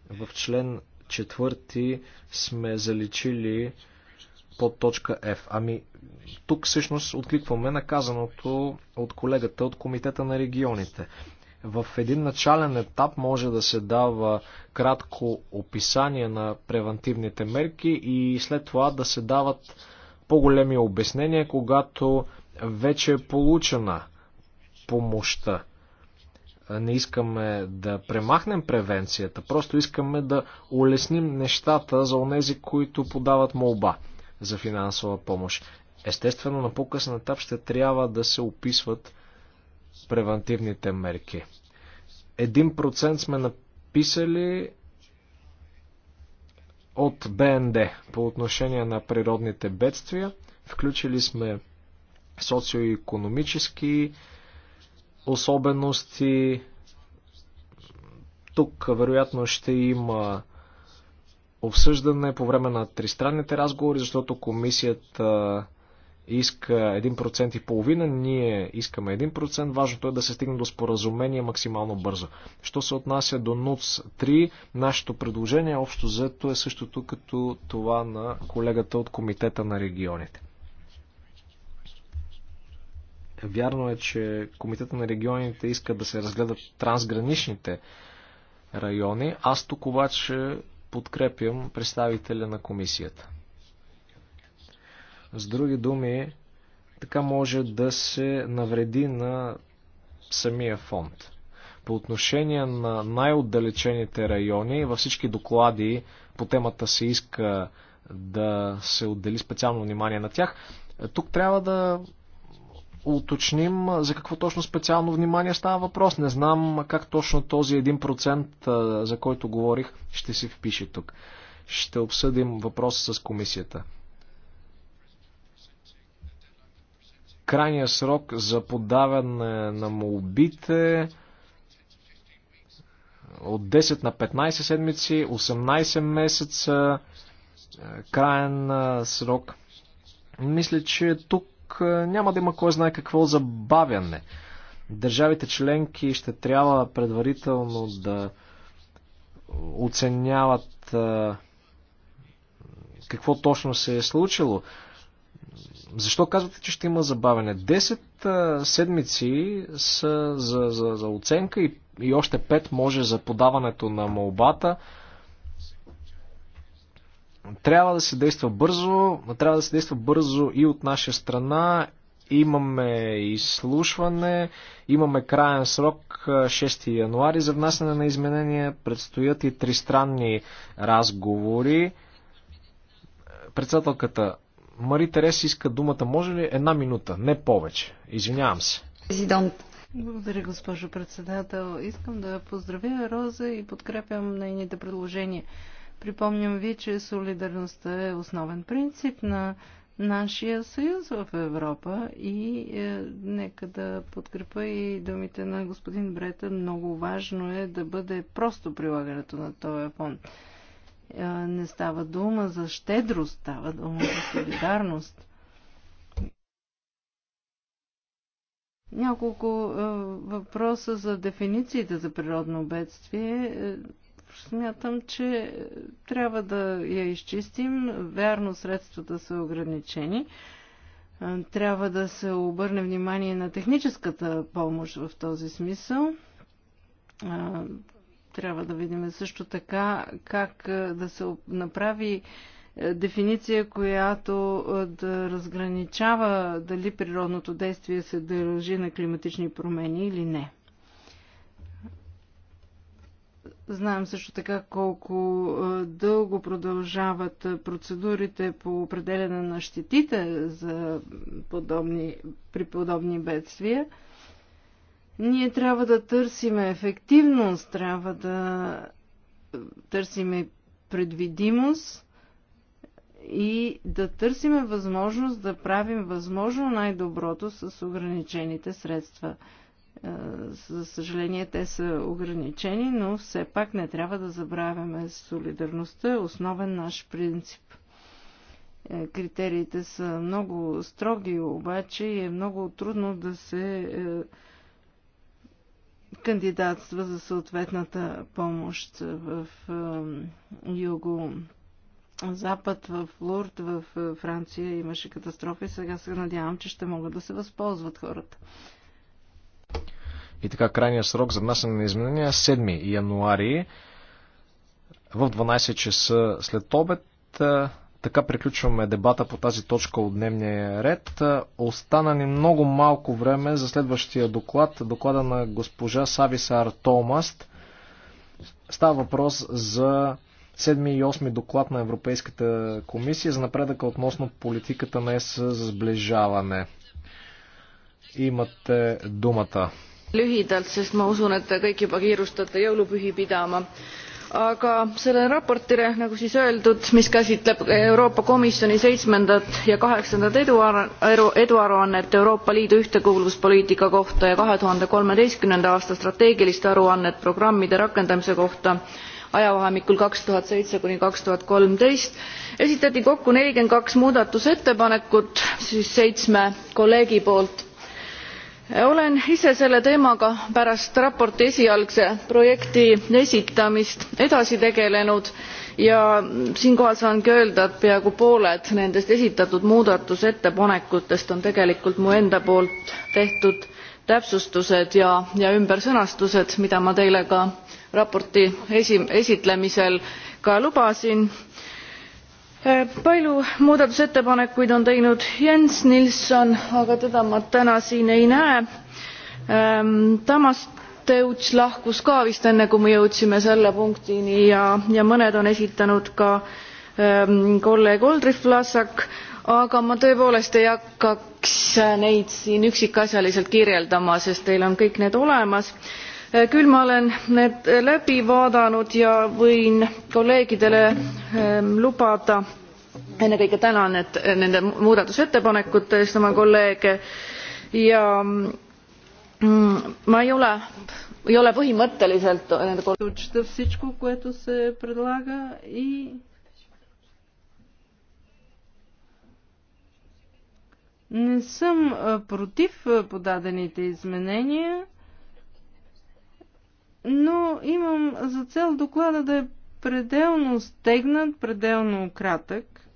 в член четвърти сме заличили под точка F. Ами, тук всъщност откликваме наказаното от колегата от Комитета на регионите. В един начален етап може да се дава кратко описание на превентивните мерки и след това да се дават по-големи обяснения, когато вече е получена помощта. Не искаме да премахнем превенцията, просто искаме да улесним нещата за онези, които подават молба за финансова помощ. Естествено, на по-късен етап ще трябва да се описват превентивните мерки. Един процент сме написали от БНД по отношение на природните бедствия. Включили сме социо економически особености. Тук вероятно ще има обсъждане по време на тристранните разговори, защото комисията иска 1% и половина, ние искаме 1%, важното е да се стигне до споразумение максимално бързо. Що се отнася до НУЦ 3, нашето предложение общо взето е същото като това на колегата от Комитета на регионите. Вярно е, че Комитета на регионите иска да се разгледат трансграничните райони. Аз тук обаче подкрепям представителя на комисията. С други думи, така може да се навреди на самия фонд. По отношение на най-отдалечените райони, във всички доклади по темата се иска да се отдели специално внимание на тях. Тук трябва да уточним за какво точно специално внимание става въпрос. Не знам как точно този 1%, за който говорих, ще се впише тук. Ще обсъдим въпрос с комисията. Крайният срок за подаване на молбите от 10 на 15 седмици, 18 месеца, крайен срок. Мисля, че тук тук е, няма да има кой знае какво забавяне. Държавите членки ще трябва предварително да оценяват е, какво точно се е случило. Защо казвате, че ще има забавене? Десет е, седмици са за, за, за оценка и, и още 5 може за подаването на молбата. Трябва да се действа бързо, трябва да се действа бързо и от наша страна. Имаме изслушване, имаме краен срок 6 януари за внасяне на изменения, предстоят и тристранни разговори. Председателката Мари Терес иска думата. Може ли една минута? Не повече. Извинявам се. Президент. Благодаря, госпожо председател. Искам да поздравя Роза и подкрепям нейните предложения. Припомням ви, че солидарността е основен принцип на нашия съюз в Европа и е, нека да подкрепа и думите на господин Брета. Много важно е да бъде просто прилагането на този фонд. Е, не става дума за щедрост, става дума за солидарност. Няколко е, въпроса за дефинициите за природно бедствие. Е, Смятам, че трябва да я изчистим. Вярно, средствата са ограничени. Трябва да се обърне внимание на техническата помощ в този смисъл. Трябва да видим също така как да се направи е, дефиниция, която да разграничава дали природното действие се дължи на климатични промени или не. Знаем също така колко е, дълго продължават е, процедурите по определене на щетите за подобни, при подобни бедствия. Ние трябва да търсиме ефективност, трябва да е, търсиме предвидимост и да търсиме възможност да правим възможно най-доброто с ограничените средства. Е, за съжаление, те са ограничени, но все пак не трябва да забравяме солидарността, основен наш принцип. Е, критериите са много строги, обаче и е много трудно да се е, кандидатства за съответната помощ в юго запад, в Лурд, в Франция имаше катастрофи. Сега се надявам, че ще могат да се възползват хората. И така крайният срок за внасяне на изменения 7 е януари в 12 часа след обед. Е, така приключваме дебата по тази точка от дневния ред. Е, остана ни много малко време за следващия доклад, доклада на госпожа Сависар Томаст. Става въпрос за 7 и 8 доклад на Европейската комисия за напредъка относно политиката на ЕС за сближаване. Имате думата lühidalt sest ma usun et te kõik juba kiirustate jõulupühi pidama aga selle raportile nagu siis öeldud mis käsitleb euroopa komisjoni seitsmendat ja kaheksandat eduaruannet euroopa liidu ühtekuuluvuspoliitika kohta ja 2013. aasta strateegilist aruannet programmide rakendamise kohta ajavahemikul 2007 kuni 2013 esitati kokku 42 muudatusettepanekut siis seitsme kolleegi poolt olen ise selle teemaga pärast raporti esialgse projekti esitamist edasi tegelenud ja siinkohal saangi öelda et peaaegu pooled nendest esitatud muudatusettepanekutest on tegelikult mu enda poolt tehtud täpsustused ja ümbersõnastused mida ma teile ka raporti esitlemisel ka lubasin palju muudatusettepanekuid on teinud jens nilsson aga teda ma täna siin ei näe. tamas deutsch lahkus ka vist enne kui me jõudsime selle punktini ja mõned on esitanud ka kolleeg oldrich vlasak aga ma tõepoolest ei hakkaks neid siin üksikasjaliselt kirjeldama sest teil on kõik need olemas küll ma olen need läbi vaadanud ja võin kolleegidele lubada ennekõike tänan nende muudatusettepanekute eest oma kolleege ja ma ei ole ei ole põhimõtteliselt Прочита всичко, не съм против подадените изменения но имам за цел доклада да е пределно стегнат, пределно кратък.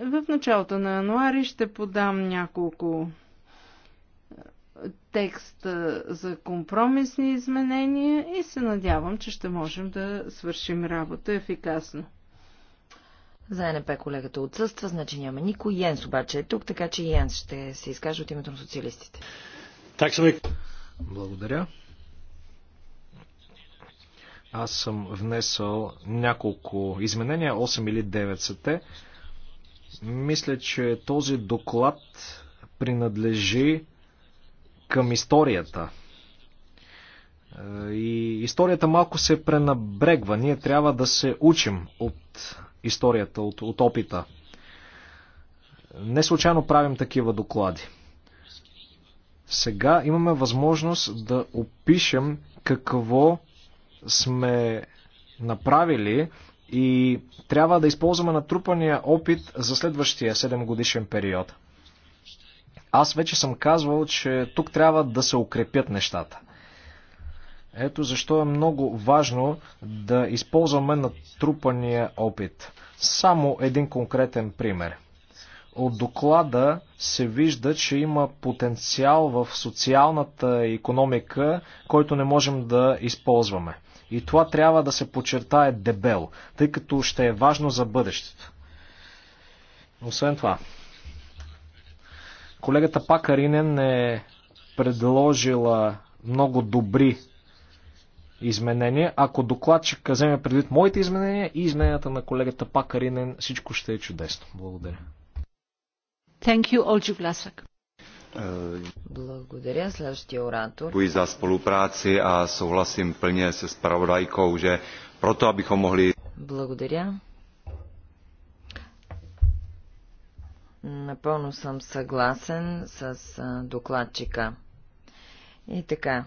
В началото на януари ще подам няколко е, текста за компромисни изменения и се надявам, че ще можем да свършим работа ефикасно. За НП колегата отсъства, значи няма никой. Йенс обаче е тук, така че Йенс ще се изкаже от името на социалистите. Благодаря. Аз съм внесъл няколко изменения, 8 или 9 са те. Мисля, че този доклад принадлежи към историята. Е, и историята малко се пренабрегва. Ние трябва да се учим от историята, от, от опита. Не случайно правим такива доклади. Сега имаме възможност да опишем какво сме направили и трябва да използваме натрупания опит за следващия 7 годишен период. Аз вече съм казвал, че тук трябва да се укрепят нещата. Ето защо е много важно да използваме натрупания опит. Само един конкретен пример – от доклада се вижда, че има потенциал в социалната економика, който не можем да използваме. И това трябва да се подчертае дебело, тъй като ще е важно за бъдещето. Освен това, колегата Пакаринен е предложила много добри изменения. Ако докладчика вземе предвид моите изменения и измененията на колегата Пакаринен, всичко ще е чудесно. Благодаря. Благодаря. Следващия оратор. Děkuji za spolupráci a souhlasím plně se spravodajkou, že proto, abychom mohli... Благодаря. Напълно съм съгласен с докладчика. И така,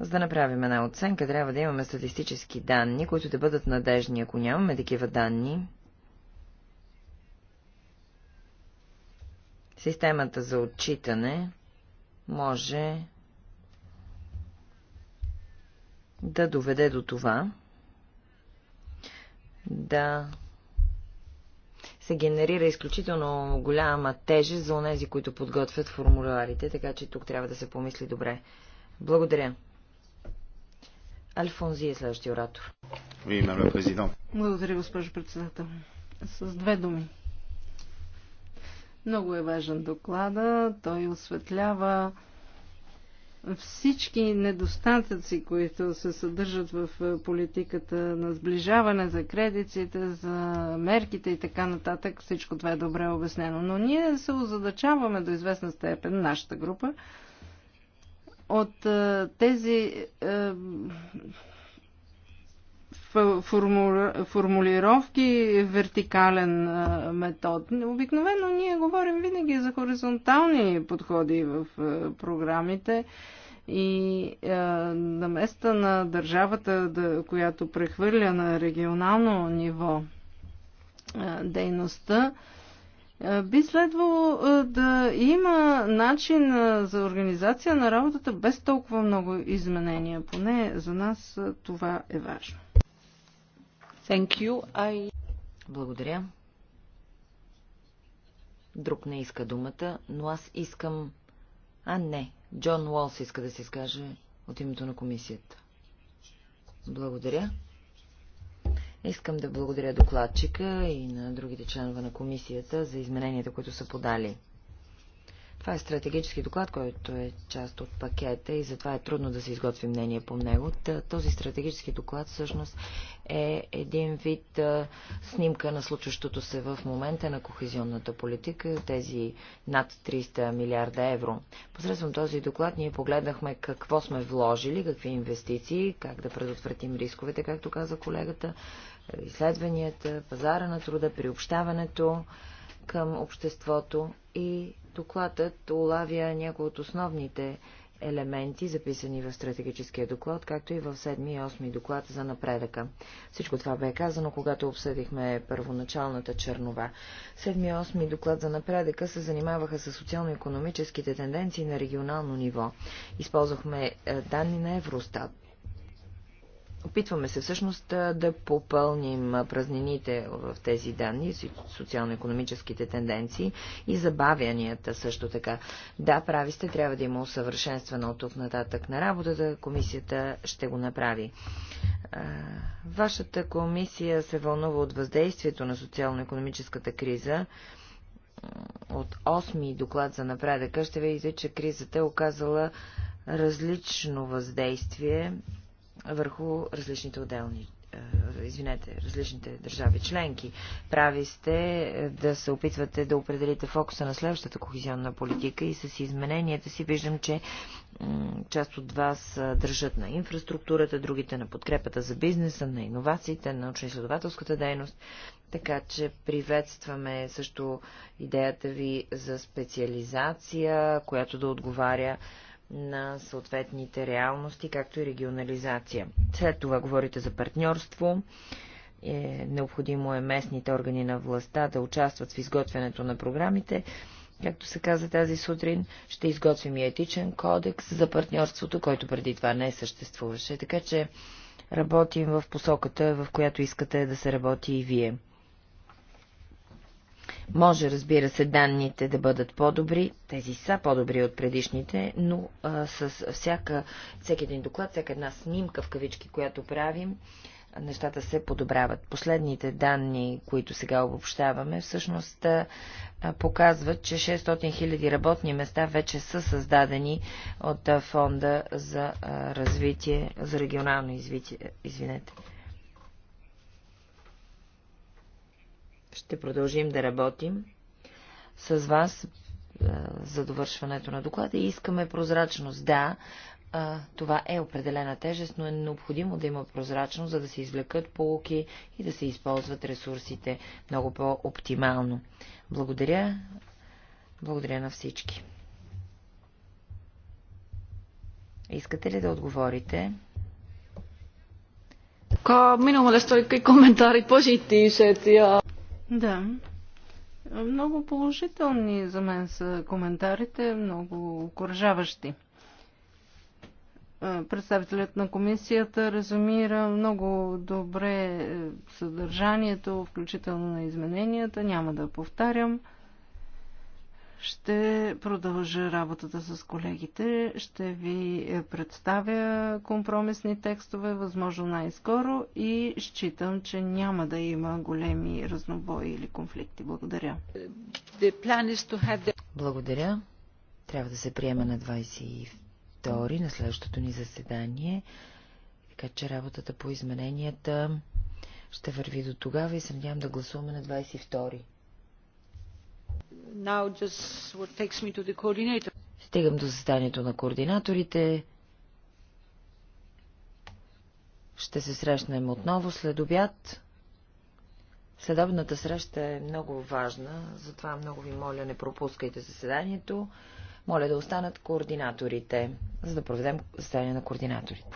за да направим една оценка, трябва да имаме статистически данни, които да бъдат надежни. Ако нямаме такива данни, Системата за отчитане може да доведе до това да се генерира изключително голяма тежест за онези, които подготвят формуларите, така че тук трябва да се помисли добре. Благодаря. Альфонзи е следващия оратор. Благодаря, госпожо председател. С две думи. Много е важен доклада. Той осветлява всички недостатъци, които се съдържат в е, политиката на сближаване, за кредиците, за мерките и така нататък. Всичко това е добре обяснено. Но ние се озадачаваме до известна степен, нашата група, от е, тези е, формулировки, вертикален метод. Обикновено ние говорим винаги за хоризонтални подходи в програмите и е, на места на държавата, да, която прехвърля на регионално ниво е, дейността, е, би следвало е, да има начин е, за организация на работата без толкова много изменения. Поне за нас е, това е важно. Благодаря. Друг не иска думата, но аз искам... А, не. Джон Уолс иска да се изкаже от името на комисията. Благодаря. Искам да благодаря докладчика и на другите членове на комисията за измененията, които са подали. Това е стратегически доклад, който е част от пакета и затова е трудно да се изготви мнение по него. Този стратегически доклад всъщност е един вид снимка на случващото се в момента на кохезионната политика, тези над 300 милиарда евро. Посредством този доклад ние погледнахме какво сме вложили, какви инвестиции, как да предотвратим рисковете, както каза колегата, изследванията, пазара на труда, приобщаването към обществото и Докладът улавя някои от основните елементи, записани в стратегическия доклад, както и в 7 и 8 доклад за напредъка. Всичко това бе казано, когато обсъдихме първоначалната чернова. 7 и 8 доклад за напредъка се занимаваха с социално-економическите тенденции на регионално ниво. Използвахме е, данни на Евростат. Опитваме се всъщност да попълним празнините в тези данни, социално-економическите тенденции и забавянията също така. Да, прави сте, трябва да има усъвършенствана от тук нататък на работата, комисията ще го направи. Вашата комисия се вълнува от въздействието на социално-економическата криза от 8 доклад за напредъка ще видите, че кризата е оказала различно въздействие върху различните отделни е, извинете, различните държави членки. Прави сте е, да се опитвате да определите фокуса на следващата кохезионна политика и с измененията си виждам, че част от вас е, държат на инфраструктурата, другите на подкрепата за бизнеса, на иновациите, на научно-изследователската дейност. Така че приветстваме също идеята ви за специализация, която да отговаря на съответните реалности, както и регионализация. След това говорите за партньорство. Е, необходимо е местните органи на властта да участват в изготвянето на програмите. Както се каза тази сутрин, ще изготвим и етичен кодекс за партньорството, който преди това не съществуваше. Така че работим в посоката, в която искате да се работи и вие. Може, разбира се, данните да бъдат по-добри, тези са по-добри от предишните, но а, с всяка, всеки един доклад, всяка една снимка в кавички, която правим, нещата се подобряват. Последните данни, които сега обобщаваме, всъщност показват, че 600 000 работни места вече са създадени от Фонда за развитие, за регионално извитие, извинете, Ще продължим да работим с вас за довършването на доклада и искаме прозрачност. Да, това е определена тежест, но е необходимо да има прозрачност, за да се извлекат полуки и да се използват ресурсите много по-оптимално. Благодаря. Благодаря на всички. Искате ли да отговорите? минало ли стойка и коментари, по ja да. Много положителни за мен са коментарите, много окоръжаващи. Представителят на комисията резумира много добре е, съдържанието, включително на измененията. Няма да повтарям. Ще продължа работата с колегите, ще ви представя компромисни текстове, възможно най-скоро и считам, че няма да има големи разнобои или конфликти. Благодаря. The... Благодаря. Трябва да се приема на 22 на следващото ни заседание, така че работата по измененията ще върви до тогава и се надявам да гласуваме на 22 Стигам до заседанието на координаторите. Ще се срещнем отново след обяд. Следобната среща е много важна, затова много ви моля, не пропускайте заседанието. Моля да останат координаторите, за да проведем заседание на координаторите.